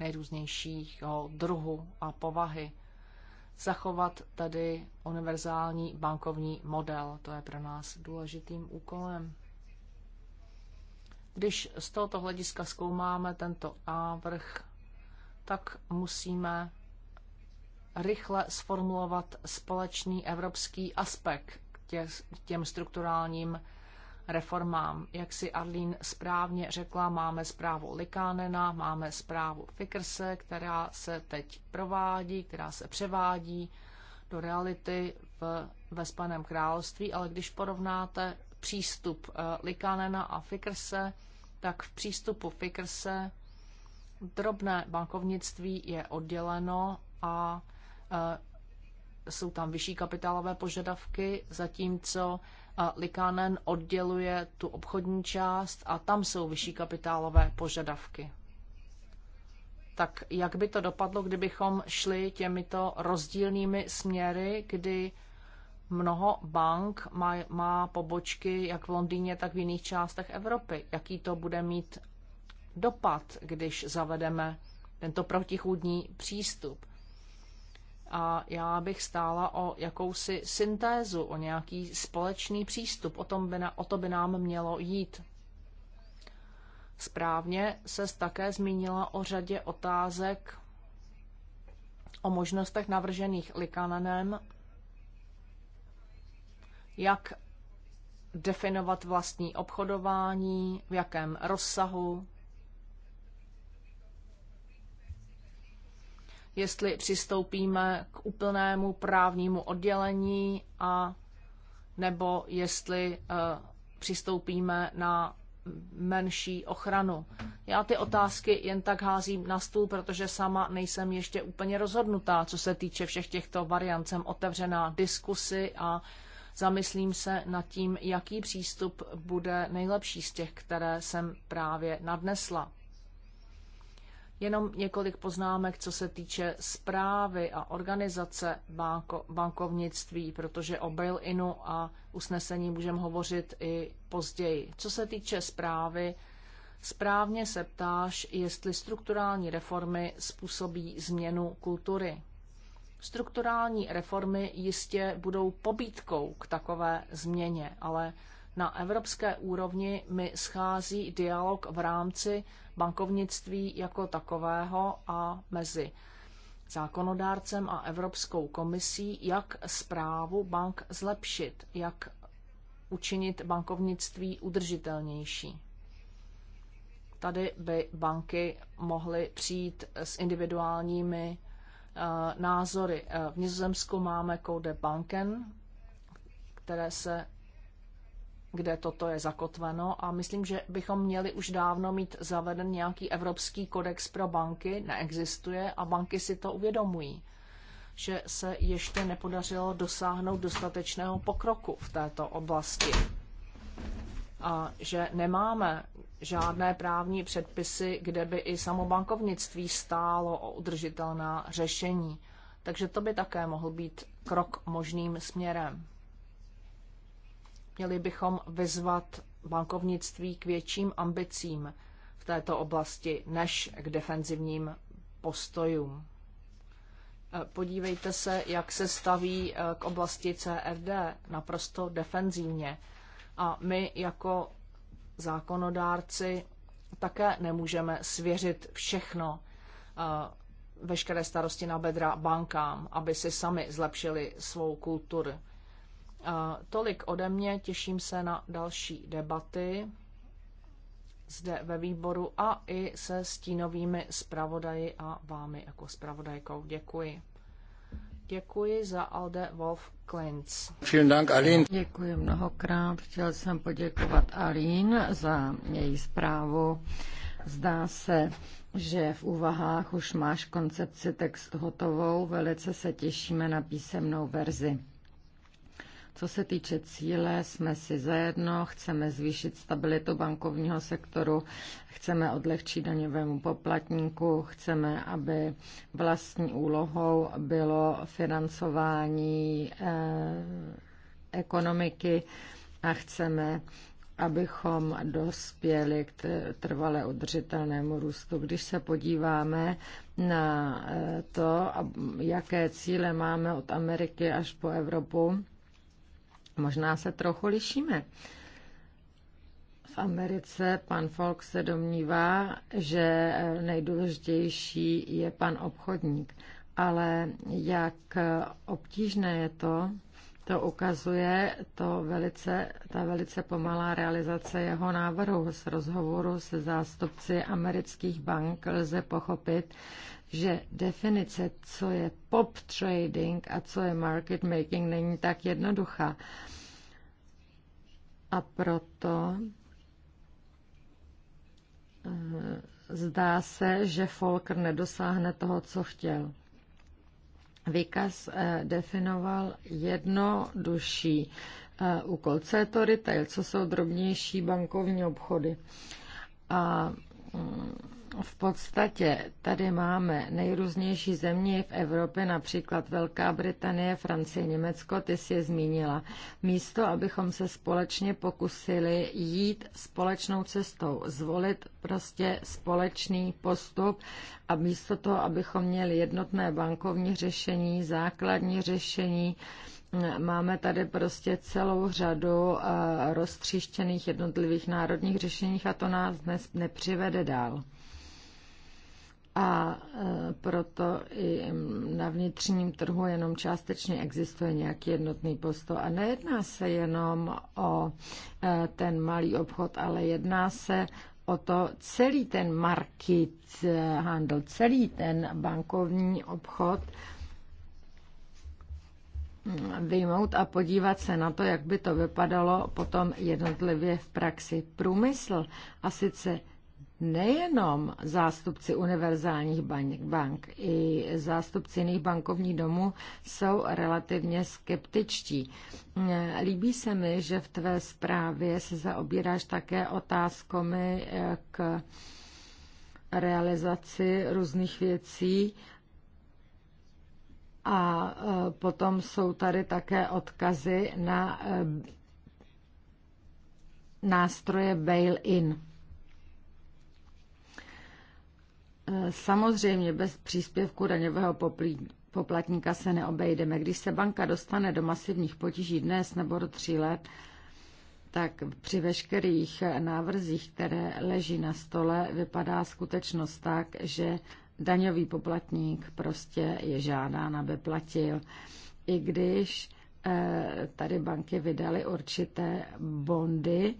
nejrůznějšího druhu a povahy. Zachovat tedy univerzální bankovní model, to je pro nás důležitým úkolem. Když z tohoto hlediska zkoumáme tento návrh, tak musíme rychle sformulovat společný evropský aspekt k těm strukturálním reformám. Jak si Arlín správně řekla, máme zprávu Likánena, máme zprávu Fikrse, která se teď provádí, která se převádí do reality v, ve Spaném království, ale když porovnáte přístup eh, Likánena a Fikrse, tak v přístupu Fikrse drobné bankovnictví je odděleno a eh, jsou tam vyšší kapitálové požadavky, zatímco a Likanen odděluje tu obchodní část a tam jsou vyšší kapitálové požadavky. Tak jak by to dopadlo, kdybychom šli těmito rozdílnými směry, kdy mnoho bank má, má pobočky jak v Londýně, tak v jiných částech Evropy? Jaký to bude mít dopad, když zavedeme tento protichůdní přístup? a já bych stála o jakousi syntézu, o nějaký společný přístup. O, tom by na, o to by nám mělo jít. Správně se také zmínila o řadě otázek o možnostech navržených Likanenem, jak definovat vlastní obchodování, v jakém rozsahu, jestli přistoupíme k úplnému právnímu oddělení a nebo jestli eh, přistoupíme na menší ochranu. Já ty otázky jen tak házím na stůl, protože sama nejsem ještě úplně rozhodnutá, co se týče všech těchto variant. Jsem otevřená diskusy a zamyslím se nad tím, jaký přístup bude nejlepší z těch, které jsem právě nadnesla. Jenom několik poznámek, co se týče zprávy a organizace banko, bankovnictví, protože o bail-inu a usnesení můžeme hovořit i později. Co se týče zprávy, správně se ptáš, jestli strukturální reformy způsobí změnu kultury. Strukturální reformy jistě budou pobídkou k takové změně, ale na evropské úrovni mi schází dialog v rámci bankovnictví jako takového a mezi zákonodárcem a Evropskou komisí, jak zprávu bank zlepšit, jak učinit bankovnictví udržitelnější. Tady by banky mohly přijít s individuálními eh, názory. Eh, v Nizozemsku máme kode Banken, které se kde toto je zakotveno a myslím, že bychom měli už dávno mít zaveden nějaký evropský kodex pro banky, neexistuje a banky si to uvědomují, že se ještě nepodařilo dosáhnout dostatečného pokroku v této oblasti a že nemáme žádné právní předpisy, kde by i samobankovnictví stálo o udržitelná řešení. Takže to by také mohl být krok možným směrem. Měli bychom vyzvat bankovnictví k větším ambicím v této oblasti než k defenzivním postojům. E, podívejte se, jak se staví e, k oblasti CRD naprosto defenzivně, A my jako zákonodárci také nemůžeme svěřit všechno, e, veškeré starosti na bedra bankám, aby si sami zlepšili svou kulturu. Tolik ode mě, těším se na další debaty zde ve výboru a i se stínovými zpravodaji a vámi jako zpravodajkou. Děkuji. Děkuji za Alde Wolf Klintz. Děkuji mnohokrát. Chtěl jsem poděkovat Alín za její zprávu. Zdá se, že v úvahách už máš koncepci textu hotovou. Velice se těšíme na písemnou verzi. Co se týče cíle, jsme si zajedno, chceme zvýšit stabilitu bankovního sektoru, chceme odlehčit daňovému poplatníku, chceme, aby vlastní úlohou bylo financování eh, ekonomiky a chceme, abychom dospěli k trvale udržitelnému růstu. Když se podíváme na eh, to, jaké cíle máme od Ameriky až po Evropu, Možná se trochu lišíme. V Americe pan Folk se domnívá, že nejdůležitější je pan obchodník. Ale jak obtížné je to, to ukazuje to velice, ta velice pomalá realizace jeho návrhu. Z rozhovoru se zástupci amerických bank lze pochopit, že definice, co je pop trading a co je market making, není tak jednoduchá. A proto eh, zdá se, že Folker nedosáhne toho, co chtěl. Výkaz eh, definoval jednodušší eh, úkol. Co je to retail? Co jsou drobnější bankovní obchody? A mm, v podstatě tady máme nejrůznější země v Evropě, například Velká Británie, Francie, Německo, ty si je zmínila. Místo, abychom se společně pokusili jít společnou cestou, zvolit prostě společný postup a místo toho, abychom měli jednotné bankovní řešení, základní řešení, Máme tady prostě celou řadu eh, roztříštěných jednotlivých národních řešeních a to nás dnes nepřivede dál a e, proto i na vnitřním trhu jenom částečně existuje nějaký jednotný postoj. A nejedná se jenom o e, ten malý obchod, ale jedná se o to celý ten market e, handel, celý ten bankovní obchod vyjmout a podívat se na to, jak by to vypadalo potom jednotlivě v praxi. Průmysl a sice nejenom zástupci univerzálních bank, bank, i zástupci jiných bankovních domů jsou relativně skeptičtí. Líbí se mi, že v tvé zprávě se zaobíráš také otázkami eh, k realizaci různých věcí a eh, potom jsou tady také odkazy na eh, nástroje bail-in. Samozřejmě bez příspěvku daňového poplatníka se neobejdeme. Když se banka dostane do masivních potíží dnes nebo do tří let, tak při veškerých návrzích, které leží na stole, vypadá skutečnost tak, že daňový poplatník prostě je žádán, aby platil. I když eh, tady banky vydaly určité bondy,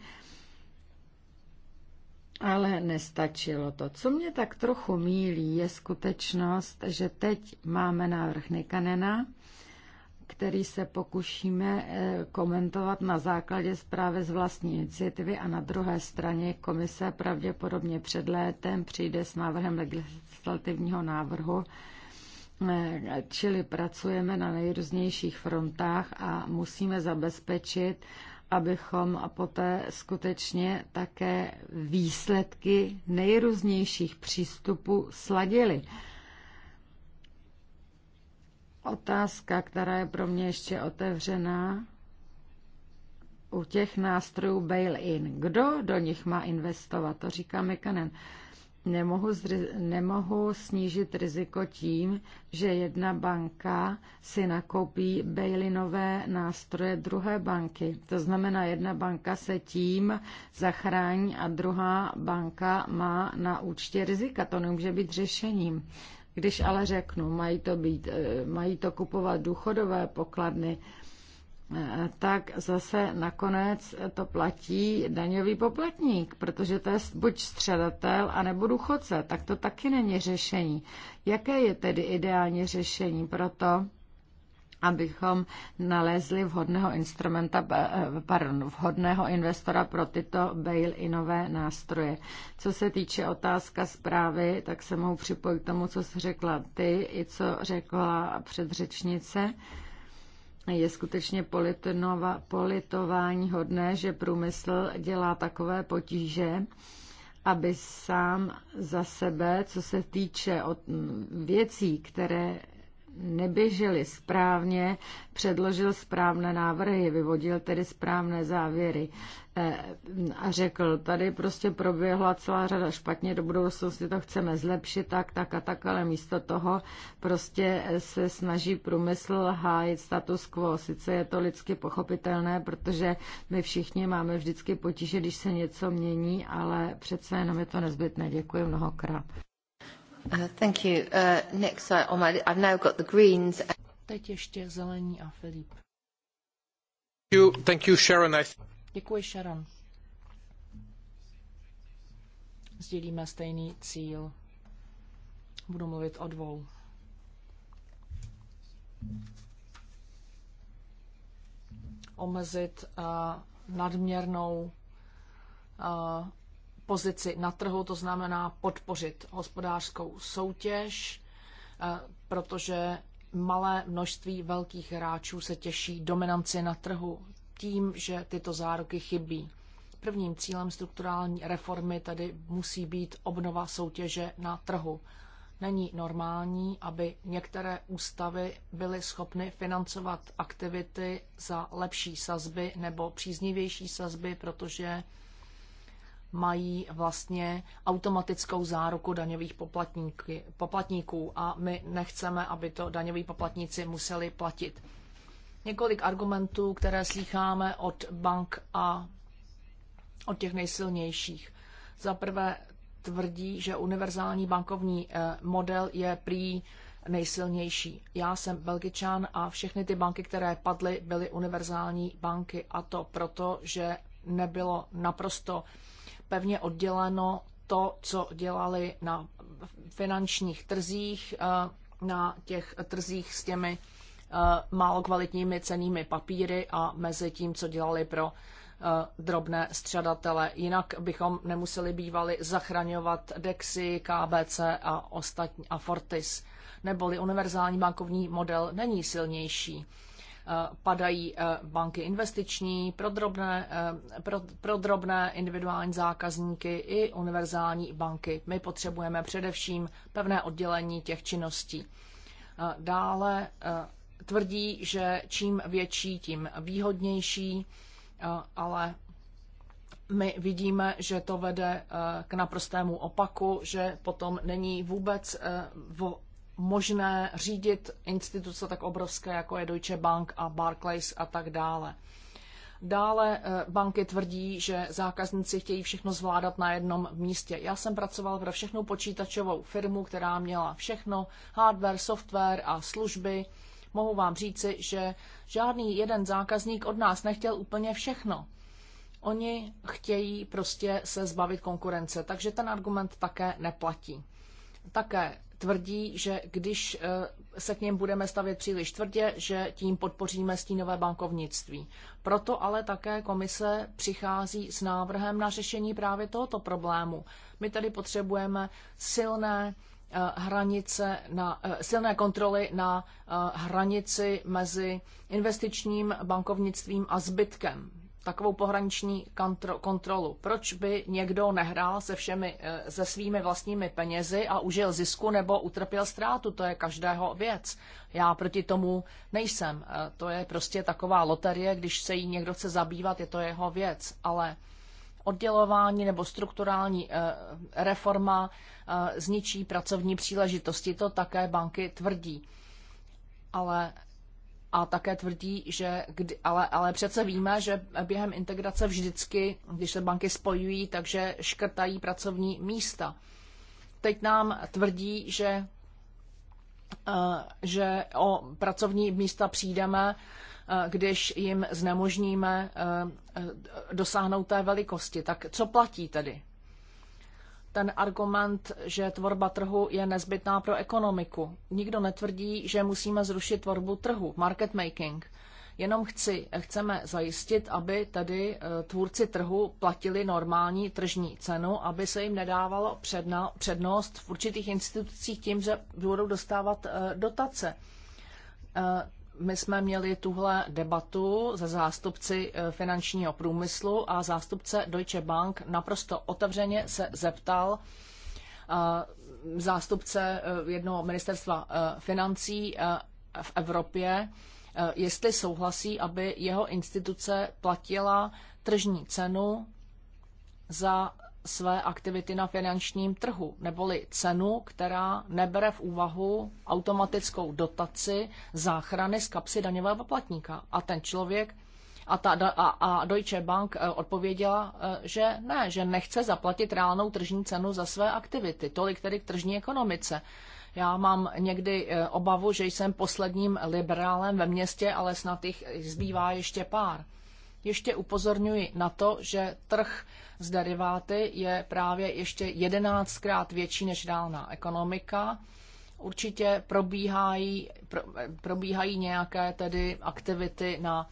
ale nestačilo to. Co mě tak trochu mílí, je skutečnost, že teď máme návrh Nikanena, který se pokušíme eh, komentovat na základě zprávy z vlastní iniciativy a na druhé straně komise pravděpodobně před létem přijde s návrhem legislativního návrhu, eh, čili pracujeme na nejrůznějších frontách a musíme zabezpečit, abychom poté skutečně také výsledky nejrůznějších přístupů sladili. Otázka, která je pro mě ještě otevřená, u těch nástrojů bail-in. Kdo do nich má investovat? To říká Mekanen nemohu, nemohu snížit riziko tím, že jedna banka si nakoupí bailinové nástroje druhé banky. To znamená, jedna banka se tím zachrání a druhá banka má na účtě rizika. To nemůže být řešením. Když ale řeknu, mají to, být, eh, mají to kupovat důchodové pokladny, tak zase nakonec to platí daňový poplatník, protože to je buď středatel, anebo důchodce. Tak to taky není řešení. Jaké je tedy ideální řešení pro to, abychom nalezli vhodného instrumenta, eh, pardon, vhodného investora pro tyto bail-inové nástroje. Co se týče otázka zprávy, tak se mohu připojit k tomu, co jsi řekla ty i co řekla předřečnice. Uh, je skutečně politování hodné, že průmysl dělá takové potíže, aby sám za sebe, co se týče od věcí, které neběžely správně, předložil správné návrhy, vyvodil tedy správné závěry eh, a řekl, tady prostě proběhla celá řada špatně, do budoucnosti to chceme zlepšit, tak, tak a tak, ale místo toho prostě se snaží průmysl hájit status quo. Sice je to lidsky pochopitelné, protože my všichni máme vždycky potíže, když se něco mění, ale přece jenom je to nezbytné. Děkuji mnohokrát. Uh, thank you. Uh, next, on oh my, I've now got the Greens. Teď ještě Zelení a Filip. Thank you, thank you Sharon. I... Děkuji, Sharon. Sdělíme stejný cíl. Budu mluvit o dvou. Omezit uh, nadměrnou uh, pozici na trhu, to znamená podpořit hospodářskou soutěž, eh, protože malé množství velkých hráčů se těší dominanci na trhu tím, že tyto záruky chybí. Prvním cílem strukturální reformy tady musí být obnova soutěže na trhu. Není normální, aby některé ústavy byly schopny financovat aktivity za lepší sazby nebo příznivější sazby, protože mají vlastně automatickou záruku daňových poplatníků a my nechceme, aby to daňoví poplatníci museli platit. Několik argumentů, které slycháme od bank a od těch nejsilnějších. Za prvé tvrdí, že univerzální bankovní eh, model je prý nejsilnější. Já jsem belgičan a všechny ty banky, které padly, byly univerzální banky a to proto, že nebylo naprosto pevně odděleno to, co dělali na finančních trzích, eh, na těch trzích s těmi eh, málo kvalitními cenými papíry a mezi tím, co dělali pro eh, drobné střadatele. Jinak bychom nemuseli bývali zachraňovat Dexy, KBC a ostatní a Fortis. Neboli univerzální bankovní model není silnější padají eh, banky investiční, eh, pro drobné, pro, pro drobné individuální zákazníky i univerzální banky. My potřebujeme především pevné oddělení těch činností. Eh, dále tvrdí, že čím větší, tím výhodnější, ale my vidíme, že to vede k naprostému opaku, že potom není vůbec možné řídit instituce tak obrovské, jako je Deutsche Bank a Barclays a tak dále. Dále eh, banky tvrdí, že zákazníci chtějí všechno zvládat na jednom místě. Já jsem pracoval pro všechnu počítačovou firmu, která měla všechno, hardware, software a služby. Mohu vám říci, že žádný jeden zákazník od nás nechtěl úplně všechno. Oni chtějí prostě se zbavit konkurence, takže ten argument také neplatí. Také tvrdí, že když eh, se k něm budeme stavět příliš tvrdě, že tím podpoříme stínové bankovnictví. Proto ale také komise přichází s návrhem na řešení právě tohoto problému. My tady potřebujeme silné eh, hranice na, eh, silné kontroly na hranici mezi investičním bankovnictvím a zbytkem takovou pohraniční kontrolu. Proč by někdo nehrál se všemi, eh, se svými vlastními penězi a užil zisku nebo utrpěl ztrátu? To je každého věc. Já proti tomu nejsem. Eh, to je prostě taková loterie, když se jí někdo chce zabývat, je to jeho věc. Ale oddělování nebo strukturální eh, reforma zničí pracovní příležitosti, to také banky tvrdí. Ale a také tvrdí, že kdy, ale, ale přece víme, že během integrace vždycky, když se banky spojují, takže škrtají pracovní místa. Teď nám tvrdí, že, eh, že o pracovní místa přijdeme, eh, když jim znemožníme eh, dosáhnout té velikosti. Tak co platí tedy? ten argument, že tvorba trhu je nezbytná pro ekonomiku. Nikdo netvrdí, že musíme zrušit tvorbu trhu, market making. Jenom chci, chceme zajistit, aby tedy e, tvůrci trhu platili normální tržní cenu, aby se jim nedávalo předna, přednost v určitých institucích tím, že budou dostávat e, dotace e, my jsme měli tuhle debatu se zástupci e, finančního průmyslu a zástupce Deutsche Bank naprosto otevřeně se zeptal e, zástupce e, jednoho ministerstva financí v Evropě, jestli souhlasí, aby jeho instituce platila tržní cenu za své aktivity na finančním trhu, neboli cenu, která nebere v úvahu automatickou dotaci záchrany z kapsy daňového poplatníka. A ten člověk a, ta, a, a Deutsche Bank eh, odpověděla, eh, že ne, že nechce zaplatit reálnou tržní cenu za své aktivity. Tolik tedy k tržní ekonomice. Já mám někdy eh, obavu, že jsem posledním liberálem ve městě, ale snad jich zbývá ještě pár. Ještě upozorňuji na to, že trh s deriváty je právě ještě jedenáctkrát větší než reálná ekonomika. Určitě probíhají, pro, probíhají nějaké tedy aktivity na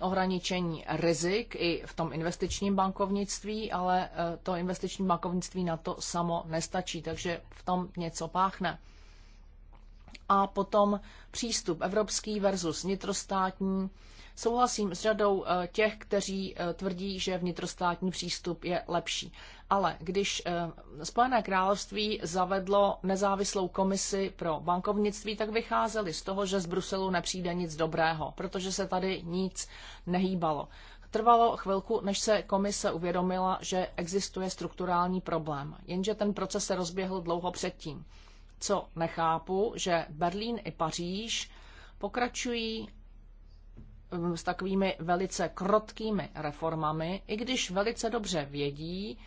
ohraničení rizik i v tom investičním bankovnictví, ale eh, to investiční bankovnictví na to samo nestačí, takže v tom něco páchne. A potom přístup evropský versus nitrostátní Souhlasím s řadou eh, těch, kteří eh, tvrdí, že vnitrostátní přístup je lepší. Ale když eh, Spojené království zavedlo nezávislou komisi pro bankovnictví, tak vycházeli z toho, že z Bruselu nepřijde nic dobrého, protože se tady nic nehýbalo. Trvalo chvilku, než se komise uvědomila, že existuje strukturální problém, jenže ten proces se rozběhl dlouho předtím. Co nechápu, že Berlín i Paříž pokračují Eh, s takovými velice krotkými reformami, i když velice dobře vědí,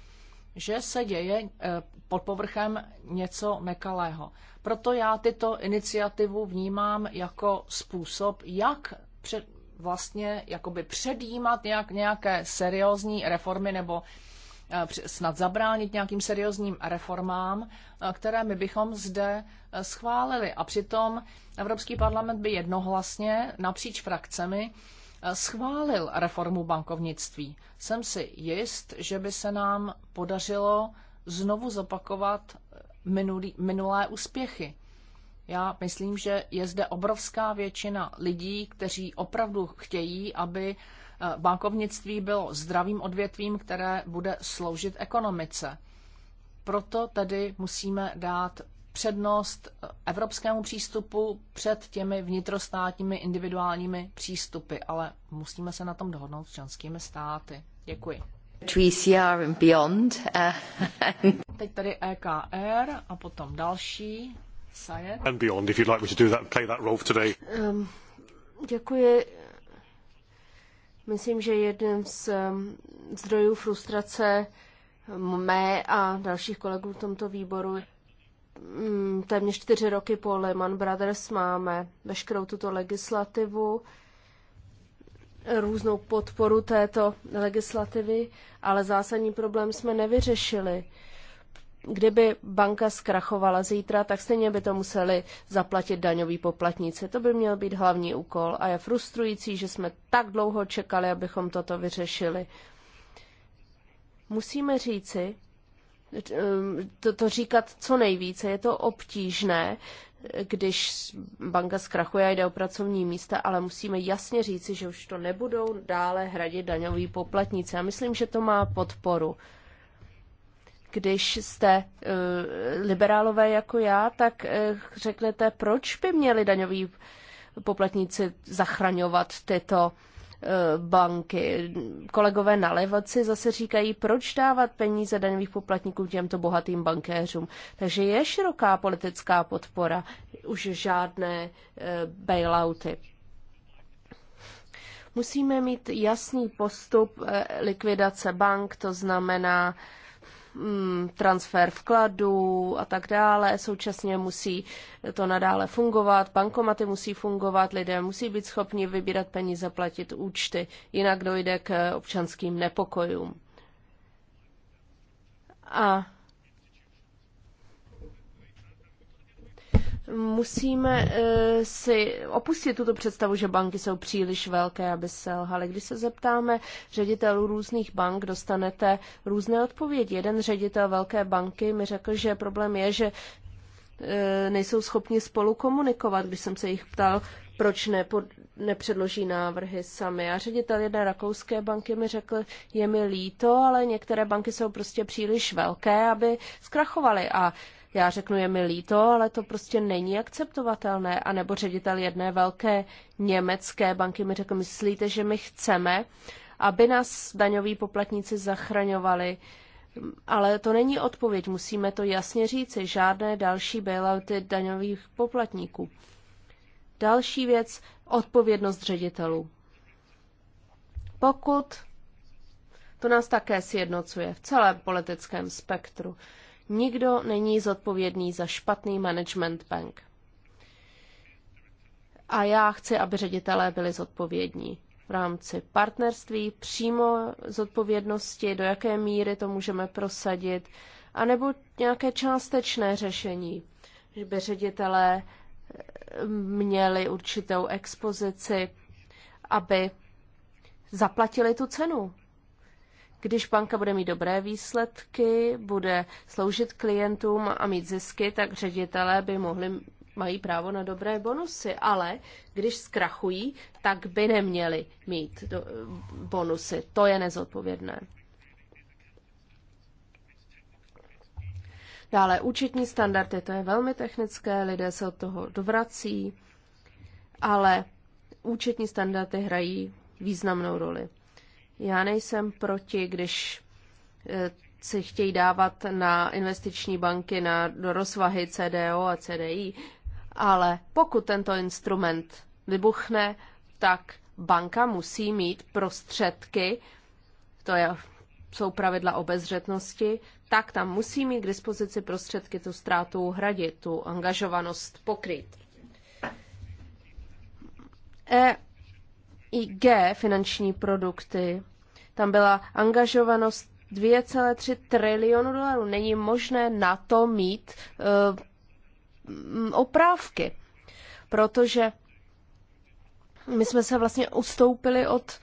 že se děje eh, pod povrchem něco nekalého. Proto já tyto iniciativu vnímám jako způsob, jak před, vlastně jakoby předjímat nějak, nějaké seriózní reformy nebo snad zabránit nějakým seriózním reformám, které my bychom zde schválili. A přitom Evropský parlament by jednohlasně napříč frakcemi schválil reformu bankovnictví. Jsem si jist, že by se nám podařilo znovu zopakovat minulý, minulé úspěchy. Já myslím, že je zde obrovská většina lidí, kteří opravdu chtějí, aby Eh, bankovnictví bylo zdravým odvětvím, které bude sloužit ekonomice. Proto tedy musíme dát přednost eh, evropskému přístupu před těmi vnitrostátními individuálními přístupy, ale musíme se na tom dohodnout s členskými státy. Děkuji. beyond. Eh. Teď tady EKR a potom další. And beyond, if you'd like me to do that, play that role today. Um, děkuji. Myslím, že jeden z um, zdrojů frustrace um, mé a dalších kolegů v tomto výboru mm, téměř čtyři roky po Lehman Brothers máme veškerou tuto legislativu, různou podporu této legislativy, ale zásadní problém jsme nevyřešili kdyby banka zkrachovala zítra, tak stejně by to museli zaplatit daňoví poplatníci. To by měl být hlavní úkol a je frustrující, že jsme tak dlouho čekali, abychom toto vyřešili. Musíme říci, to, to říkat co nejvíce, je to obtížné, když banka zkrachuje a jde o pracovní místa, ale musíme jasně říci, že už to nebudou dále hradit daňoví poplatníci. A myslím, že to má podporu. Když jste eh, liberálové jako já, tak eh, řeknete, proč by měli daňoví poplatníci zachraňovat tyto eh, banky. Kolegové na levoci zase říkají, proč dávat peníze daňových poplatníků těmto bohatým bankéřům. Takže je široká politická podpora, už žádné bailouty. Musíme mít jasný postup likvidace bank, to znamená Mm, transfer vkladů a tak dále. Současně musí to nadále fungovat, bankomaty musí fungovat, lidé musí být schopni vybírat peníze, platit účty, jinak dojde k občanským nepokojům. A musíme eh, si opustit tuto představu, že banky jsou příliš velké, aby selhaly. Když se zeptáme ředitelů různých bank, dostanete různé odpovědi. Jeden ředitel velké banky mi řekl, že problém je, že eh, nejsou schopni spolu komunikovat. Když jsem se jich ptal, proč nepo, nepředloží návrhy sami. A ředitel jedné rakouské banky mi řekl, je mi líto, ale některé banky jsou prostě příliš velké, aby zkrachovaly. A já řeknu, je mi líto, ale to prostě není akceptovatelné. A nebo ředitel jedné velké německé banky mi řekl, myslíte, že my chceme, aby nás daňoví poplatníci zachraňovali, ale to není odpověď, musíme to jasně říci, žádné další bailouty daňových poplatníků. Další věc, odpovědnost ředitelů. Pokud to nás také sjednocuje v celém politickém spektru. Nikdo není zodpovědný za špatný management bank. A já chci, aby ředitelé byli zodpovědní v rámci partnerství, přímo zodpovědnosti, do jaké míry to můžeme prosadit, anebo nějaké částečné řešení, že by ředitelé eh, měli určitou expozici, aby zaplatili tu cenu. Když banka bude mít dobré výsledky, bude sloužit klientům a mít zisky, tak ředitelé by mohli mají právo na dobré bonusy, ale když zkrachují, tak by neměli mít do, bonusy. To je nezodpovědné. Dále účetní standardy, to je velmi technické, lidé se od toho dovrací, ale účetní standardy hrají významnou roli. Já nejsem proti, když eh, se chtějí dávat na investiční banky na do rozvahy CDO a CDI, ale pokud tento instrument vybuchne, tak banka musí mít prostředky, to je, jsou pravidla obezřetnosti, tak tam musí mít k dispozici prostředky tu ztrátu hradit, tu angažovanost pokryt. EIG finanční produkty tam byla angažovanost 2,3 trilionu dolarů. Není možné na to mít uh, oprávky, protože my jsme se vlastně ustoupili od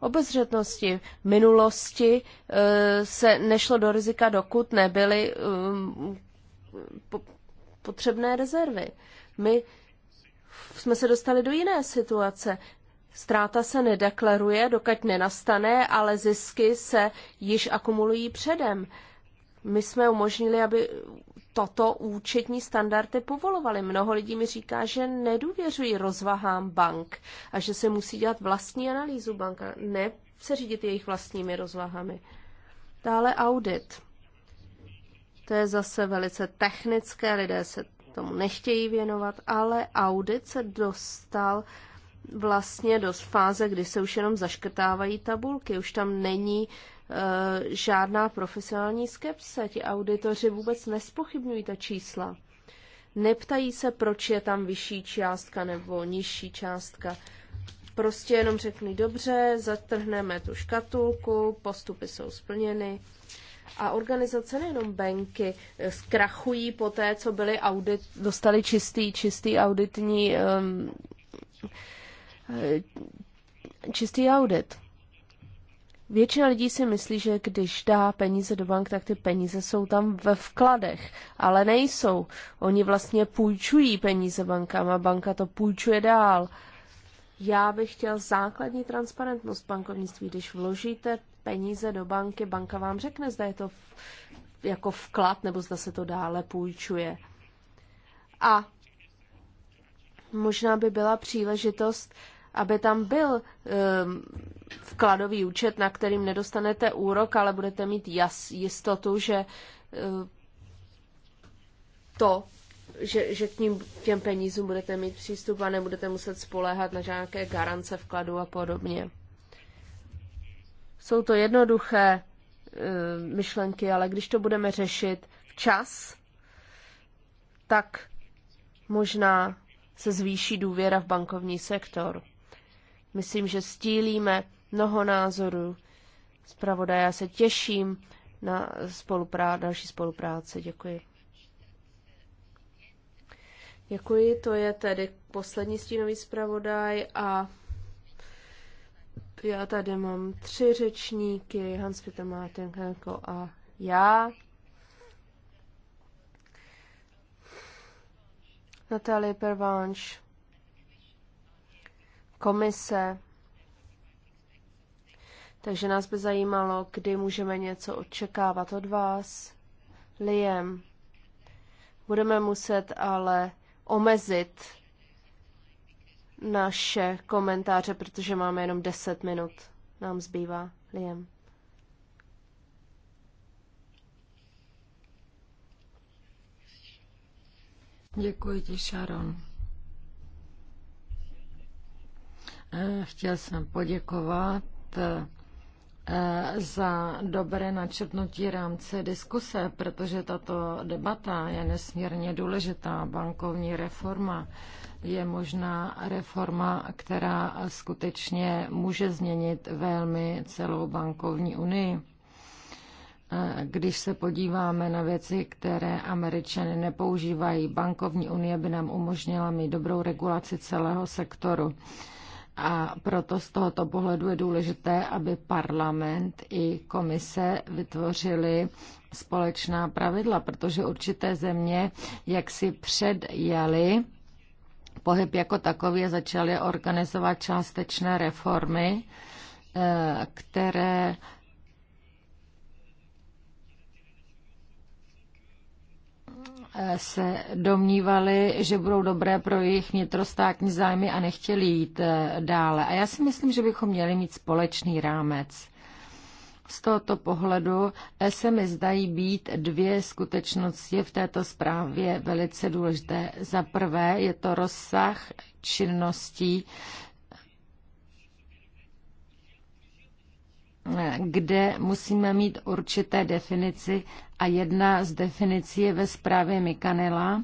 obezřetnosti. V minulosti uh, se nešlo do rizika, dokud nebyly um, potřebné rezervy. My jsme se dostali do jiné situace. Ztráta se nedeklaruje, dokud nenastane, ale zisky se již akumulují předem. My jsme umožnili, aby toto účetní standardy povolovaly. Mnoho lidí mi říká, že nedůvěřují rozvahám bank a že se musí dělat vlastní analýzu banka, ne se řídit jejich vlastními rozvahami. Dále audit. To je zase velice technické, lidé se tomu nechtějí věnovat, ale audit se dostal uh, vlastně do fáze, kdy se už jenom zaškrtávají tabulky, už tam není uh, žádná profesionální skepse. Ti auditoři vůbec nespochybňují ta čísla. Neptají se, proč je tam vyšší částka nebo nižší částka. Prostě jenom řekli, dobře, zatrhneme tu škatulku, postupy jsou splněny. A organizace nejenom banky e, zkrachují po té, co byly audit, dostali čistý, čistý auditní um, Eh, čistý audit. Většina lidí si myslí, že když dá peníze do bank, tak ty peníze jsou tam ve vkladech, ale nejsou. Oni vlastně půjčují peníze bankám a banka to půjčuje dál. Já bych chtěl základní transparentnost bankovnictví. Když vložíte peníze do banky, banka vám řekne, zda je to jako vklad nebo zda se to dále půjčuje. A možná by byla příležitost aby tam byl ehm, vkladový účet, na kterým nedostanete úrok, ale budete mít jas, jistotu, že eh, to, že, že k ním, těm penízům budete mít přístup a nebudete muset spoléhat na nějaké garance vkladu a podobně. Jsou to jednoduché eh, myšlenky, ale když to budeme řešit včas, tak možná se zvýší důvěra v bankovní sektor. Myslím, že stílíme mnoho názorů. Zpravodaje, já se těším na spoluprá- další spolupráci. Děkuji. Děkuji, to je tedy poslední stínový zpravodaj a já tady mám tři řečníky, Hans Peter Martinko a já. Natalie Pervanš komise. Takže nás by zajímalo, kdy můžeme něco očekávat od vás. Liam, budeme muset ale omezit naše komentáře, protože máme jenom 10 minut. Nám zbývá, Liam. Děkuji ti, Sharon. Chtěl jsem poděkovat eh, za dobré načrtnutí rámce diskuse, protože tato debata je nesmírně důležitá. Bankovní reforma je možná reforma, která skutečně může změnit velmi celou bankovní unii. Eh, když se podíváme na věci, které američany nepoužívají, bankovní unie by nám umožnila mít dobrou regulaci celého sektoru. A proto z tohoto pohledu je důležité, aby parlament i komise vytvořili společná pravidla, protože určité země jak si předjali pohyb jako takový a začaly organizovat částečné reformy, eh, které se domnívali, že budou dobré pro jejich vnitrostátní zájmy a nechtěli jít eh, dále. A já si myslím, že bychom měli mít společný rámec. Z tohoto pohledu eh, se mi zdají být dvě skutečnosti v této zprávě velice důležité. Za prvé je to rozsah činností, kde musíme mít určité definici a jedna z definicí je ve zprávě Mikanela,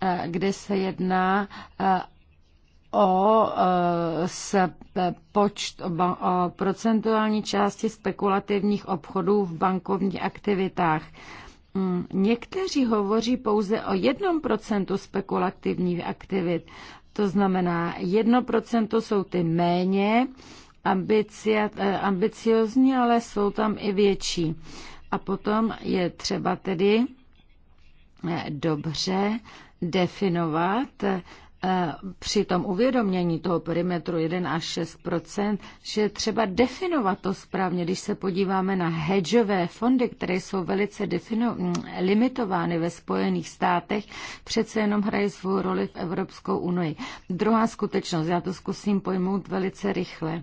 eh, kde se jedná eh, o, eh, s počt, o procentuální části spekulativních obchodů v bankovních aktivitách. Hmm, někteří hovoří pouze o jednom procentu spekulativních aktivit, to znamená jedno procento jsou ty méně ambicia, eh, ambiciozní, ale jsou tam i větší. A potom je třeba tedy eh, dobře definovat eh, při tom uvědomění toho perimetru 1 až 6 že třeba definovat to správně, když se podíváme na hedžové fondy, které jsou velice mm, limitovány ve Spojených státech, přece jenom hrají svou roli v Evropskou unii. Druhá skutečnost, já to zkusím pojmout velice rychle.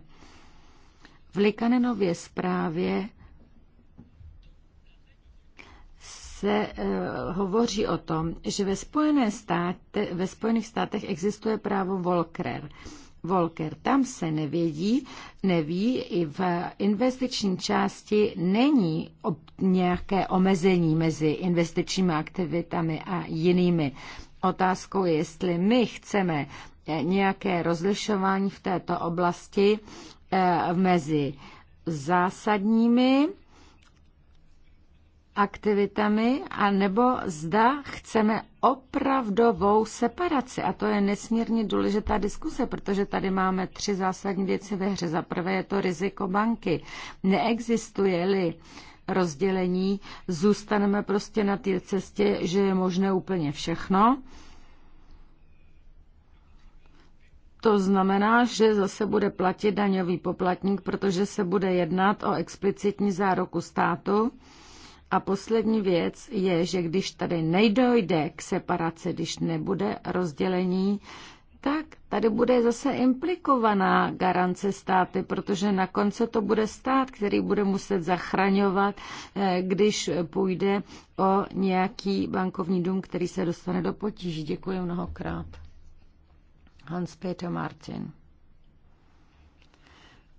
V Likanenově zprávě se uh, hovoří o tom, že ve, Spojené státe, ve Spojených státech existuje právo Volcker. Volker tam se nevědí, neví, i v investiční části není ob, nějaké omezení mezi investičními aktivitami a jinými. Otázkou je, jestli my chceme eh, nějaké rozlišování v této oblasti Eh, mezi zásadními aktivitami, a nebo zda chceme opravdovou separaci. A to je nesmírně důležitá diskuse, protože tady máme tři zásadní věci ve hře. Za prvé je to riziko banky. Neexistuje-li rozdělení, zůstaneme prostě na té cestě, že je možné úplně všechno To znamená, že zase bude platit daňový poplatník, protože se bude jednat o explicitní zároku státu. A poslední věc je, že když tady nejdojde k separaci, když nebude rozdělení, tak tady bude zase implikovaná garance státy, protože na konci to bude stát, který bude muset zachraňovat, eh, když půjde o nějaký bankovní dům, který se dostane do potíží. Děkuji mnohokrát. Hans-Peter Martin.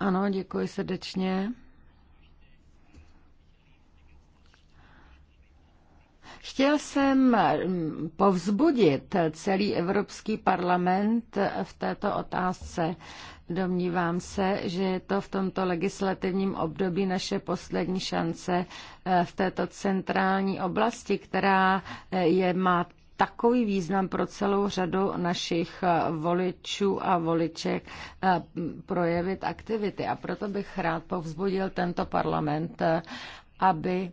Ano, děkuji srdečně. Chtěl jsem mm, povzbudit celý Evropský parlament v této otázce. Domnívám se, že je to v tomto legislativním období naše poslední šance eh, v této centrální oblasti, která eh, je, má takový význam pro celou řadu našich eh, voličů a voliček eh, projevit aktivity. A proto bych rád povzbudil tento parlament, eh, aby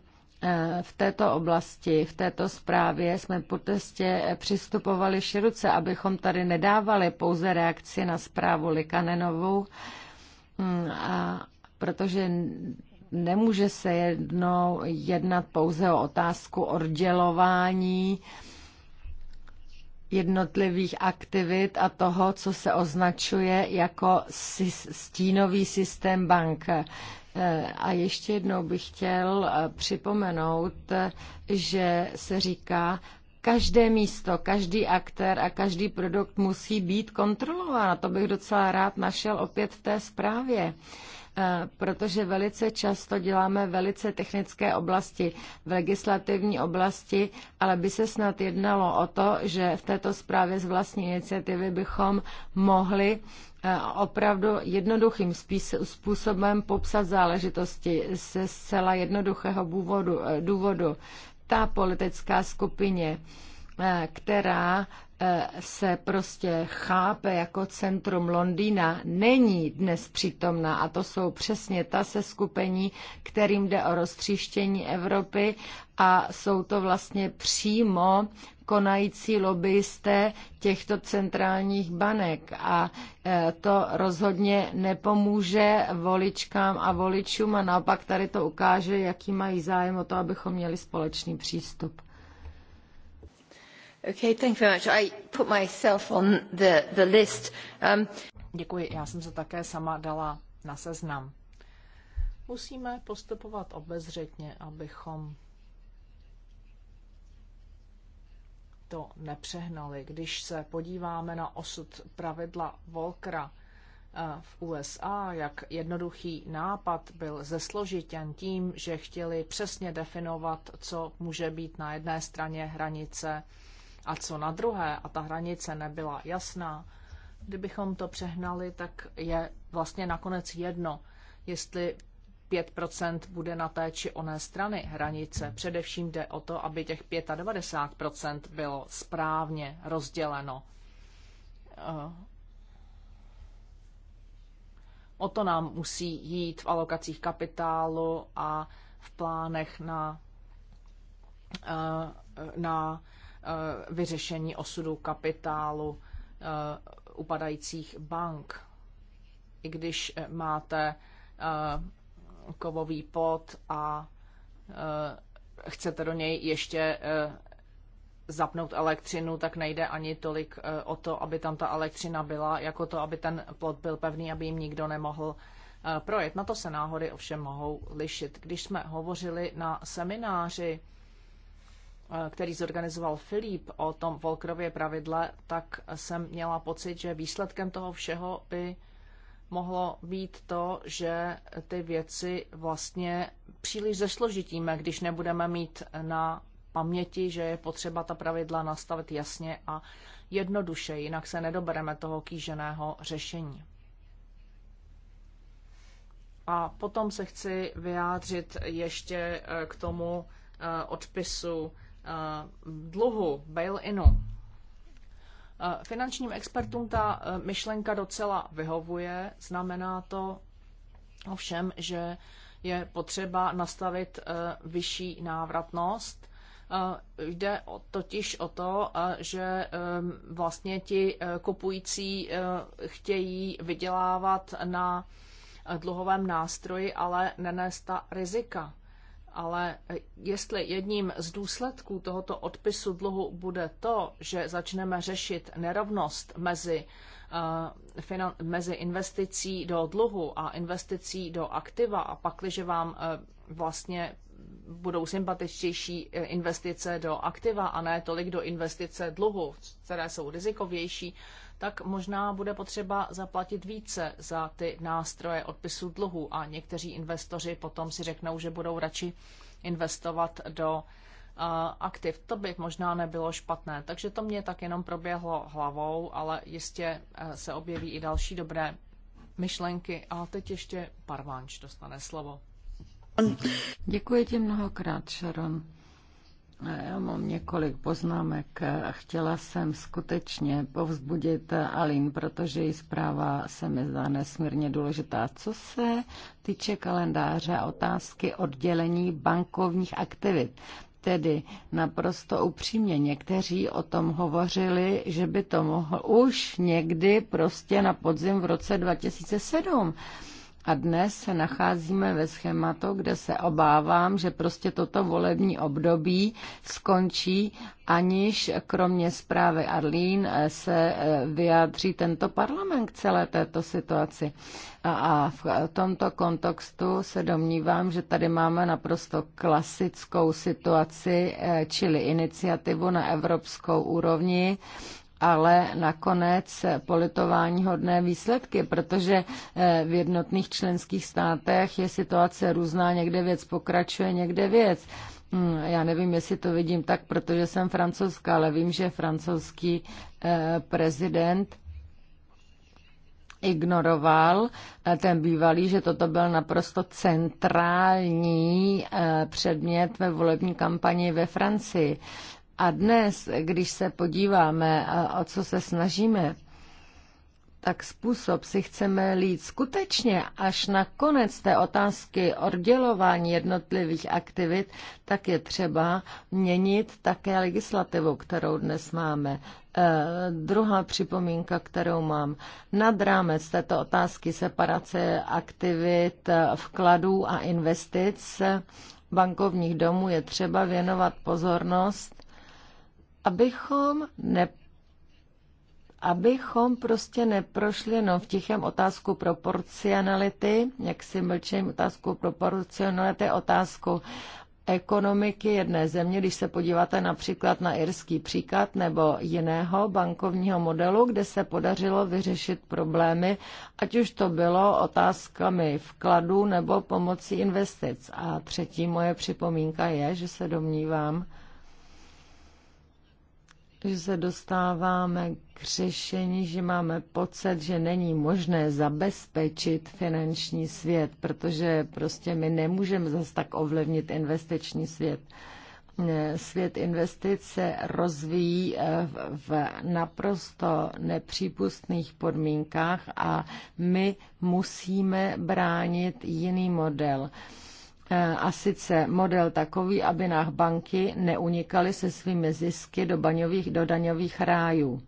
v této oblasti, v této zprávě jsme po testě přistupovali široce, abychom tady nedávali pouze reakci na zprávu Likanenovou, hm, a protože nemůže se jednou jednat pouze o otázku oddělování jednotlivých aktivit a toho, co se označuje jako stínový systém bank. E, a ještě jednou bych chtěl e, připomenout, e, že se říká, každé místo, každý aktér a každý produkt musí být kontrolován. A to bych docela rád našel opět v té zprávě. Eh, protože velice často děláme velice technické oblasti v legislativní oblasti, ale by se snad jednalo o to, že v této zprávě z vlastní iniciativy bychom mohli eh, opravdu jednoduchým způsobem popsat záležitosti ze zcela jednoduchého důvodu. Eh, důvodu. Ta politická skupině, Eh, která eh, se prostě chápe jako centrum Londýna, není dnes přítomná a to jsou přesně ta se skupení, kterým jde o roztříštění Evropy a jsou to vlastně přímo konající lobbyisté těchto centrálních banek a eh, to rozhodně nepomůže voličkám a voličům a naopak tady to ukáže, jaký mají zájem o to, abychom měli společný přístup. Okay, thank you very much. I put myself on the, the list. Um... Děkuji, já jsem se také sama dala na seznam. Musíme postupovat obezřetně, abychom to nepřehnali. Když se podíváme na osud pravidla Volkra eh, v USA, jak jednoduchý nápad byl zesložitěn tím, že chtěli přesně definovat, co může být na jedné straně hranice a co na druhé? A ta hranice nebyla jasná. Kdybychom to přehnali, tak je vlastně nakonec jedno, jestli 5% bude na té či oné strany hranice. Především jde o to, aby těch 95% bylo správně rozděleno. Eh, o to nám musí jít v alokacích kapitálu a v plánech na, eh, na Eh, vyřešení osudu kapitálu eh, upadajících bank. I když eh, máte kovový pot a chcete do něj ještě zapnout elektřinu, tak nejde ani tolik o to, aby tam ta elektřina byla, jako to, aby ten plot byl pevný, aby jim nikdo nemohl projet. Na to se náhody ovšem mohou lišit. Když jsme hovořili na semináři Eh, který zorganizoval Filip o tom Volkrově pravidle, tak jsem měla pocit, že výsledkem toho všeho by mohlo být to, že ty věci vlastně příliš zesložitíme, když nebudeme mít na paměti, že je potřeba ta pravidla nastavit jasně a jednoduše, jinak se nedobereme toho kýženého řešení. A potom se chci vyjádřit ještě eh, k tomu eh, odpisu dluhu, bail-inu. Eh, finančním expertům ta eh, myšlenka docela vyhovuje, znamená to ovšem, že je potřeba nastavit eh, vyšší návratnost. Jde totiž o to, že vlastně ti kupující chtějí vydělávat na dluhovém nástroji, ale nenést ta rizika ale eh, jestli jedním z důsledků tohoto odpisu dluhu bude to, že začneme řešit nerovnost mezi, eh, mezi investicí do dluhu a investicí do aktiva a pakliže vám eh, vlastně budou sympatičtější investice do aktiva a ne tolik do investice dluhu, které jsou rizikovější, tak možná bude potřeba zaplatit více za ty nástroje odpisu dluhu a někteří investoři potom si řeknou, že budou radši investovat do aktiv. To by možná nebylo špatné. Takže to mě tak jenom proběhlo hlavou, ale jistě e, se objeví i další dobré myšlenky. A teď ještě Parvánč dostane slovo. Děkuji ti mnohokrát, Sharon. Já mám několik poznámek. Chtěla jsem skutečně povzbudit Alin, protože její zpráva se mi zdá nesmírně důležitá. Co se týče kalendáře a otázky oddělení bankovních aktivit, tedy naprosto upřímně. Někteří o tom hovořili, že by to mohlo už někdy prostě na podzim v roce 2007 a dnes se nacházíme ve schématu, kde se obávám, že prostě toto volební období skončí, aniž kromě zprávy Arlín eh, se eh, vyjádří tento parlament k celé této situaci. A v eh, tomto kontextu se domnívám, že tady máme naprosto klasickou situaci, čili iniciativu na evropskou úrovni, ale nakonec politování hodné výsledky, protože eh, v jednotných členských státech je situace různá, někde věc pokračuje, někde věc. Hm, já nevím, jestli to vidím tak, protože jsem francouzská, ale vím, že francouzský eh, prezident ignoroval eh, ten bývalý, že toto byl naprosto centrální předmět ve volební kampani ve Francii. A dnes, když se podíváme, a o co se snažíme, tak způsob si chceme lít skutečně až na konec té otázky oddělování jednotlivých aktivit, tak je třeba měnit také legislativu, kterou dnes máme. Eh, druhá připomínka, kterou mám. Nad rámec této otázky separace aktivit, e, vkladů a investic bankovních domů je třeba věnovat pozornost abychom ne abychom prostě neprošli jenom v tichém otázku proporcionality, jak si mlčím otázku proporcionality, otázku ekonomiky jedné země, když se podíváte například na irský příklad nebo jiného bankovního modelu, kde se podařilo vyřešit problémy, ať už to bylo otázkami vkladů nebo pomocí investic. A třetí moje připomínka je, že se domnívám, že se dostáváme k řešení, že máme pocit, že není možné zabezpečit finanční svět, protože prostě my nemůžeme zase tak ovlivnit investiční svět. Eh, svět investic se rozvíjí eh, v naprosto nepřípustných podmínkách a my musíme bránit jiný model. Eh, a sice model takový, aby nám banky neunikaly se svými zisky do, baňových, do daňových rájů.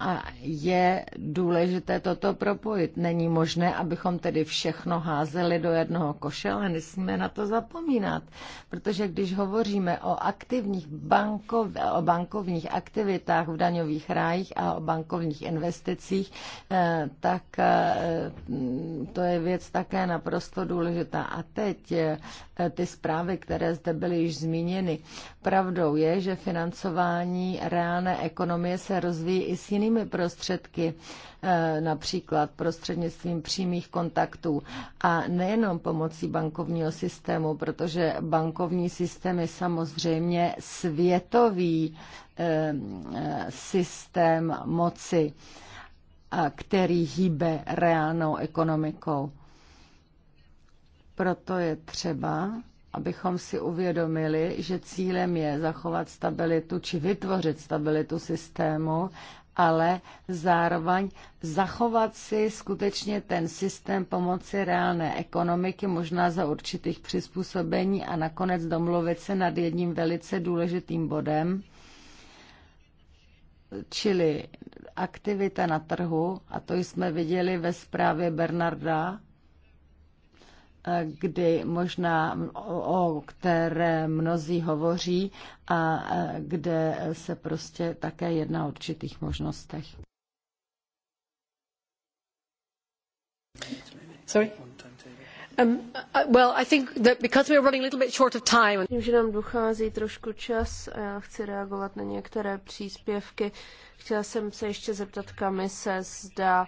A je důležité toto propojit. Není možné, abychom tedy všechno házeli do jednoho koše, ale nesmíme na to zapomínat. Protože když hovoříme o aktivních bankov, o bankovních aktivitách v daňových rájích a o bankovních investicích, eh, tak eh, mm, to je věc také naprosto důležitá. A teď eh, ty zprávy, které zde byly již zmíněny Pravdou je, že financování reálné ekonomie se rozvíjí i s jinými prostředky, eh, například prostřednictvím přímých kontaktů a nejenom pomocí bankovního systému, protože bankovní systém je samozřejmě světový eh, eh, systém moci, který hýbe reálnou ekonomikou. Proto je třeba abychom si uvědomili, že cílem je zachovat stabilitu či vytvořit stabilitu systému, ale zároveň zachovat si skutečně ten systém pomoci reálné ekonomiky, možná za určitých přizpůsobení a nakonec domluvit se nad jedním velice důležitým bodem, čili aktivita na trhu, a to jsme viděli ve zprávě Bernarda kdy možná o které mnozí hovoří a kde se prostě také jedná o určitých možnostech. Sorry? Um, uh, well, I think that because we are running a little bit short of time. Tím, že nám dochází trošku čas a já chci reagovat na některé příspěvky. Chtěla jsem se ještě zeptat komise, zda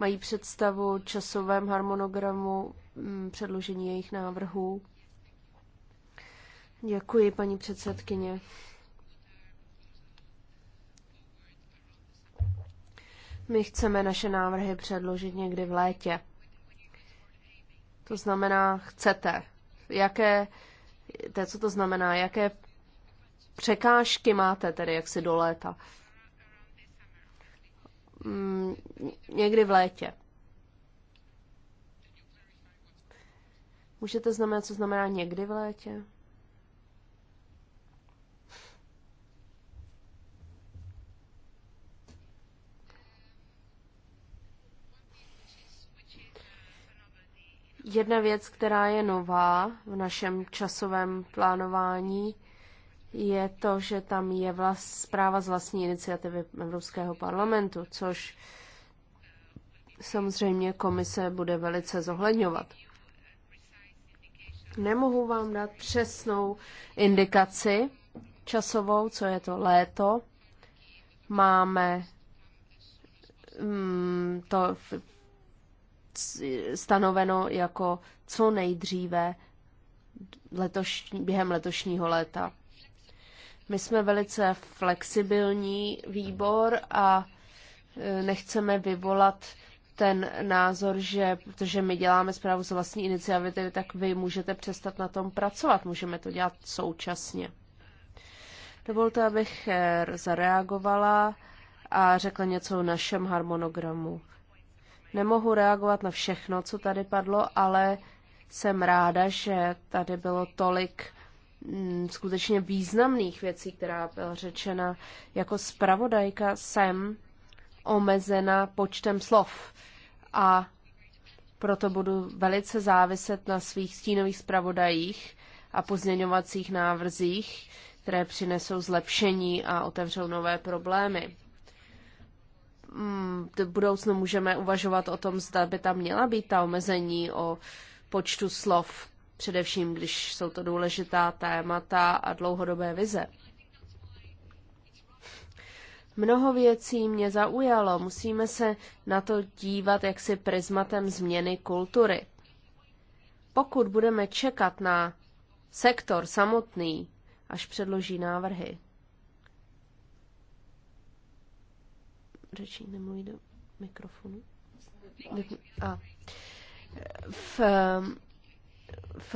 mají představu časovém harmonogramu mm, předložení jejich návrhů. Děkuji, paní předsedkyně. My chceme naše návrhy předložit někdy v létě. To znamená, chcete. Jaké, to, co to znamená, jaké překážky máte tedy si do léta? Mm, někdy v létě. Můžete znamenat, co znamená někdy v létě? Jedna věc, která je nová v našem časovém plánování, je to, že tam je vlast, zpráva z vlastní iniciativy Evropského parlamentu, což samozřejmě komise bude velice zohledňovat. Nemohu vám dát přesnou indikaci časovou, co je to léto. Máme mm, to stanoveno jako co nejdříve letošní, během letošního léta. My jsme velice flexibilní výbor a e, nechceme vyvolat ten názor, že protože my děláme zprávu z vlastní iniciativy, tak vy můžete přestat na tom pracovat. Můžeme to dělat současně. Dovolte, abych e, zareagovala a řekla něco o našem harmonogramu. Nemohu reagovat na všechno, co tady padlo, ale jsem ráda, že tady bylo tolik Mm, skutečně významných věcí, která byla řečena. Jako zpravodajka jsem omezena počtem slov a proto budu velice záviset na svých stínových zpravodajích a pozměňovacích návrzích, které přinesou zlepšení a otevřou nové problémy. V mm, budoucnu můžeme uvažovat o tom, zda by tam měla být ta omezení o počtu slov především když jsou to důležitá témata a dlouhodobé vize. Mnoho věcí mě zaujalo. Musíme se na to dívat jaksi prismatem změny kultury. Pokud budeme čekat na sektor samotný, až předloží návrhy. Řečí nemluví do mikrofonu. A v v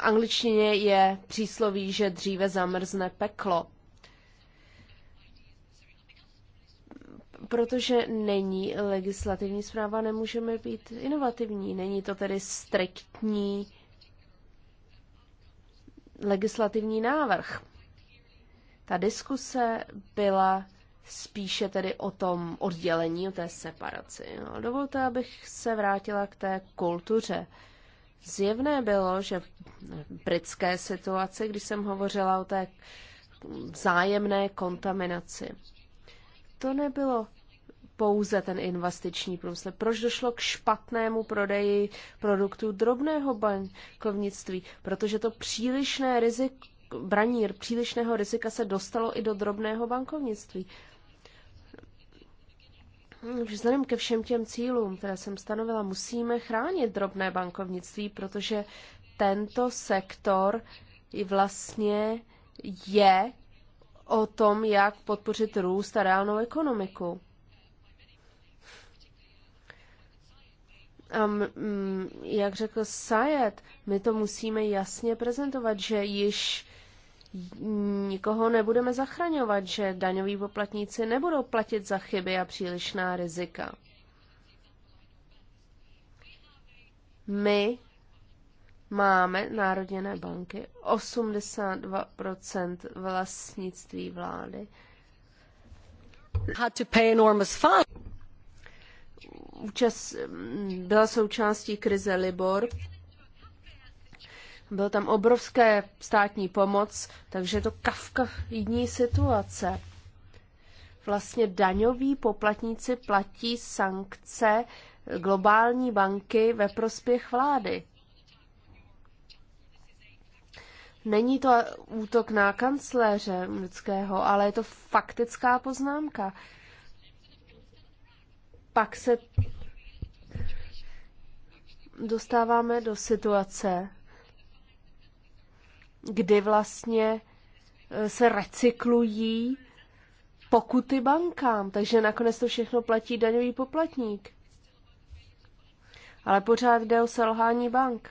angličtině je přísloví, že dříve zamrzne peklo. Protože není legislativní zpráva, nemůžeme být inovativní. Není to tedy striktní legislativní návrh. Ta diskuse byla spíše tedy o tom oddělení, o té separaci. No, dovolte, abych se vrátila k té kultuře. Zjevné bylo, že v britské situaci, když jsem hovořila o té vzájemné kontaminaci, to nebylo pouze ten investiční průmysl. Proč došlo k špatnému prodeji produktů drobného bankovnictví? Protože to přílišné riziko braní přílišného rizika se dostalo i do drobného bankovnictví. Vzhledem ke všem těm cílům, které jsem stanovila, musíme chránit drobné bankovnictví, protože tento sektor i vlastně je o tom, jak podpořit růst a reálnou ekonomiku. A jak řekl Sayed, my to musíme jasně prezentovat, že již nikoho nebudeme zachraňovat, že daňoví poplatníci nebudou platit za chyby a přílišná rizika. My máme národněné banky 82% vlastnictví vlády. Had to pay enormous fine. Účast, mm, byla součástí krize Libor, byl tam obrovské státní pomoc, takže to to kafkaidní situace. Vlastně daňoví poplatníci platí sankce globální banky ve prospěch vlády. Není to útok na kancléře lidského, ale je to faktická poznámka. Pak se dostáváme do situace, kdy vlastně eh, se recyklují pokuty bankám, takže nakonec to všechno platí daňový poplatník. Ale pořád jde o selhání bank.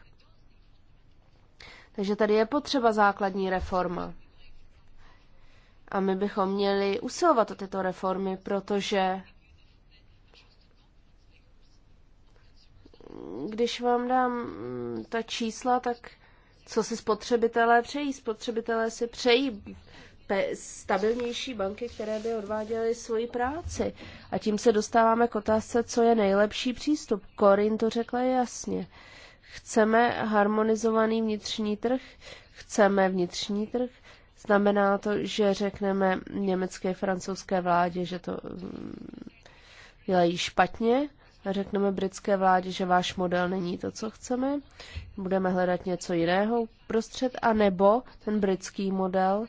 Takže tady je potřeba základní reforma. A my bychom měli usilovat o tyto reformy, protože když vám dám mm, ta čísla, tak co si spotřebitelé přejí. Spotřebitelé si přejí stabilnější banky, které by odváděly svoji práci. A tím se dostáváme k otázce, co je nejlepší přístup. Korin to řekla jasně. Chceme harmonizovaný vnitřní trh, chceme vnitřní trh, znamená to, že řekneme německé, francouzské vládě, že to mm, dělají špatně, řekneme britské vládě, že váš model není to, co chceme, budeme hledat něco jiného prostřed, anebo ten britský model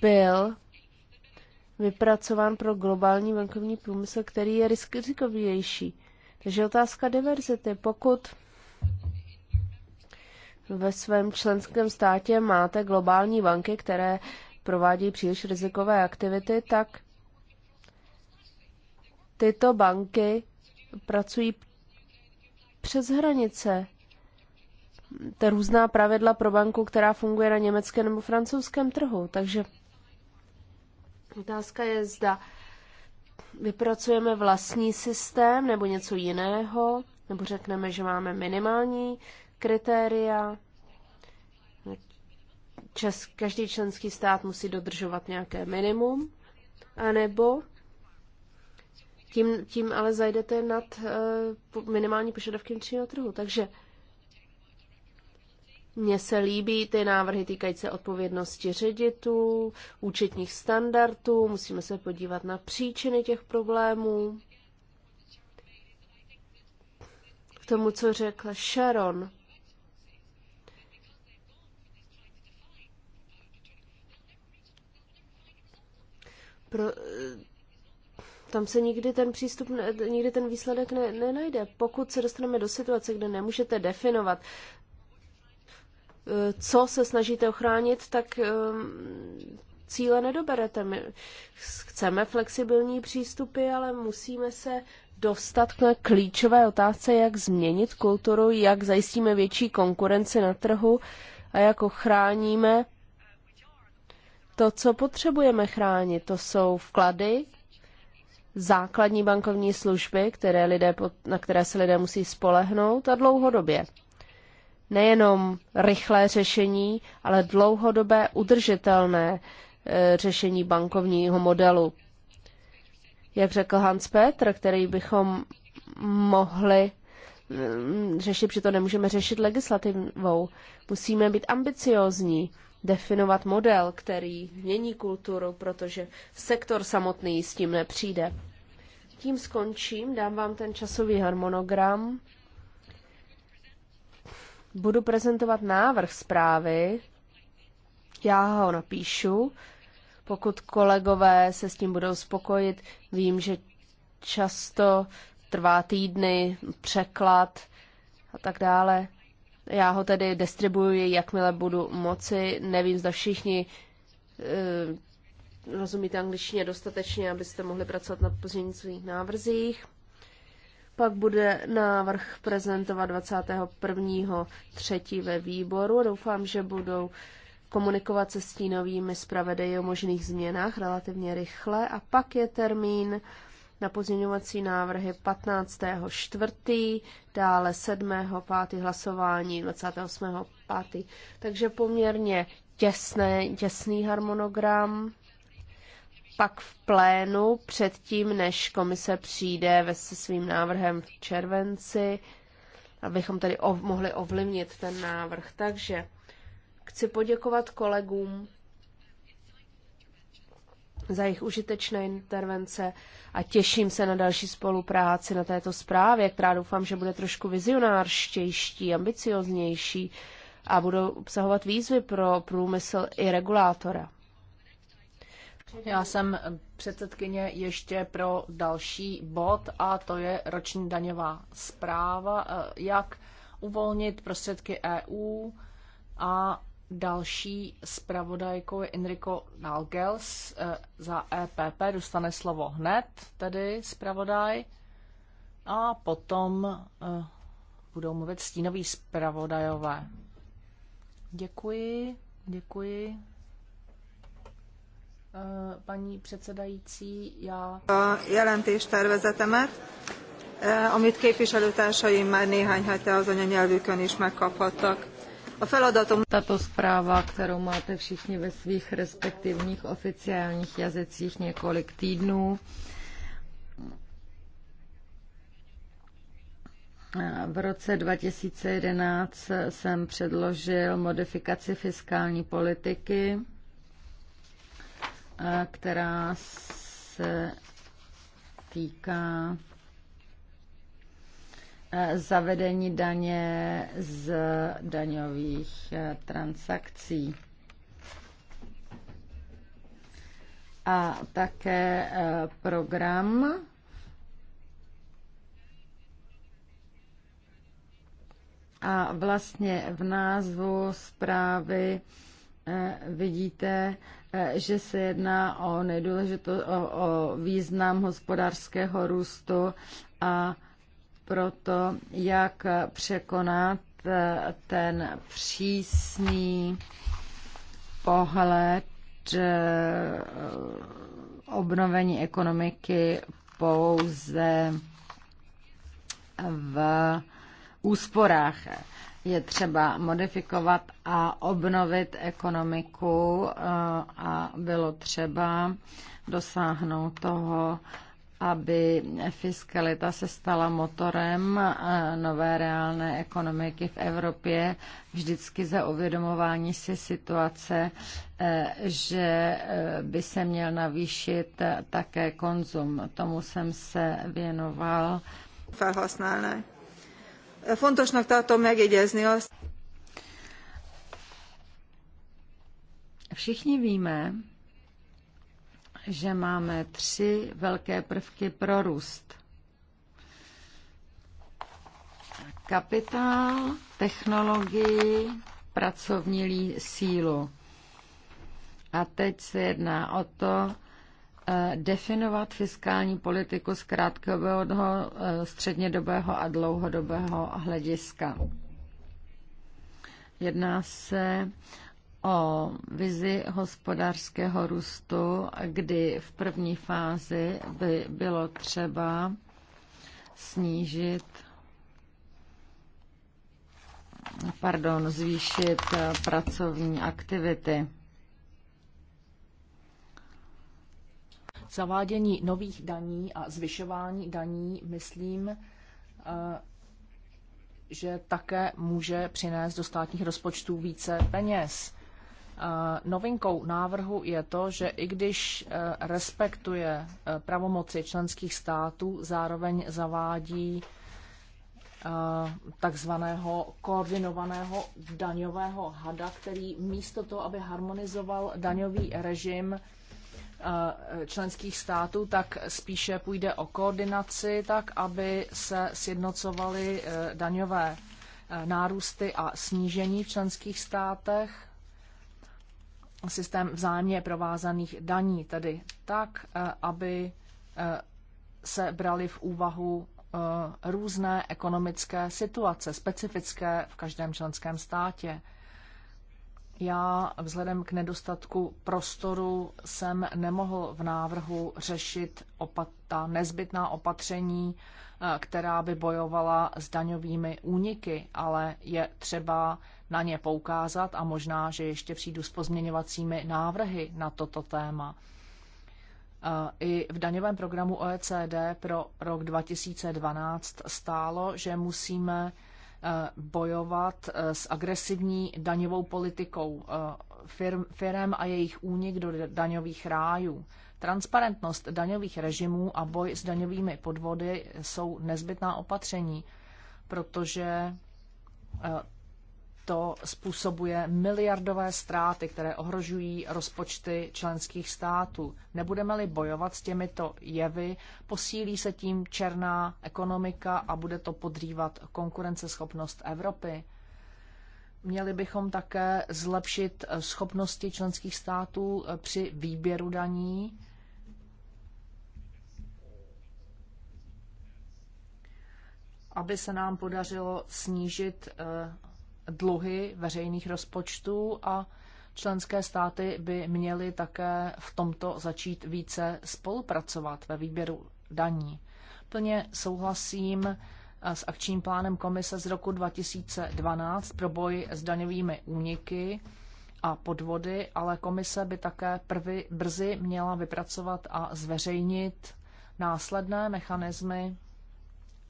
byl vypracován pro globální bankovní průmysl, který je rizikovější. Takže otázka diverzity. Pokud ve svém členském státě máte globální banky, které provádějí příliš rizikové aktivity, tak tyto banky pracují přes hranice. To různá pravidla pro banku, která funguje na německém nebo francouzském trhu. Takže otázka je, zda vypracujeme vlastní systém nebo něco jiného, nebo řekneme, že máme minimální kritéria. každý členský stát musí dodržovat nějaké minimum, anebo tím, tím ale zajdete nad eh, minimální požadavky vnitřního trhu. Takže mně se líbí ty návrhy týkající se odpovědnosti ředitů, účetních standardů, musíme se podívat na příčiny těch problémů. K tomu, co řekla Sharon. Pro, eh, tam se nikdy ten přístup, nikdy ten výsledek ne, nenajde. Pokud se dostaneme do situace, kde nemůžete definovat, eh, co se snažíte ochránit, tak ehm, cíle nedoberete. My chceme flexibilní přístupy, ale musíme se dostat k klíčové otázce, jak změnit kulturu, jak zajistíme větší konkurenci na trhu a jak ochráníme to, co potřebujeme chránit. To jsou vklady, základní bankovní služby, které lidé, na které se lidé musí spolehnout a dlouhodobě. Nejenom rychlé řešení, ale dlouhodobé udržitelné e, řešení bankovního modelu. Jak řekl Hans Petr, který bychom mohli e, řešit, protože to nemůžeme řešit legislativou. Musíme být ambiciozní, definovat model, který mění kulturu, protože sektor samotný s tím nepřijde. Tím skončím, dám vám ten časový harmonogram. Budu prezentovat návrh zprávy, já ho napíšu. Pokud kolegové se s tím budou spokojit, vím, že často trvá týdny, překlad a tak dále. Já ho tedy distribuji, jakmile budu moci. Nevím, zda všichni e, rozumíte angličtině dostatečně, abyste mohli pracovat na pozměňujících návrzích. Pak bude návrh prezentovat 21. třetí ve výboru. Doufám, že budou komunikovat se stínovými zpravedeji o možných změnách relativně rychle. A pak je termín na pozměňovací návrhy 15. 4. dále 7. 5. hlasování 28. 5. Takže poměrně těsné, těsný harmonogram. Pak v plénu předtím, než komise přijde ve se svým návrhem v červenci, abychom tady ov- mohli ovlivnit ten návrh. Takže chci poděkovat kolegům za jejich užitečné intervence a těším se na další spolupráci na této zprávě, která doufám, že bude trošku vizionářštější, ambicioznější a budou obsahovat výzvy pro průmysl i regulátora. Já jsem předsedkyně ještě pro další bod a to je roční daňová zpráva, eh, jak uvolnit prostředky EU a Další zpravodajkou je Enrico Nalgels eh, za EPP, dostane slovo hned, tedy zpravodaj. A potom eh, budou mluvit stínoví zpravodajové. Děkuji, děkuji. Eh, paní předsedající, já... A jelentést tervezetemet, amit képviselőtársaim már néhány hete az anyanyelvükön is megkaphattak. Tato zpráva, kterou máte všichni ve svých respektivních oficiálních jazycích několik týdnů, V roce 2011 jsem předložil modifikaci fiskální politiky, eh, která se týká zavedení daně z daňových e, transakcí. A také e, program A vlastně v názvu zprávy e, vidíte, že se jedná o, nejdůležitou, o, o význam hospodářského růstu a pro to, jak překonat eh, ten přísný pohled eh, obnovení ekonomiky pouze v úsporách. Je třeba modifikovat a obnovit ekonomiku eh, a bylo třeba dosáhnout toho, aby fiskalita se stala motorem eh, nové reálné ekonomiky v Evropě, vždycky za uvědomování si situace, eh, že eh, by se měl navýšit také konzum. Tomu jsem se věnoval. Felhasználná. Fontosnak tartom megjegyezni azt. Všichni víme, že máme tři velké prvky pro růst. Kapitál, technologii, pracovní sílu. A teď se jedná o to, eh, definovat fiskální politiku z krátkodobého, eh, střednědobého a dlouhodobého hlediska. Jedná se o vizi hospodářského růstu, kdy v první fázi by bylo třeba snížit pardon, zvýšit pracovní aktivity. Zavádění nových daní a zvyšování daní, myslím, eh, že také může přinést do státních rozpočtů více peněz. Eh, novinkou návrhu je to, že i když eh, respektuje eh, pravomoci členských států, zároveň zavádí takzvaného koordinovaného daňového hada, který místo toho, aby harmonizoval daňový režim členských států, tak spíše půjde o koordinaci, tak aby se sjednocovaly daňové nárůsty a snížení v členských státech systém vzájemně provázaných daní, tedy tak, eh, aby eh, se brali v úvahu eh, různé ekonomické situace, specifické v každém členském státě. Já vzhledem k nedostatku prostoru jsem nemohl v návrhu řešit opat- ta nezbytná opatření Eh, která by bojovala s daňovými úniky, ale je třeba na ně poukázat a možná, že ještě přijdu s pozměňovacími návrhy na toto téma. Eh, I v daňovém programu OECD pro rok 2012 stálo, že musíme eh, bojovat s agresivní daňovou politikou firm, firm a jejich únik do daňových rájů. Transparentnost daňových režimů a boj s daňovými podvody jsou nezbytná opatření, protože eh, to způsobuje miliardové ztráty, které ohrožují rozpočty členských států. Nebudeme-li bojovat s těmito jevy, posílí se tím černá ekonomika a bude to podrývat konkurenceschopnost Evropy. Měli bychom také zlepšit eh, schopnosti členských států eh, při výběru daní aby se nám podařilo snížit eh, dluhy veřejných rozpočtů a členské státy by měly také v tomto začít více spolupracovat ve výběru daní. Plně souhlasím eh, s akčním plánem komise z roku 2012 pro boj s daňovými úniky a podvody, ale komise by také prvy, brzy měla vypracovat a zveřejnit následné mechanismy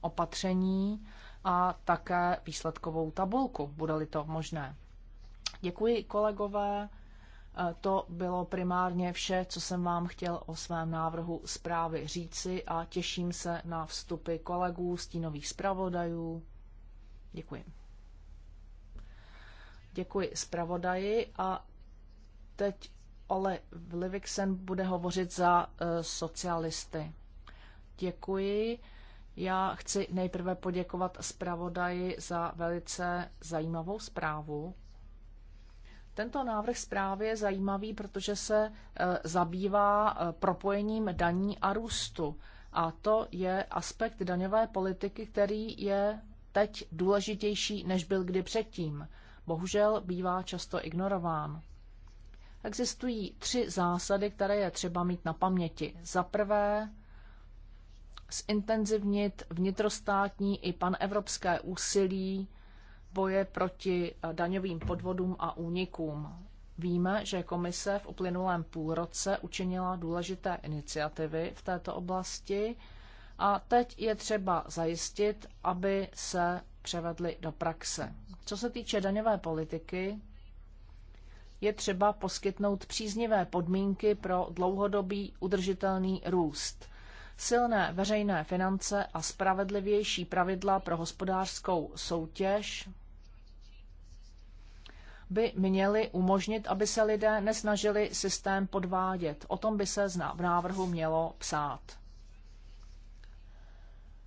opatření a také výsledkovou tabulku, bude-li to možné. Děkuji, kolegové. E, to bylo primárně vše, co jsem vám chtěl o svém návrhu zprávy říci a těším se na vstupy kolegů, stínových zpravodajů. Děkuji. Děkuji zpravodaji a teď Ole Liviksen bude hovořit za e, socialisty. Děkuji. Já chci nejprve poděkovat zpravodaji za velice zajímavou zprávu. Tento návrh zprávy je zajímavý, protože se e, zabývá e, propojením daní a růstu. A to je aspekt daňové politiky, který je teď důležitější, než byl kdy předtím. Bohužel bývá často ignorován. Existují tři zásady, které je třeba mít na paměti. Za prvé, zintenzivnit vnitrostátní i panevropské úsilí boje proti eh, daňovým podvodům a únikům. Víme, že komise v uplynulém půlroce učinila důležité iniciativy v této oblasti a teď je třeba zajistit, aby se převedly do praxe. Co se týče daňové politiky, je třeba poskytnout příznivé podmínky pro dlouhodobý udržitelný růst. Silné veřejné finance a spravedlivější pravidla pro hospodářskou soutěž by měly umožnit, aby se lidé nesnažili systém podvádět. O tom by se v návrhu mělo psát.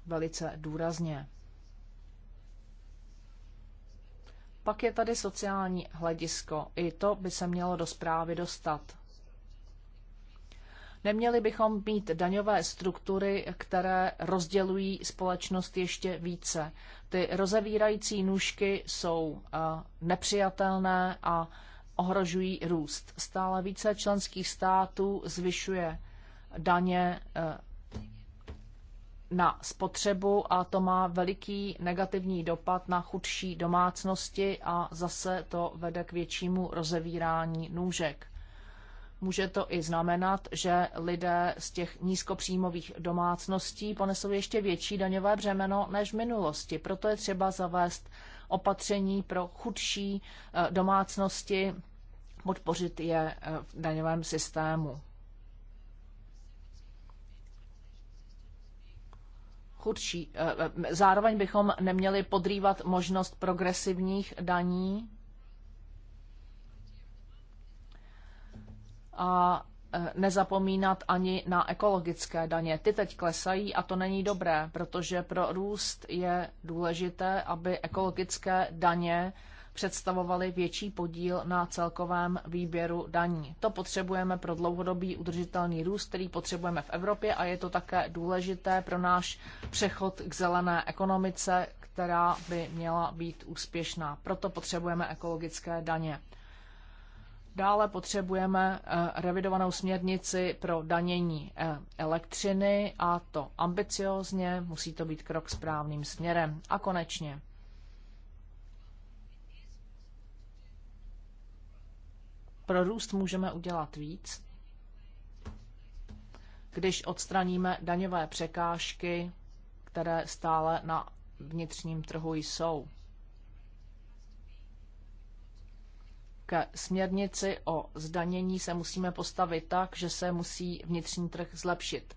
Velice důrazně. Pak je tady sociální hledisko. I to by se mělo do zprávy dostat. Neměli bychom mít daňové struktury, které rozdělují společnost ještě více. Ty rozevírající nůžky jsou eh, nepřijatelné a ohrožují růst. Stále více členských států zvyšuje daně eh, na spotřebu a to má veliký negativní dopad na chudší domácnosti a zase to vede k většímu rozevírání nůžek. Může to i znamenat, že lidé z těch nízkopříjmových domácností ponesou ještě větší daňové břemeno než v minulosti. Proto je třeba zavést opatření pro chudší eh, domácnosti, podpořit je eh, v daňovém systému. Chudší. Eh, zároveň bychom neměli podrývat možnost progresivních daní, a e, nezapomínat ani na ekologické daně. Ty teď klesají a to není dobré, protože pro růst je důležité, aby ekologické daně představovaly větší podíl na celkovém výběru daní. To potřebujeme pro dlouhodobý udržitelný růst, který potřebujeme v Evropě a je to také důležité pro náš přechod k zelené ekonomice, která by měla být úspěšná. Proto potřebujeme ekologické daně. Dále potřebujeme eh, revidovanou směrnici pro danění eh, elektřiny a to ambiciozně, musí to být krok správným směrem. A konečně pro růst můžeme udělat víc, když odstraníme daňové překážky, které stále na vnitřním trhu jsou. K směrnici o zdanění se musíme postavit tak, že se musí vnitřní trh zlepšit.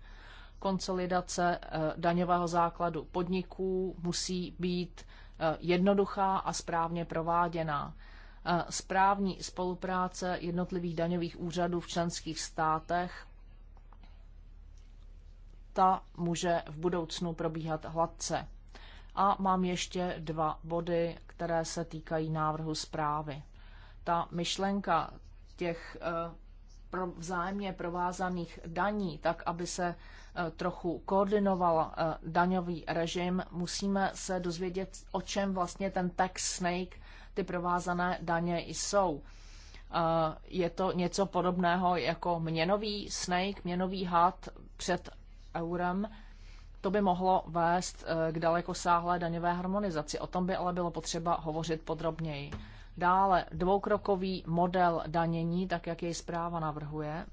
Konsolidace eh, daňového základu podniků musí být eh, jednoduchá a správně prováděná. Eh, správní spolupráce jednotlivých daňových úřadů v členských státech ta může v budoucnu probíhat hladce. A mám ještě dva body, které se týkají návrhu zprávy ta myšlenka těch eh, vzájemně provázaných daní, tak aby se eh, trochu koordinoval eh, daňový režim, musíme se dozvědět, o čem vlastně ten tax snake, ty provázané daně jsou. Je to něco podobného jako měnový snake, měnový had před eurem. To by mohlo vést k dalekosáhlé daňové harmonizaci. O tom by ale bylo potřeba hovořit podrobněji. Dále dvoukrokový model danění, tak jak jej zpráva navrhuje.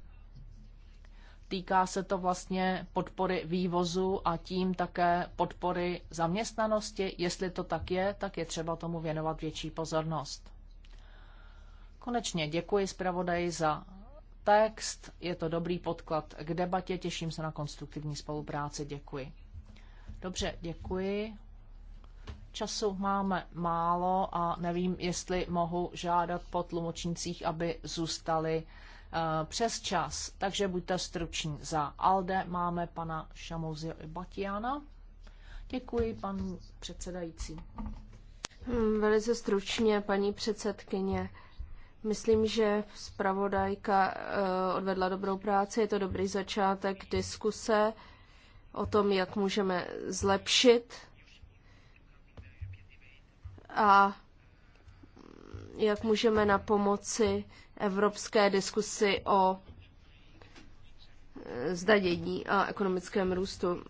Týká se to vlastně podpory vývozu a tím také podpory zaměstnanosti. Jestli to tak je, tak je třeba tomu věnovat větší pozornost. Konečně děkuji zpravodaji za text. Je to dobrý podklad k debatě. Těším se na konstruktivní spolupráci. Děkuji. Dobře, děkuji. Času máme málo a nevím, jestli mohu žádat po tlumočnících, aby zůstali eh, přes čas. Takže buďte struční. Za Alde máme pana Šamouzio Batiana. Děkuji, pan předsedající. Hmm, velice stručně, paní předsedkyně. Myslím, že zpravodajka eh, odvedla dobrou práci. Je to dobrý začátek diskuse o tom, jak můžeme zlepšit a jak můžeme na pomoci evropské diskusi o e, zdadění a ekonomickém růstu.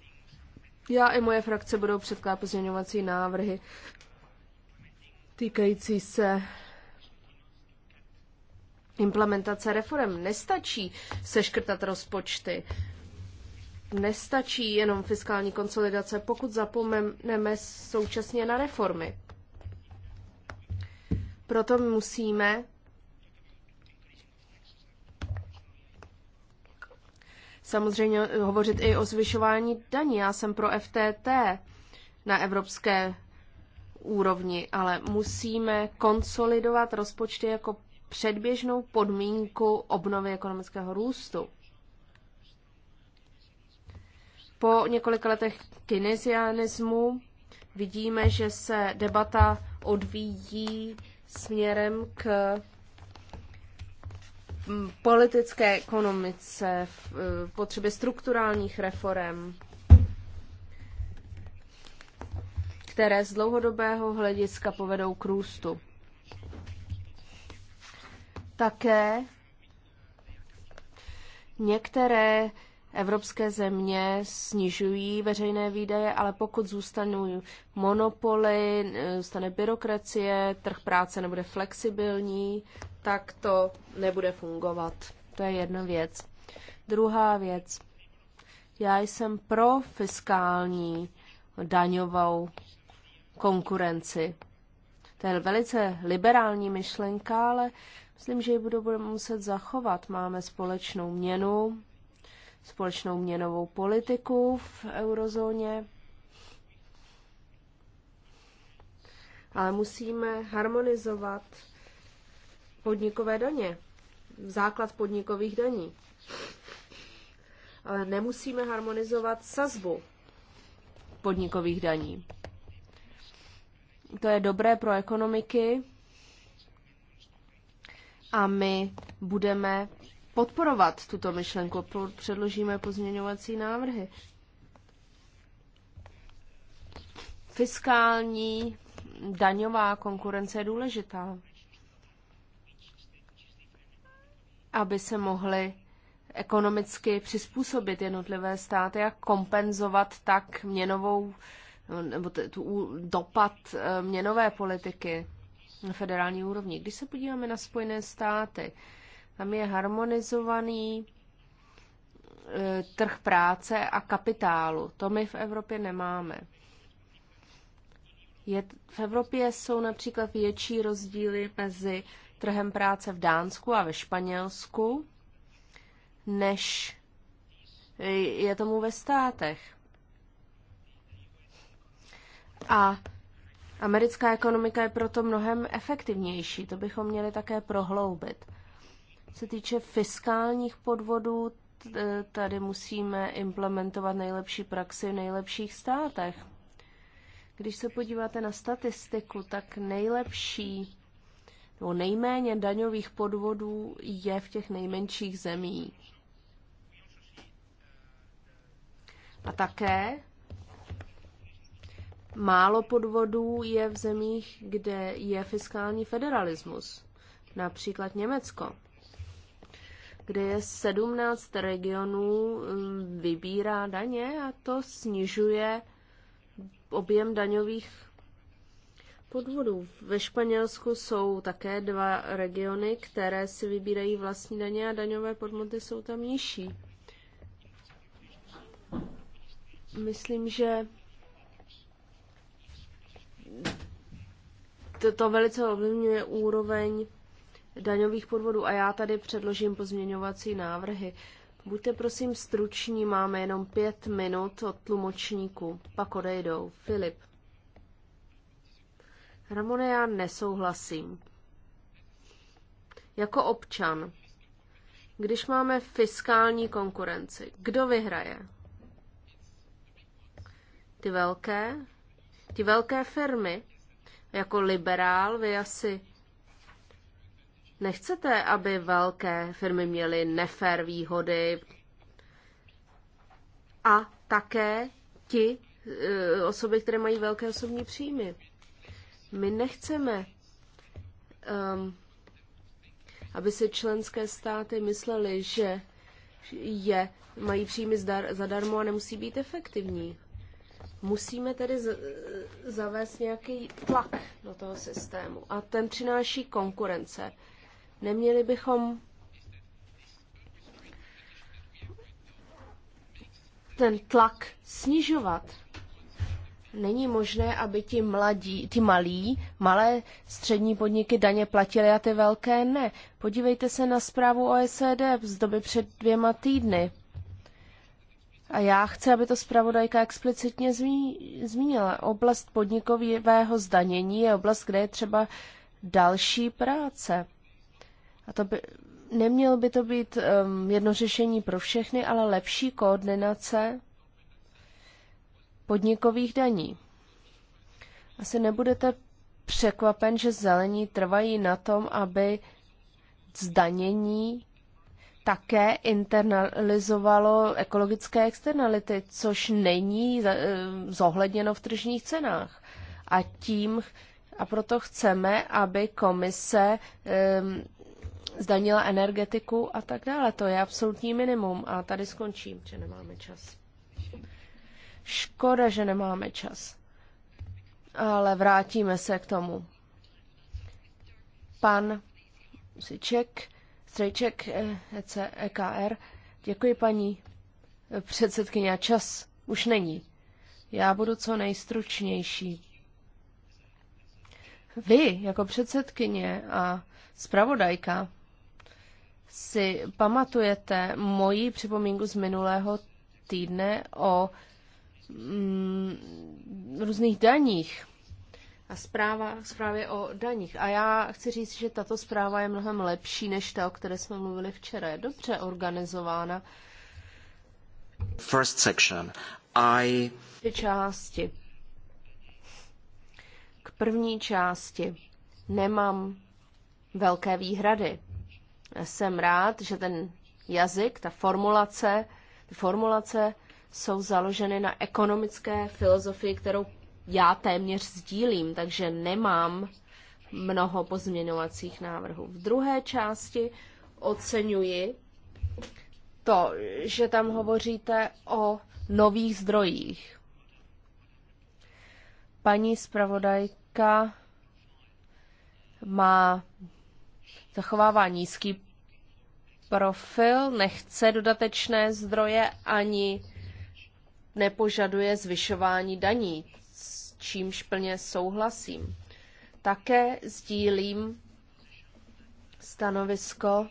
Já i moje frakce budou předkládat pozměňovací návrhy týkající se implementace reform. Nestačí seškrtat rozpočty, nestačí jenom fiskální konsolidace, pokud zapomeneme současně na reformy. Proto musíme samozřejmě hovořit i o zvyšování daní. Já jsem pro FTT na evropské úrovni, ale musíme konsolidovat rozpočty jako předběžnou podmínku obnovy ekonomického růstu. Po několika letech kinesianismu vidíme, že se debata odvíjí směrem k mm, politické ekonomice, eh, potřebě strukturálních reform, které z dlouhodobého hlediska povedou k růstu. Také některé evropské země snižují veřejné výdaje, ale pokud zůstanou monopoly, zůstane byrokracie, trh práce nebude flexibilní, tak to nebude fungovat. To je jedna věc. Druhá věc. Já jsem pro fiskální daňovou konkurenci. To je velice liberální myšlenka, ale myslím, že ji budu, budu muset zachovat. Máme společnou měnu, společnou měnovou politiku v eurozóně. Ale musíme harmonizovat podnikové daně, základ podnikových daní. Ale nemusíme harmonizovat sazbu podnikových daní. To je dobré pro ekonomiky a my budeme podporovat tuto myšlenku, předložíme pozměňovací návrhy. Fiskální daňová konkurence je důležitá, aby se mohly ekonomicky přizpůsobit jednotlivé státy a kompenzovat tak měnovou nebo tu dopad eh, měnové politiky na federální úrovni. Když se podíváme na Spojené státy, tam je harmonizovaný e, trh práce a kapitálu. To my v Evropě nemáme. Je, v Evropě jsou například větší rozdíly mezi trhem práce v Dánsku a ve Španělsku, než e, je tomu ve státech. A americká ekonomika je proto mnohem efektivnější. To bychom měli také prohloubit se týče fiskálních podvodů, e, tady musíme implementovat nejlepší praxi v nejlepších státech. Když se podíváte na statistiku, tak nejlepší nebo nejméně daňových podvodů je v těch nejmenších zemích. A také málo podvodů je v zemích, kde je fiskální federalismus, například Německo kde je 17 regionů mm, vybírá daně a to snižuje objem daňových podvodů. Ve Španělsku jsou také dva regiony, které si vybírají vlastní daně a daňové podmody jsou tam nižší. Myslím, že to, to velice ovlivňuje úroveň daňových podvodů a já tady předložím pozměňovací návrhy. Buďte prosím struční, máme jenom pět minut od tlumočníku, pak odejdou. Filip. Ramone, já nesouhlasím. Jako občan, když máme fiskální konkurenci, kdo vyhraje? Ty velké? Ty velké firmy? Jako liberál vy asi Nechcete, aby velké firmy měly nefér výhody a také ti e, osoby, které mají velké osobní příjmy. My nechceme, um, aby si členské státy mysleli, že je, mají příjmy zdar, zadarmo a nemusí být efektivní. Musíme tedy z, zavést nějaký tlak do toho systému a ten přináší konkurence. Neměli bychom ten tlak snižovat. Není možné, aby ti, mladí, ti malí, malé střední podniky daně platili, a ty velké ne. Podívejte se na zprávu OECD z doby před dvěma týdny. A já chci, aby to zpravodajka explicitně zmínila. Oblast podnikového zdanění je oblast, kde je třeba další práce. A to by, nemělo by to být um, jedno řešení pro všechny, ale lepší koordinace podnikových daní. Asi nebudete překvapen, že zelení trvají na tom, aby zdanění také internalizovalo ekologické externality, což není eh, zohledněno v tržních cenách. A tím a proto chceme, aby komise um, zdanila energetiku a tak dále. To je absolutní minimum a tady skončím, že nemáme čas. Škoda, že nemáme čas. Ale vrátíme se k tomu. Pan Siček, Strejček, EC, eh, EKR, děkuji paní předsedkyně, čas už není. Já budu co nejstručnější. Vy, jako předsedkyně a zpravodajka, si pamatujete moji připomínku z minulého týdne o mm, různých daních a zpráva, zprávě o daních. A já chci říct, že tato zpráva je mnohem lepší než ta, o které jsme mluvili včera. Je dobře organizována. First section. I... části. K první části nemám velké výhrady jsem rád, že ten jazyk, ta formulace, ty formulace jsou založeny na ekonomické filozofii, kterou já téměř sdílím, takže nemám mnoho pozměňovacích návrhů. V druhé části oceňuji to, že tam hovoříte o nových zdrojích. Paní zpravodajka má zachovává nízký profil, nechce dodatečné zdroje ani nepožaduje zvyšování daní, s čímž plně souhlasím. Také sdílím stanovisko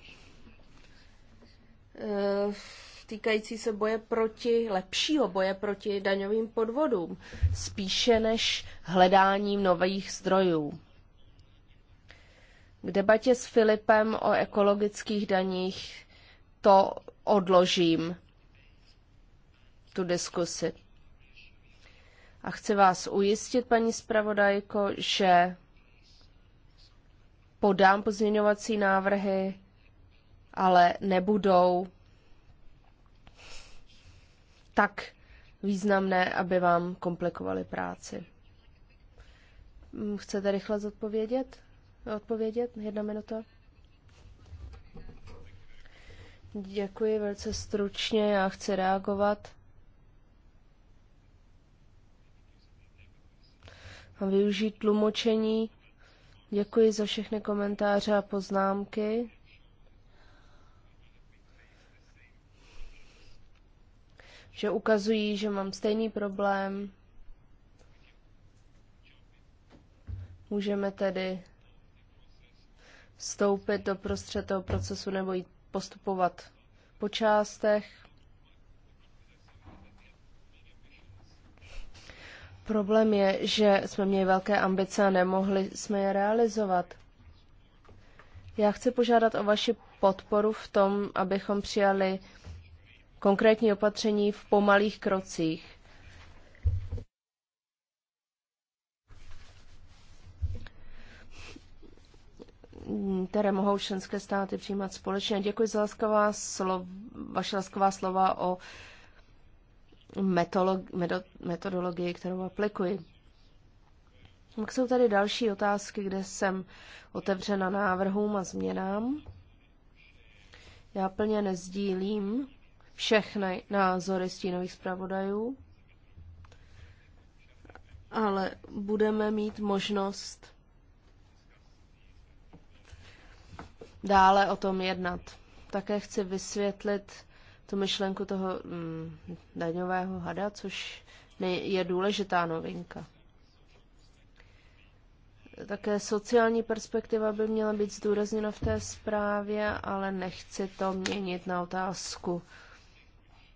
eh, týkající se boje proti, lepšího boje proti daňovým podvodům, spíše než hledáním nových zdrojů. K debatě s Filipem o ekologických daních to odložím, tu diskusi. A chci vás ujistit, paní zpravodajko, že podám pozměňovací návrhy, ale nebudou tak významné, aby vám komplikovaly práci. Chcete rychle zodpovědět? odpovědět? Jedna minuta. Děkuji velice stručně, já chci reagovat. A využít tlumočení. Děkuji za všechny komentáře a poznámky. Že ukazují, že mám stejný problém. Můžeme tedy vstoupit do prostřed toho procesu nebo jít postupovat po částech. Problém je, že jsme měli velké ambice a nemohli jsme je realizovat. Já chci požádat o vaši podporu v tom, abychom přijali konkrétní opatření v pomalých krocích které mohou členské státy přijímat společně. Děkuji za laskavá slov, vaše laskavá slova o metodologii, kterou aplikuji. Pak jsou tady další otázky, kde jsem otevřena návrhům a změnám. Já plně nezdílím všechny názory stínových zpravodajů, ale budeme mít možnost dále o tom jednat. Také chci vysvětlit tu myšlenku toho mm, daňového hada, což je důležitá novinka. Také sociální perspektiva by měla být zdůrazněna v té zprávě, ale nechci to měnit na otázku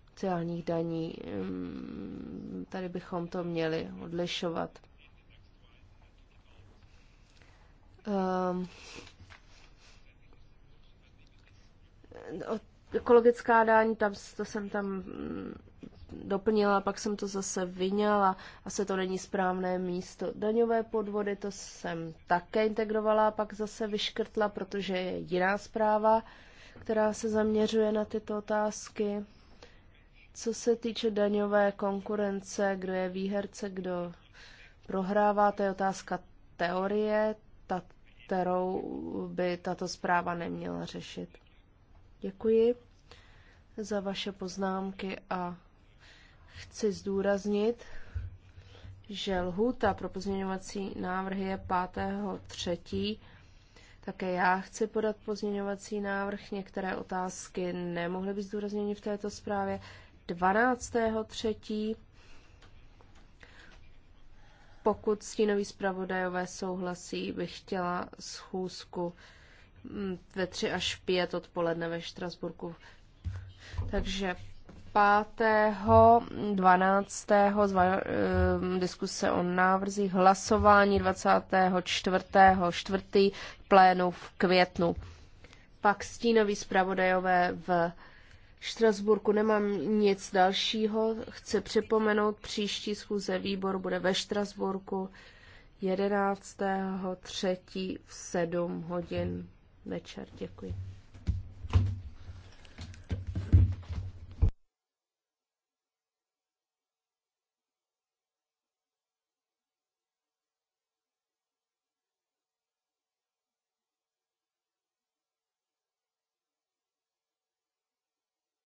sociálních daní. Mm, tady bychom to měli odlišovat. Ehm, Eh, ekologická daň, tam, to jsem tam mm, doplnila, pak jsem to zase vyňala. Asi to není správné místo. Daňové podvody, to jsem také integrovala, pak zase vyškrtla, protože je jiná zpráva, která se zaměřuje na tyto otázky. Co se týče daňové konkurence, kdo je výherce, kdo prohrává, to je otázka teorie, ta, kterou by tato zpráva neměla řešit. Děkuji za vaše poznámky a chci zdůraznit, že lhůta pro pozměňovací návrhy je 5.3. Také já chci podat pozměňovací návrh. Některé otázky nemohly být zdůrazněny v této zprávě. 12.3. Pokud stínoví zpravodajové souhlasí, bych chtěla schůzku ve 3 až 5 odpoledne ve Štrasburku. Takže 5. 12. Zva, eh, diskuse o návrzích hlasování 24. 4. plénu v květnu. Pak stínový zpravodajové v Štrasburku nemám nic dalšího. Chci připomenout, příští schůze výbor bude ve Štrasburku 11. 3. v 7 hodin večer. Děkuji.